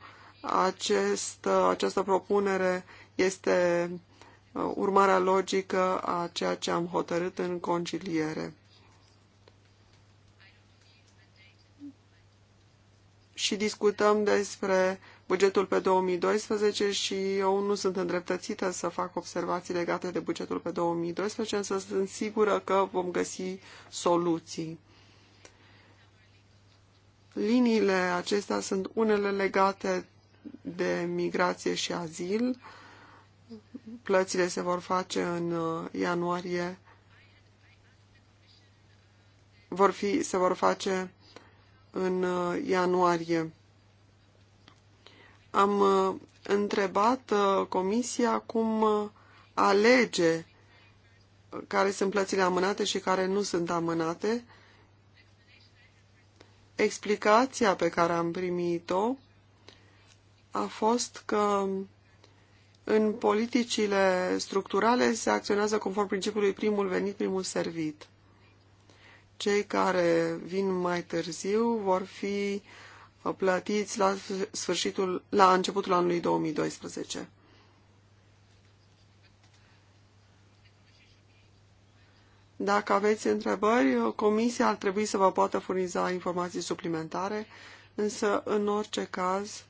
acest, această propunere este uh, urmarea logică a ceea ce am hotărât în conciliere. Și discutăm despre bugetul pe 2012 și eu nu sunt îndreptățită să fac observații legate de bugetul pe 2012, însă sunt sigură că vom găsi soluții. Liniile acestea sunt unele legate de migrație și azil, Plățile se vor face în uh, ianuarie. Vor fi, se vor face în uh, ianuarie. Am uh, întrebat comisia cum alege care sunt plățile amânate și care nu sunt amânate. Explicația pe care am primit-o a fost că în politicile structurale se acționează conform principiului primul venit, primul servit. Cei care vin mai târziu vor fi uh, plătiți la, sfârșitul, la începutul anului 2012. Dacă aveți întrebări, comisia ar trebui să vă poată furniza informații suplimentare, însă, în orice caz,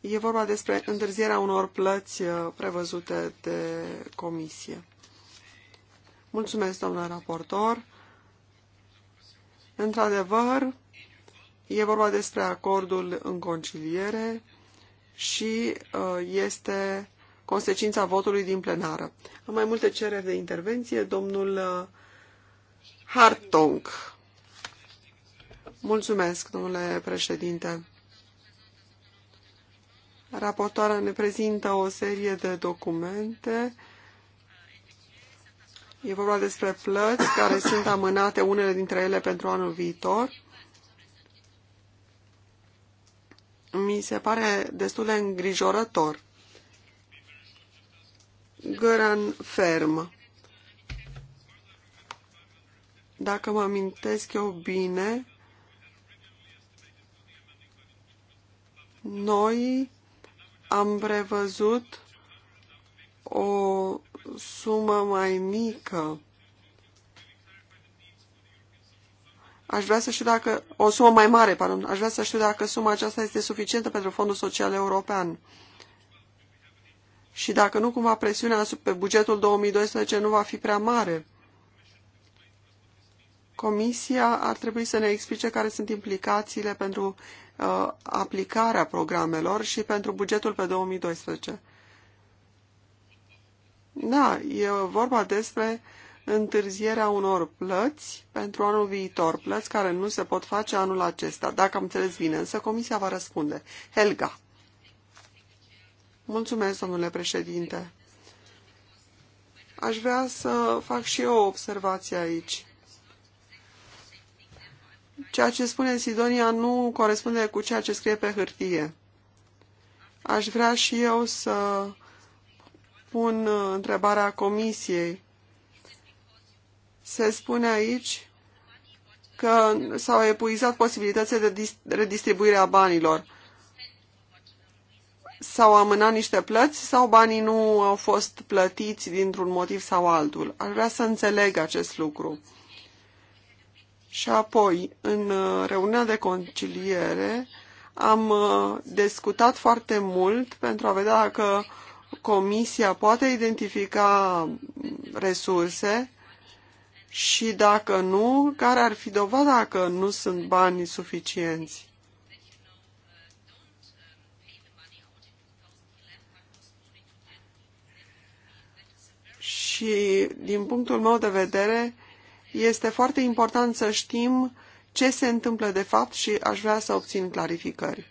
E vorba despre întârzierea unor plăți uh, prevăzute de comisie. Mulțumesc, domnule raportor. Într-adevăr, e vorba despre acordul în conciliere și uh, este consecința votului din plenară. Am mai multe cereri de intervenție. Domnul uh, Hartong. Mulțumesc, domnule președinte. Raportoarea ne prezintă o serie de documente. E vorba despre plăți care sunt amânate unele dintre ele pentru anul viitor. Mi se pare destul de îngrijorător. Găran ferm. Dacă mă amintesc eu bine, noi am prevăzut o sumă mai mică. Aș vrea să știu dacă, o sumă mai mare, pardon, aș vrea să știu dacă suma aceasta este suficientă pentru Fondul Social European. Și dacă nu, cumva presiunea pe bugetul 2012 nu va fi prea mare. Comisia ar trebui să ne explice care sunt implicațiile pentru uh, aplicarea programelor și pentru bugetul pe 2012. Da, e vorba despre întârzierea unor plăți pentru anul viitor, plăți care nu se pot face anul acesta, dacă am înțeles bine, însă Comisia va răspunde. Helga. Mulțumesc, domnule președinte. Aș vrea să fac și eu o observație aici ceea ce spune Sidonia nu corespunde cu ceea ce scrie pe hârtie. Aș vrea și eu să pun întrebarea comisiei. Se spune aici că s-au epuizat posibilitățile de redistribuire a banilor. S-au amânat niște plăți sau banii nu au fost plătiți dintr-un motiv sau altul? Aș vrea să înțeleg acest lucru. Și apoi, în uh, reuniunea de conciliere, am uh, discutat foarte mult pentru a vedea dacă comisia poate identifica resurse și dacă nu, care ar fi dovada că nu sunt bani suficienți. Și din punctul meu de vedere, este foarte important să știm ce se întâmplă de fapt și aș vrea să obțin clarificări.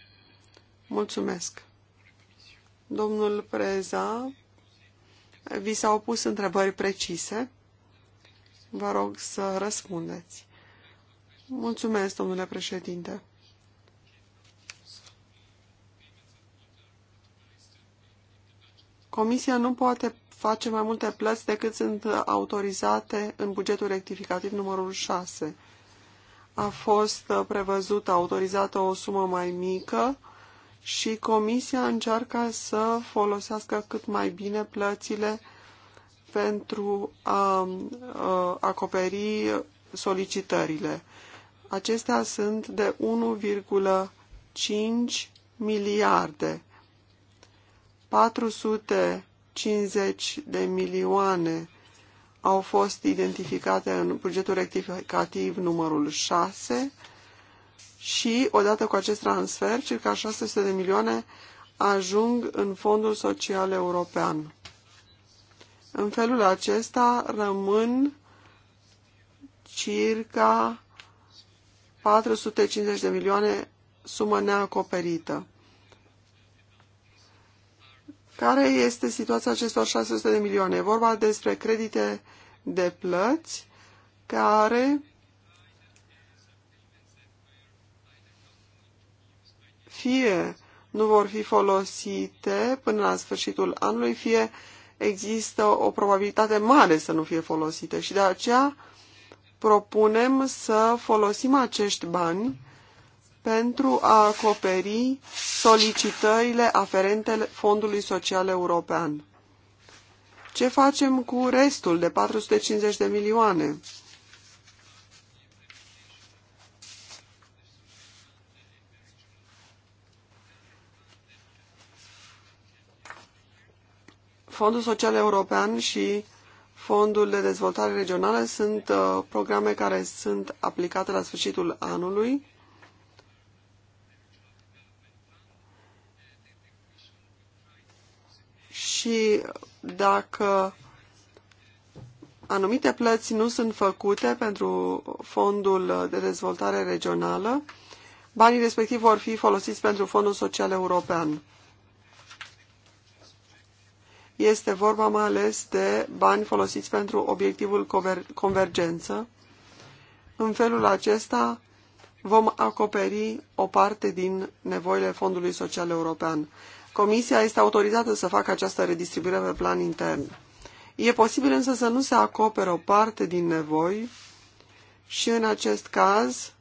Mulțumesc. Domnul Preza, vi s-au pus întrebări precise. Vă rog să răspundeți. Mulțumesc, domnule președinte. Comisia nu poate face mai multe plăți decât sunt autorizate în bugetul rectificativ numărul 6. A fost uh, prevăzută, autorizată o sumă mai mică și comisia încearcă să folosească cât mai bine plățile pentru a, uh, acoperi solicitările. Acestea sunt de 1,5 miliarde. 400 50 de milioane au fost identificate în bugetul rectificativ numărul 6 și odată cu acest transfer, circa 600 de milioane ajung în Fondul Social European. În felul acesta rămân circa 450 de milioane sumă neacoperită. Care este situația acestor 600 de milioane? E vorba despre credite de plăți care fie nu vor fi folosite până la sfârșitul anului, fie există o probabilitate mare să nu fie folosite și de aceea propunem să folosim acești bani pentru a acoperi solicitările aferente Fondului Social European. Ce facem cu restul de 450 de milioane? Fondul Social European și Fondul de Dezvoltare Regională sunt uh, programe care sunt aplicate la sfârșitul anului și dacă anumite plăți nu sunt făcute pentru Fondul de Dezvoltare Regională, banii respectivi vor fi folosiți pentru Fondul Social European. Este vorba mai ales de bani folosiți pentru obiectivul conver- convergență. În felul acesta vom acoperi o parte din nevoile Fondului Social European. Comisia este autorizată să facă această redistribuire pe plan intern. E posibil însă să nu se acopere o parte din nevoi și în acest caz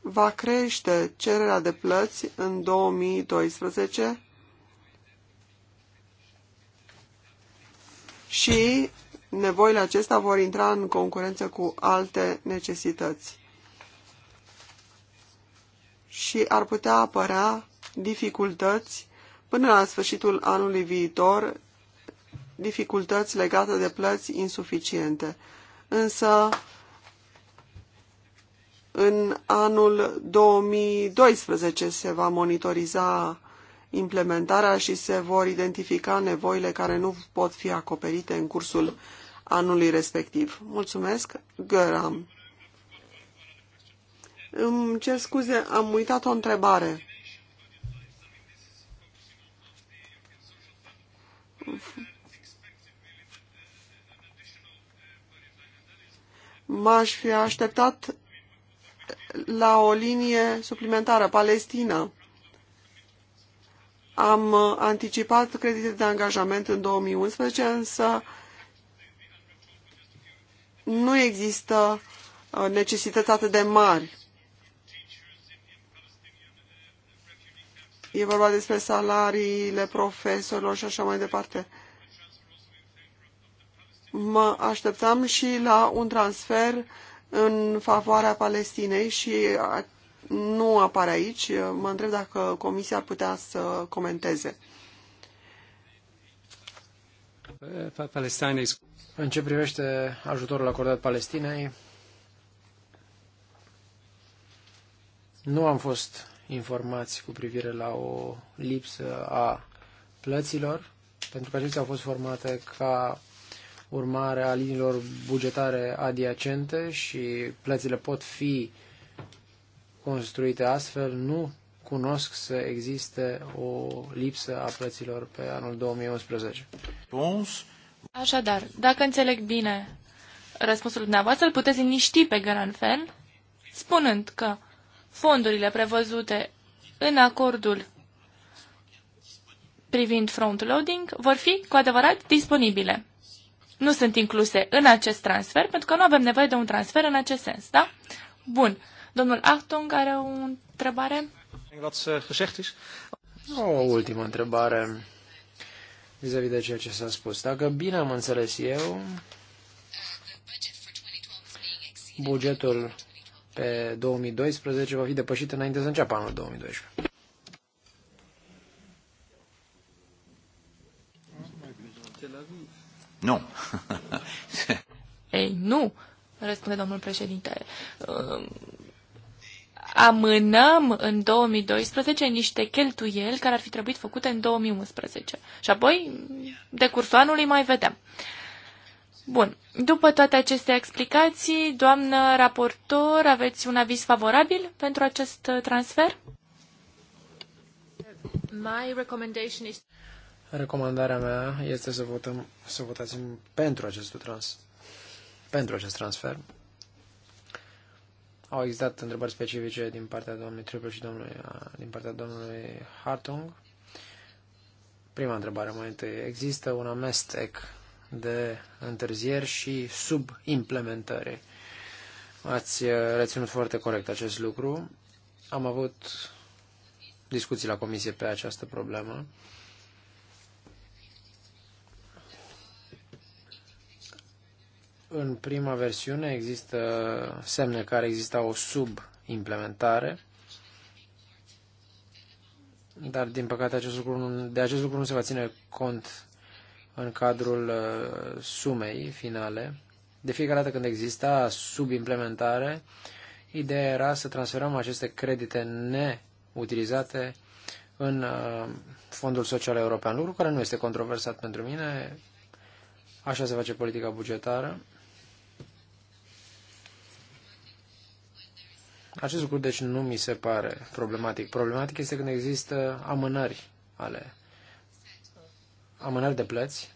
va crește cererea de plăți în 2012 și nevoile acestea vor intra în concurență cu alte necesități și ar putea apărea dificultăți până la sfârșitul anului viitor, dificultăți legate de plăți insuficiente. Însă, în anul 2012 se va monitoriza implementarea și se vor identifica nevoile care nu pot fi acoperite în cursul anului respectiv. Mulțumesc, Găram. Îmi cer scuze, am uitat o întrebare. m-aș fi așteptat la o linie suplimentară, Palestina. Am anticipat credite de angajament în 2011, însă nu există uh, necesități atât de mari. E vorba despre salariile profesorilor și așa mai departe. Mă așteptam și la un transfer în favoarea Palestinei și nu apare aici. Mă întreb dacă Comisia ar putea să comenteze. Palestinei. În ce privește ajutorul acordat Palestinei, nu am fost informați cu privire la o lipsă a plăților, pentru că acestea au fost formate ca urmare a liniilor bugetare adiacente și plățile pot fi construite astfel, nu cunosc să existe o lipsă a plăților pe anul 2011. Așadar, dacă înțeleg bine răspunsul dumneavoastră, îl puteți liniști pe Garanfen, spunând că fondurile prevăzute în acordul privind front-loading vor fi cu adevărat disponibile. Nu sunt incluse în acest transfer, pentru că nu avem nevoie de un transfer în acest sens, da? Bun. Domnul Achtung are o întrebare? Deci, eh, o ultimă întrebare vis-a-vis -vis de ceea ce s-a spus. Dacă bine am înțeles eu, bugetul pe 2012 va fi depășit înainte să înceapă anul 2012. Nu. Ei, nu, răspunde domnul președinte. Uh, amânăm în 2012 niște cheltuieli care ar fi trebuit făcute în 2011. Și apoi, de cursul anului, mai vedem. Bun. După toate aceste explicații, doamnă raportor, aveți un aviz favorabil pentru acest uh, transfer? My recommendation is... Recomandarea mea este să votăm, să votați pentru acest, trans, pentru acest transfer. Au existat întrebări specifice din partea domnului Triple și domnului, uh, din partea domnului Hartung. Prima întrebare mai întâi. Există un amestec de întârzieri și subimplementări. Ați uh, reținut foarte corect acest lucru. Am avut discuții la comisie pe această problemă. În prima versiune există semne care exista o subimplementare, dar din păcate acest lucru nu, de acest lucru nu se va ține cont în cadrul uh, sumei finale. De fiecare dată când exista subimplementare, ideea era să transferăm aceste credite neutilizate în uh, Fondul Social European, lucru care nu este controversat pentru mine. Așa se face politica bugetară. Acest lucru, deci, nu mi se pare problematic. Problematic este când există amânări ale amânări de plăți,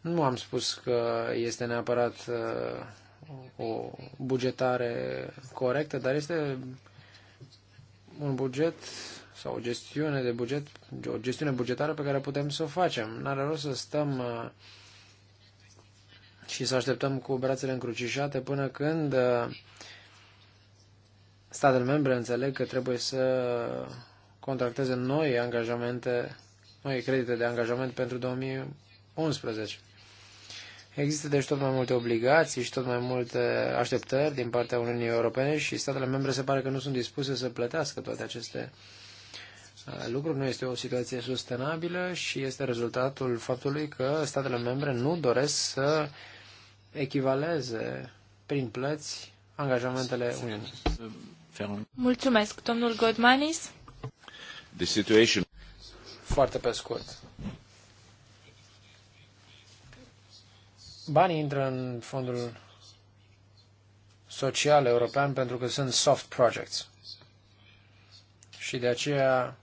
nu am spus că este neapărat uh, o bugetare corectă, dar este un buget sau o gestiune de buget, o gestiune bugetară pe care putem să o facem. N-are rost să stăm uh, și să așteptăm cu brațele încrucișate până când uh, statele membre înțeleg că trebuie să contracteze noi angajamente, noi credite de angajament pentru 2011. Există deci tot mai multe obligații și tot mai multe așteptări din partea Uniunii Europene și statele membre se pare că nu sunt dispuse să plătească toate aceste uh, lucruri. Nu este o situație sustenabilă și este rezultatul faptului că statele membre nu doresc să echivaleze prin plăți angajamentele Uniunii. Mulțumesc, domnul Godmanis. The situation... Foarte pe scurt. Banii intră în fondul social european pentru că sunt soft projects. Și de aceea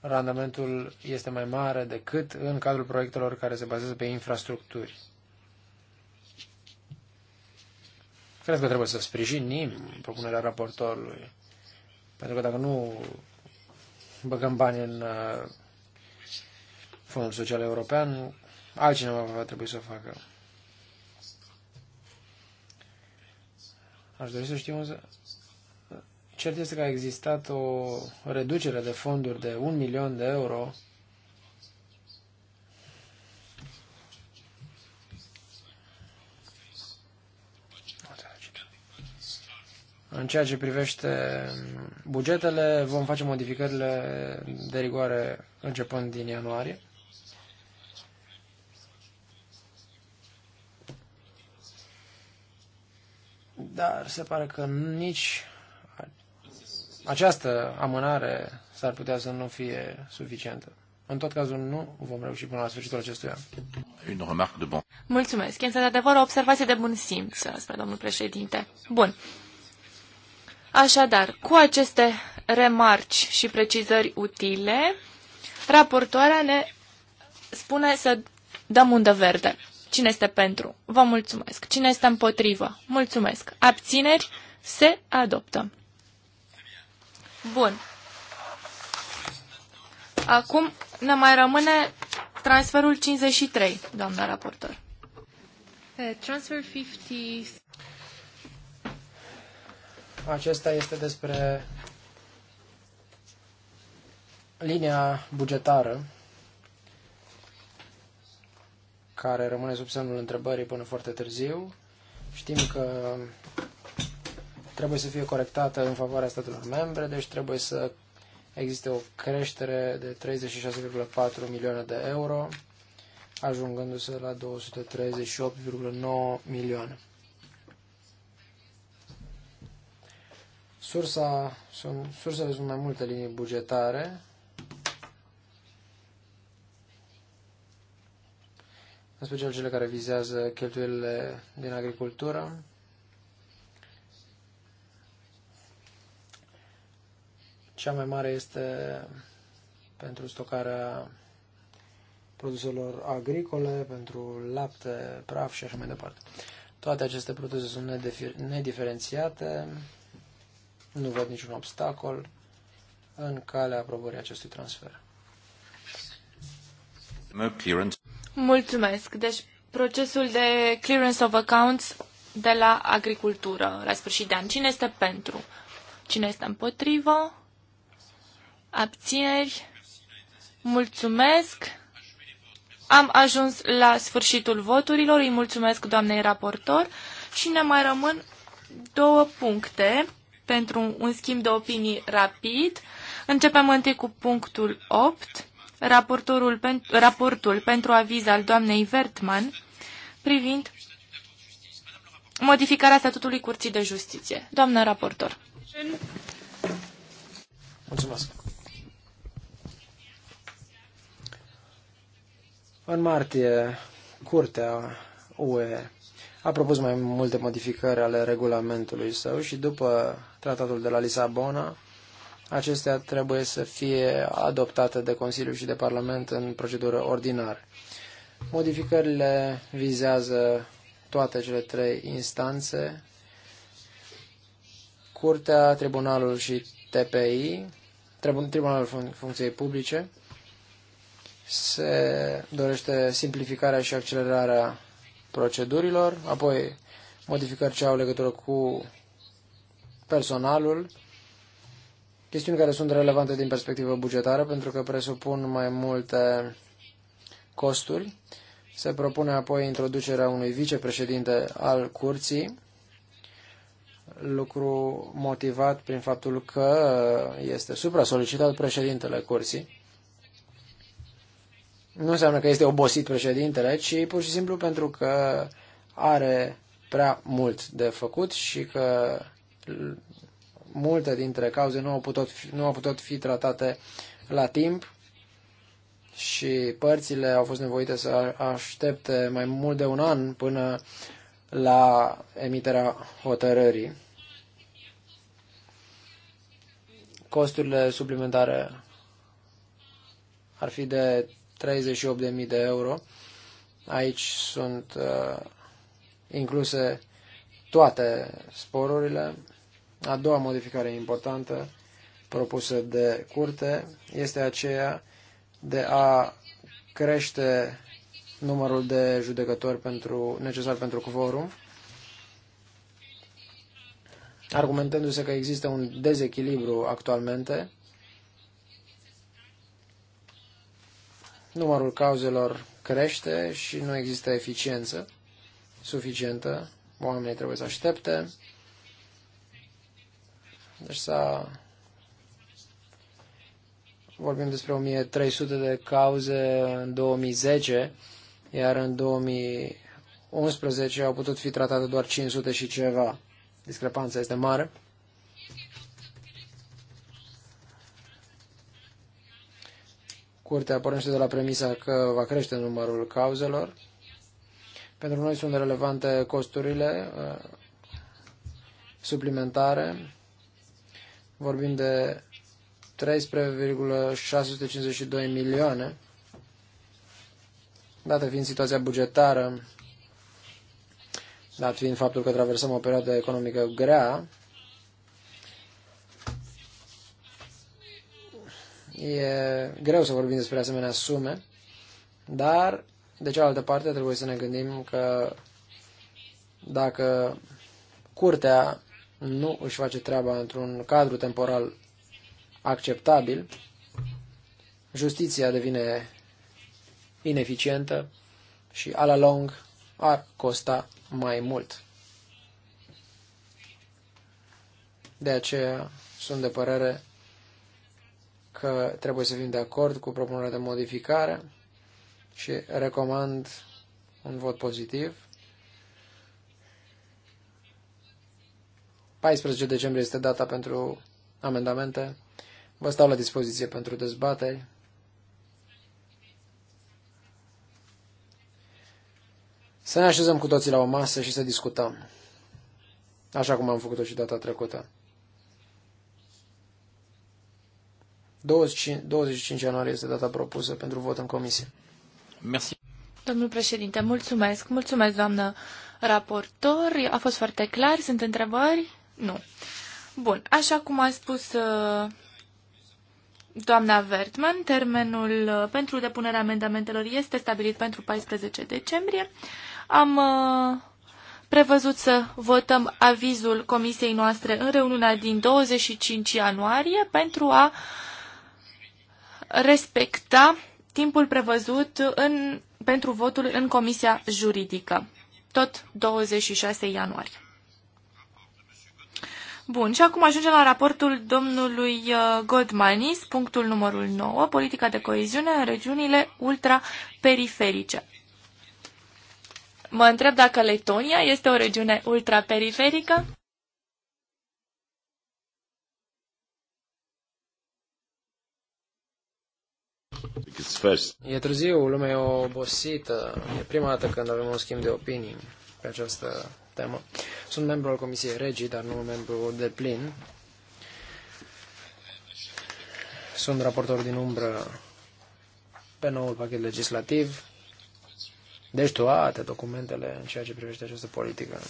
randamentul este mai mare decât în cadrul proiectelor care se bazează pe infrastructuri. Cred că trebuie să sprijinim propunerea raportorului. Pentru că dacă nu băgăm bani în uh, Fondul Social European, altcineva va trebui să o facă. Aș dori să știu însă... Cert este că a existat o reducere de fonduri de un milion de euro În ceea ce privește bugetele, vom face modificările de rigoare începând din ianuarie. Dar se pare că nici această amânare s-ar putea să nu fie suficientă. În tot cazul, nu vom reuși până la sfârșitul acestui an. de Mulțumesc. Este de adevăr o observație de bun simț, spre domnul președinte. Bun. Așadar, cu aceste remarci și precizări utile, raportoarea ne spune să dăm undă verde. Cine este pentru? Vă mulțumesc. Cine este împotrivă? Mulțumesc. Abțineri? Se adoptă. Bun. Acum ne mai rămâne transferul 53, doamna raportor. Eh, transfer 50. Acesta este despre linia bugetară care rămâne sub semnul întrebării până foarte târziu. Știm că trebuie să fie corectată în favoarea statelor membre, deci trebuie să existe o creștere de 36,4 milioane de euro, ajungându-se la 238,9 milioane. Sursa, sunt, sursele sunt mai multe linii bugetare. În special cele care vizează cheltuielile din agricultură. Cea mai mare este pentru stocarea produselor agricole, pentru lapte, praf și așa mai departe. Toate aceste produse sunt nedifer nediferențiate, nu văd niciun obstacol în calea aprobării acestui transfer. Mulțumesc. Deci, procesul de clearance of accounts de la agricultură la sfârșit de an. Cine este pentru? Cine este împotrivă? Abțineri? Mulțumesc. Am ajuns la sfârșitul voturilor. Îi mulțumesc doamnei raportor și ne mai rămân două puncte pentru un schimb de opinii rapid. Începem întâi cu punctul 8, raportul, pen, raportul pentru aviz al doamnei Vertman privind modificarea statutului Curții de Justiție. Doamnă raportor. Mulțumesc. În martie, Curtea UE a propus mai multe modificări ale regulamentului său și după tratatul de la Lisabona. Acestea trebuie să fie adoptate de Consiliu și de Parlament în procedură ordinară. Modificările vizează toate cele trei instanțe, Curtea, Tribunalul și TPI, Tribunalul Funcției Publice, se dorește simplificarea și accelerarea procedurilor, apoi modificări ce au legătură cu personalul, chestiuni care sunt relevante din perspectivă bugetară pentru că presupun mai multe costuri. Se propune apoi introducerea unui vicepreședinte al curții, lucru motivat prin faptul că este supra-solicitat președintele curții. Nu înseamnă că este obosit președintele, ci pur și simplu pentru că are prea mult de făcut și că multe dintre cauze nu au putut fi, nu au putut fi tratate la timp și părțile au fost nevoite să aștepte mai mult de un an până la emiterea hotărârii. Costurile suplimentare ar fi de 38.000 de euro. Aici sunt uh, incluse toate sporurile, a doua modificare importantă propusă de curte este aceea de a crește numărul de judecători pentru, necesar pentru quorum, argumentându-se că există un dezechilibru actualmente. Numărul cauzelor crește și nu există eficiență suficientă. Oamenii trebuie să aștepte. Deci să vorbim despre 1300 de cauze în 2010, iar în 2011 au putut fi tratate doar 500 și ceva. Discrepanța este mare. Curtea pornește de la premisa că va crește numărul cauzelor. Pentru noi sunt relevante costurile uh, suplimentare vorbim de 13,652 milioane, dată fiind situația bugetară, dat fiind faptul că traversăm o perioadă economică grea, e greu să vorbim despre asemenea sume, dar, de cealaltă parte, trebuie să ne gândim că dacă curtea nu își face treaba într-un cadru temporal acceptabil, justiția devine ineficientă și a la long ar costa mai mult. De aceea sunt de părere că trebuie să fim de acord cu propunerea de modificare și recomand un vot pozitiv. 14 decembrie este data pentru amendamente. Vă stau la dispoziție pentru dezbateri. Să ne așezăm cu toții la o masă și să discutăm. Așa cum am făcut-o și data trecută. 25, 25 ianuarie este data propusă pentru vot în comisie. Merci. Domnul președinte, mulțumesc. Mulțumesc, doamnă raportor. A fost foarte clar. Sunt întrebări? Nu. Bun, așa cum a spus uh, doamna Vertman, termenul uh, pentru depunerea amendamentelor este stabilit pentru 14 decembrie. Am uh, prevăzut să votăm avizul comisiei noastre în reuniunea din 25 ianuarie pentru a respecta timpul prevăzut în, pentru votul în Comisia Juridică, tot 26 ianuarie. Bun, și acum ajungem la raportul domnului uh, Godmanis, punctul numărul 9, politica de coeziune în regiunile ultraperiferice. Mă întreb dacă Letonia este o regiune ultraperiferică? E târziu, lumea e obosită. E prima dată când avem un schimb de opinii pe această temă. Sunt membru al Comisiei Regii, dar nu membru de plin. Sunt raportor din umbră pe noul pachet legislativ. Deci toate documentele în ceea ce privește această politică.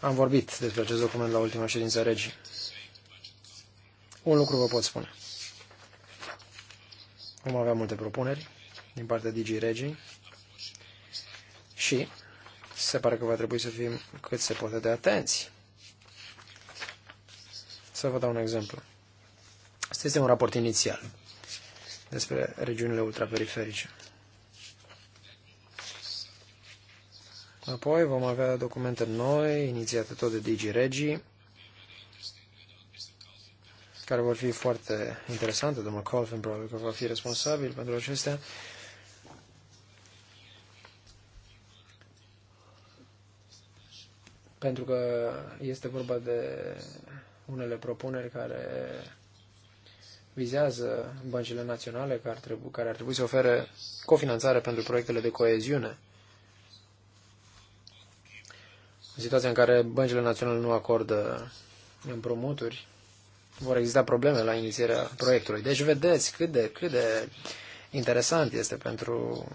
Am vorbit despre acest document la ultima ședință regii. Un lucru vă pot spune. Vom avea multe propuneri din partea DJ Regii și se pare că va trebui să fim cât se poate de atenți. Să vă dau un exemplu. Asta este un raport inițial despre regiunile ultraperiferice. Apoi vom avea documente noi, inițiate tot de DG Regii, care vor fi foarte interesante. Domnul Colvin probabil că va fi responsabil pentru acestea. Pentru că este vorba de unele propuneri care vizează băncile naționale care ar trebui, care ar trebui să ofere cofinanțare pentru proiectele de coeziune. În situația în care băncile naționale nu acordă împrumuturi, vor exista probleme la inițierea proiectului. Deci vedeți cât de, cât de interesant este pentru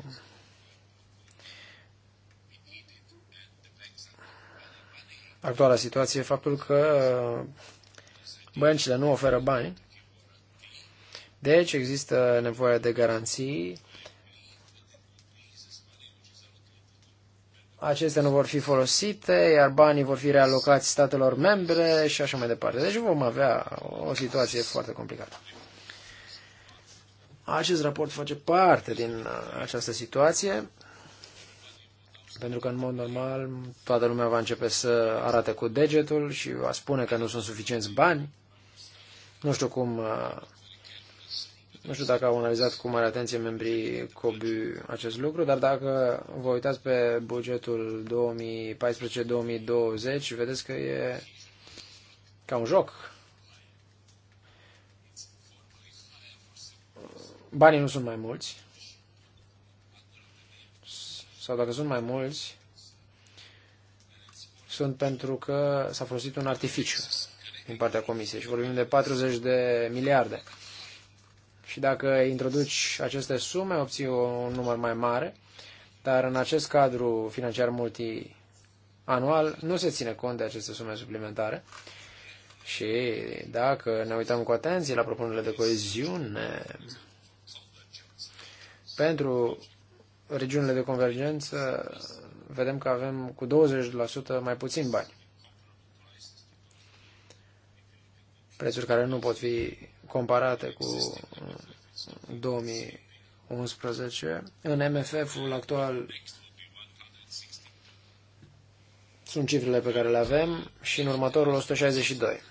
actuala situație faptul că băncile nu oferă bani, deci există nevoie de garanții acestea nu vor fi folosite, iar banii vor fi realocați statelor membre și așa mai departe. Deci vom avea o situație foarte complicată. Acest raport face parte din uh, această situație, pentru că în mod normal toată lumea va începe să arate cu degetul și va spune că nu sunt suficienți bani. Nu știu cum uh, nu știu dacă au analizat cu mare atenție membrii COBU acest lucru, dar dacă vă uitați pe bugetul 2014-2020, vedeți că e ca un joc. Banii nu sunt mai mulți. Sau dacă sunt mai mulți, sunt pentru că s-a folosit un artificiu din partea Comisiei și vorbim de 40 de miliarde și dacă introduci aceste sume, obții un număr mai mare, dar în acest cadru financiar multianual nu se ține cont de aceste sume suplimentare. Și dacă ne uităm cu atenție la propunerile de coeziune pentru regiunile de convergență, vedem că avem cu 20% mai puțin bani. Prețuri care nu pot fi comparate cu 2011. În MFF-ul actual sunt cifrele pe care le avem și în următorul 162.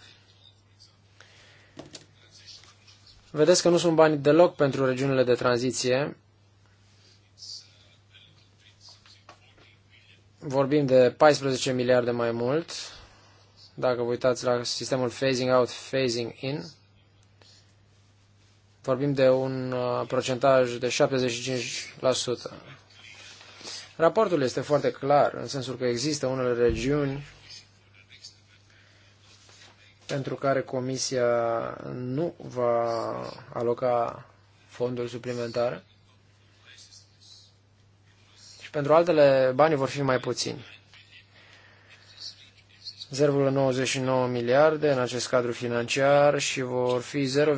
Vedeți că nu sunt bani deloc pentru regiunile de tranziție. Vorbim de 14 miliarde mai mult. Dacă vă uitați la sistemul phasing out, phasing in, Vorbim de un uh, procentaj de 75%. Raportul este foarte clar, în sensul că există unele regiuni pentru care Comisia nu va aloca fonduri suplimentare și pentru altele banii vor fi mai puțini. 0,99 miliarde în acest cadru financiar și vor fi 0,92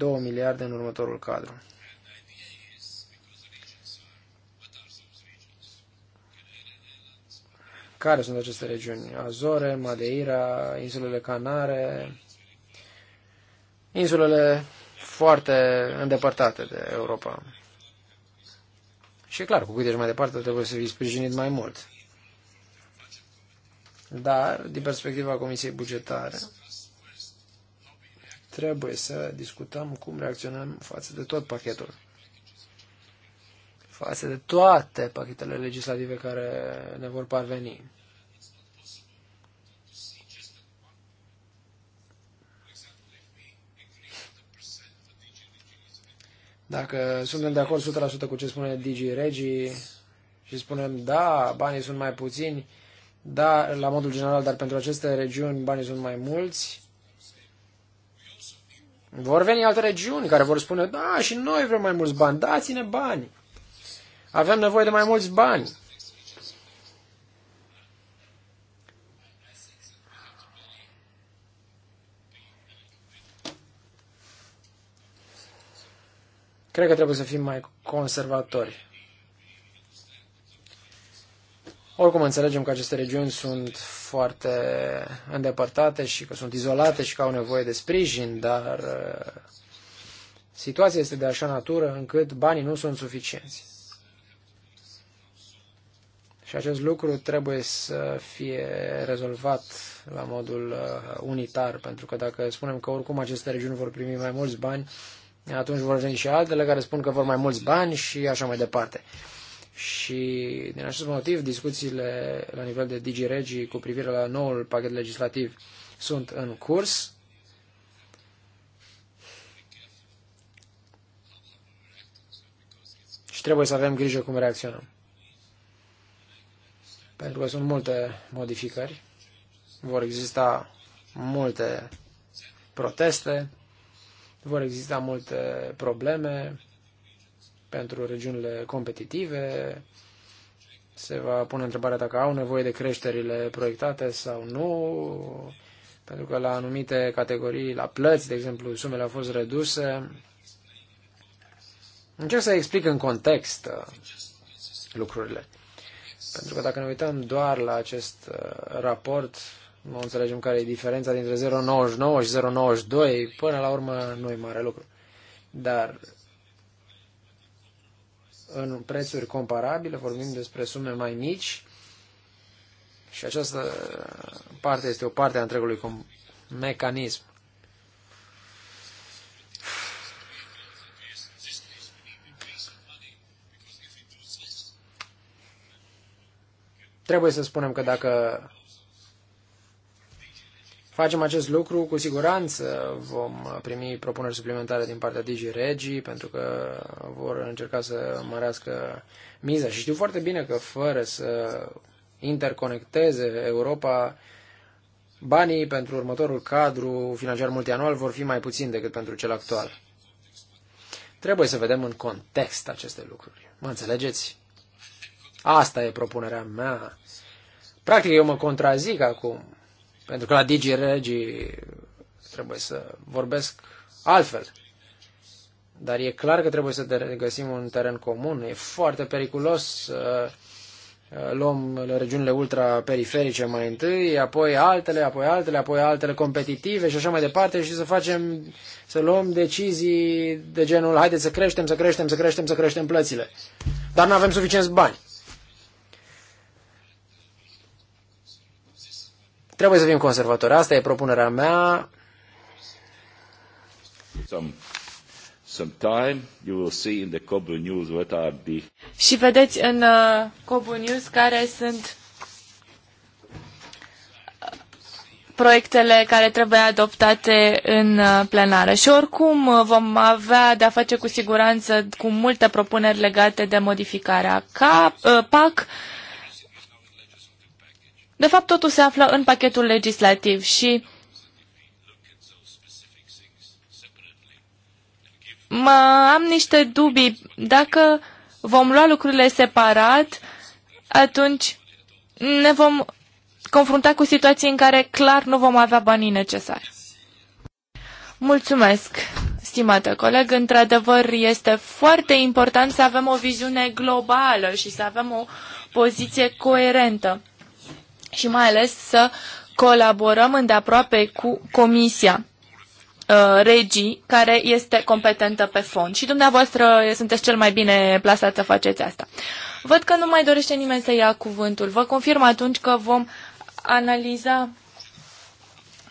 miliarde în următorul cadru. Care sunt aceste regiuni? Azore, Madeira, insulele Canare, insulele foarte îndepărtate de Europa. Și clar, cu cât ești mai departe, trebuie să fii sprijinit mai mult dar din perspectiva Comisiei Bugetare trebuie să discutăm cum reacționăm față de tot pachetul. Față de toate pachetele legislative care ne vor parveni. Dacă suntem de acord 100% cu ce spune Digi Regi și spunem da, banii sunt mai puțini, da, la modul general, dar pentru aceste regiuni banii sunt mai mulți. Vor veni alte regiuni care vor spune, da, și noi vrem mai mulți bani, dați-ne bani. Avem nevoie de mai mulți bani. Cred că trebuie să fim mai conservatori. Oricum înțelegem că aceste regiuni sunt foarte îndepărtate și că sunt izolate și că au nevoie de sprijin, dar uh, situația este de așa natură încât banii nu sunt suficienți. Și acest lucru trebuie să fie rezolvat la modul uh, unitar, pentru că dacă spunem că oricum aceste regiuni vor primi mai mulți bani, atunci vor veni și altele care spun că vor mai mulți bani și așa mai departe. Și din acest motiv, discuțiile la nivel de digiregi cu privire la noul pachet legislativ sunt în curs. Și trebuie să avem grijă cum reacționăm. Pentru că sunt multe modificări, vor exista multe proteste, vor exista multe probleme, pentru regiunile competitive. Se va pune întrebarea dacă au nevoie de creșterile proiectate sau nu, pentru că la anumite categorii, la plăți, de exemplu, sumele au fost reduse. Încerc să explic în context uh, lucrurile. Pentru că dacă ne uităm doar la acest uh, raport, nu înțelegem care e diferența dintre 0,99 și 0,92, până la urmă nu e mare lucru. Dar în prețuri comparabile, vorbim despre sume mai mici și această parte este o parte a întregului mecanism. Trebuie să spunem că dacă facem acest lucru, cu siguranță vom primi propuneri suplimentare din partea Digi regi pentru că vor încerca să mărească miza. Și știu foarte bine că fără să interconecteze Europa, banii pentru următorul cadru financiar multianual vor fi mai puțini decât pentru cel actual. Trebuie să vedem în context aceste lucruri. Mă înțelegeți? Asta e propunerea mea. Practic, eu mă contrazic acum pentru că la Digi Regi trebuie să vorbesc altfel. Dar e clar că trebuie să găsim un teren comun. E foarte periculos să uh, luăm regiunile ultraperiferice mai întâi, apoi altele, apoi altele, apoi altele competitive și așa mai departe și să facem, să luăm decizii de genul haideți să creștem, să creștem, să creștem, să creștem plățile. Dar nu avem suficienți bani. Trebuie să fim conservatori. Asta e propunerea mea. Some, some time you will see in the Cobu News what are the... Și vedeți în uh, News care sunt uh, proiectele care trebuie adoptate în uh, plenară. Și oricum uh, vom avea de-a face cu siguranță cu multe propuneri legate de modificarea CAP, PAC, de fapt, totul se află în pachetul legislativ și mă am niște dubii. Dacă vom lua lucrurile separat, atunci ne vom confrunta cu situații în care clar nu vom avea banii necesari. Mulțumesc, stimată coleg. Într-adevăr, este foarte important să avem o viziune globală și să avem o poziție coerentă și mai ales să colaborăm îndeaproape cu Comisia uh, regii care este competentă pe fond. Și dumneavoastră sunteți cel mai bine plasat să faceți asta. Văd că nu mai dorește nimeni să ia cuvântul. Vă confirm atunci că vom analiza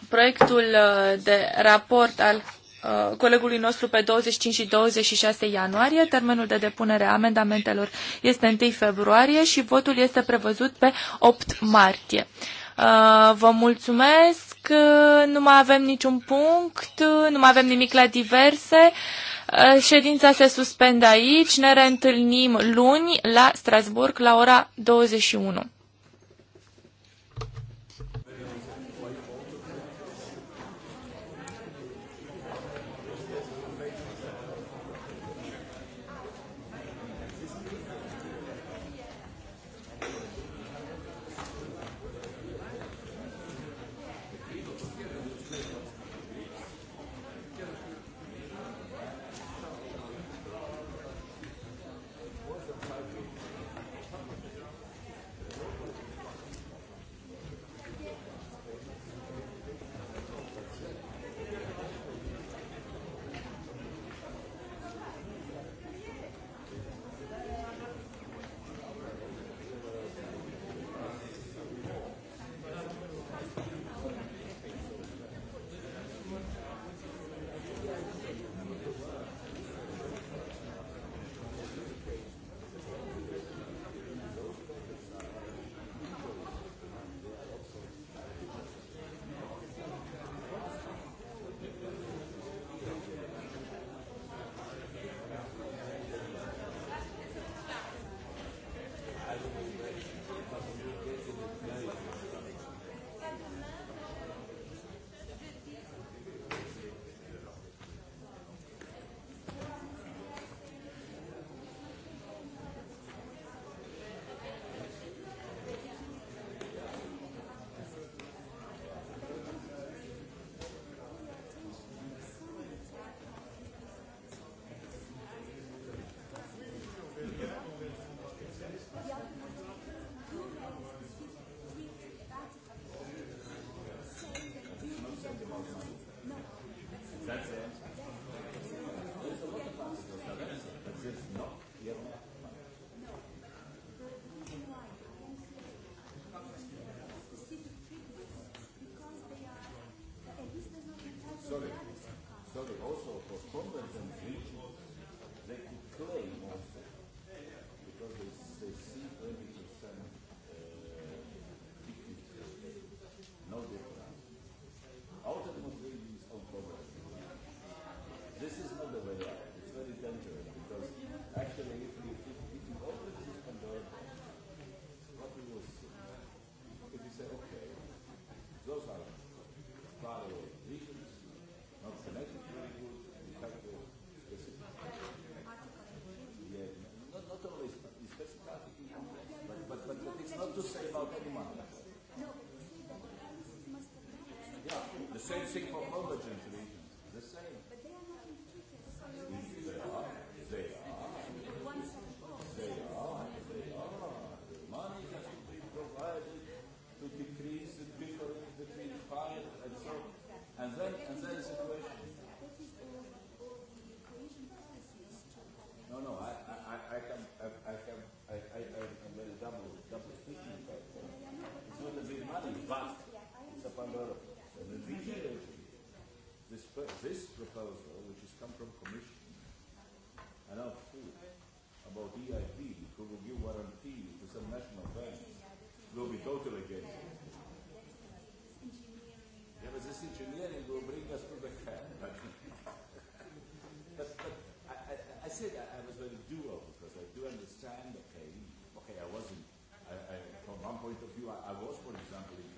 proiectul uh, de raport al Uh, colegului nostru pe 25 și 26 ianuarie. Termenul de depunere a amendamentelor este 1 februarie și votul este prevăzut pe 8 martie. Uh, vă mulțumesc, uh, nu mai avem niciun punct, nu mai avem nimic la diverse. Ședința se suspendă aici, ne reîntâlnim luni la Strasburg la ora 21. Sophia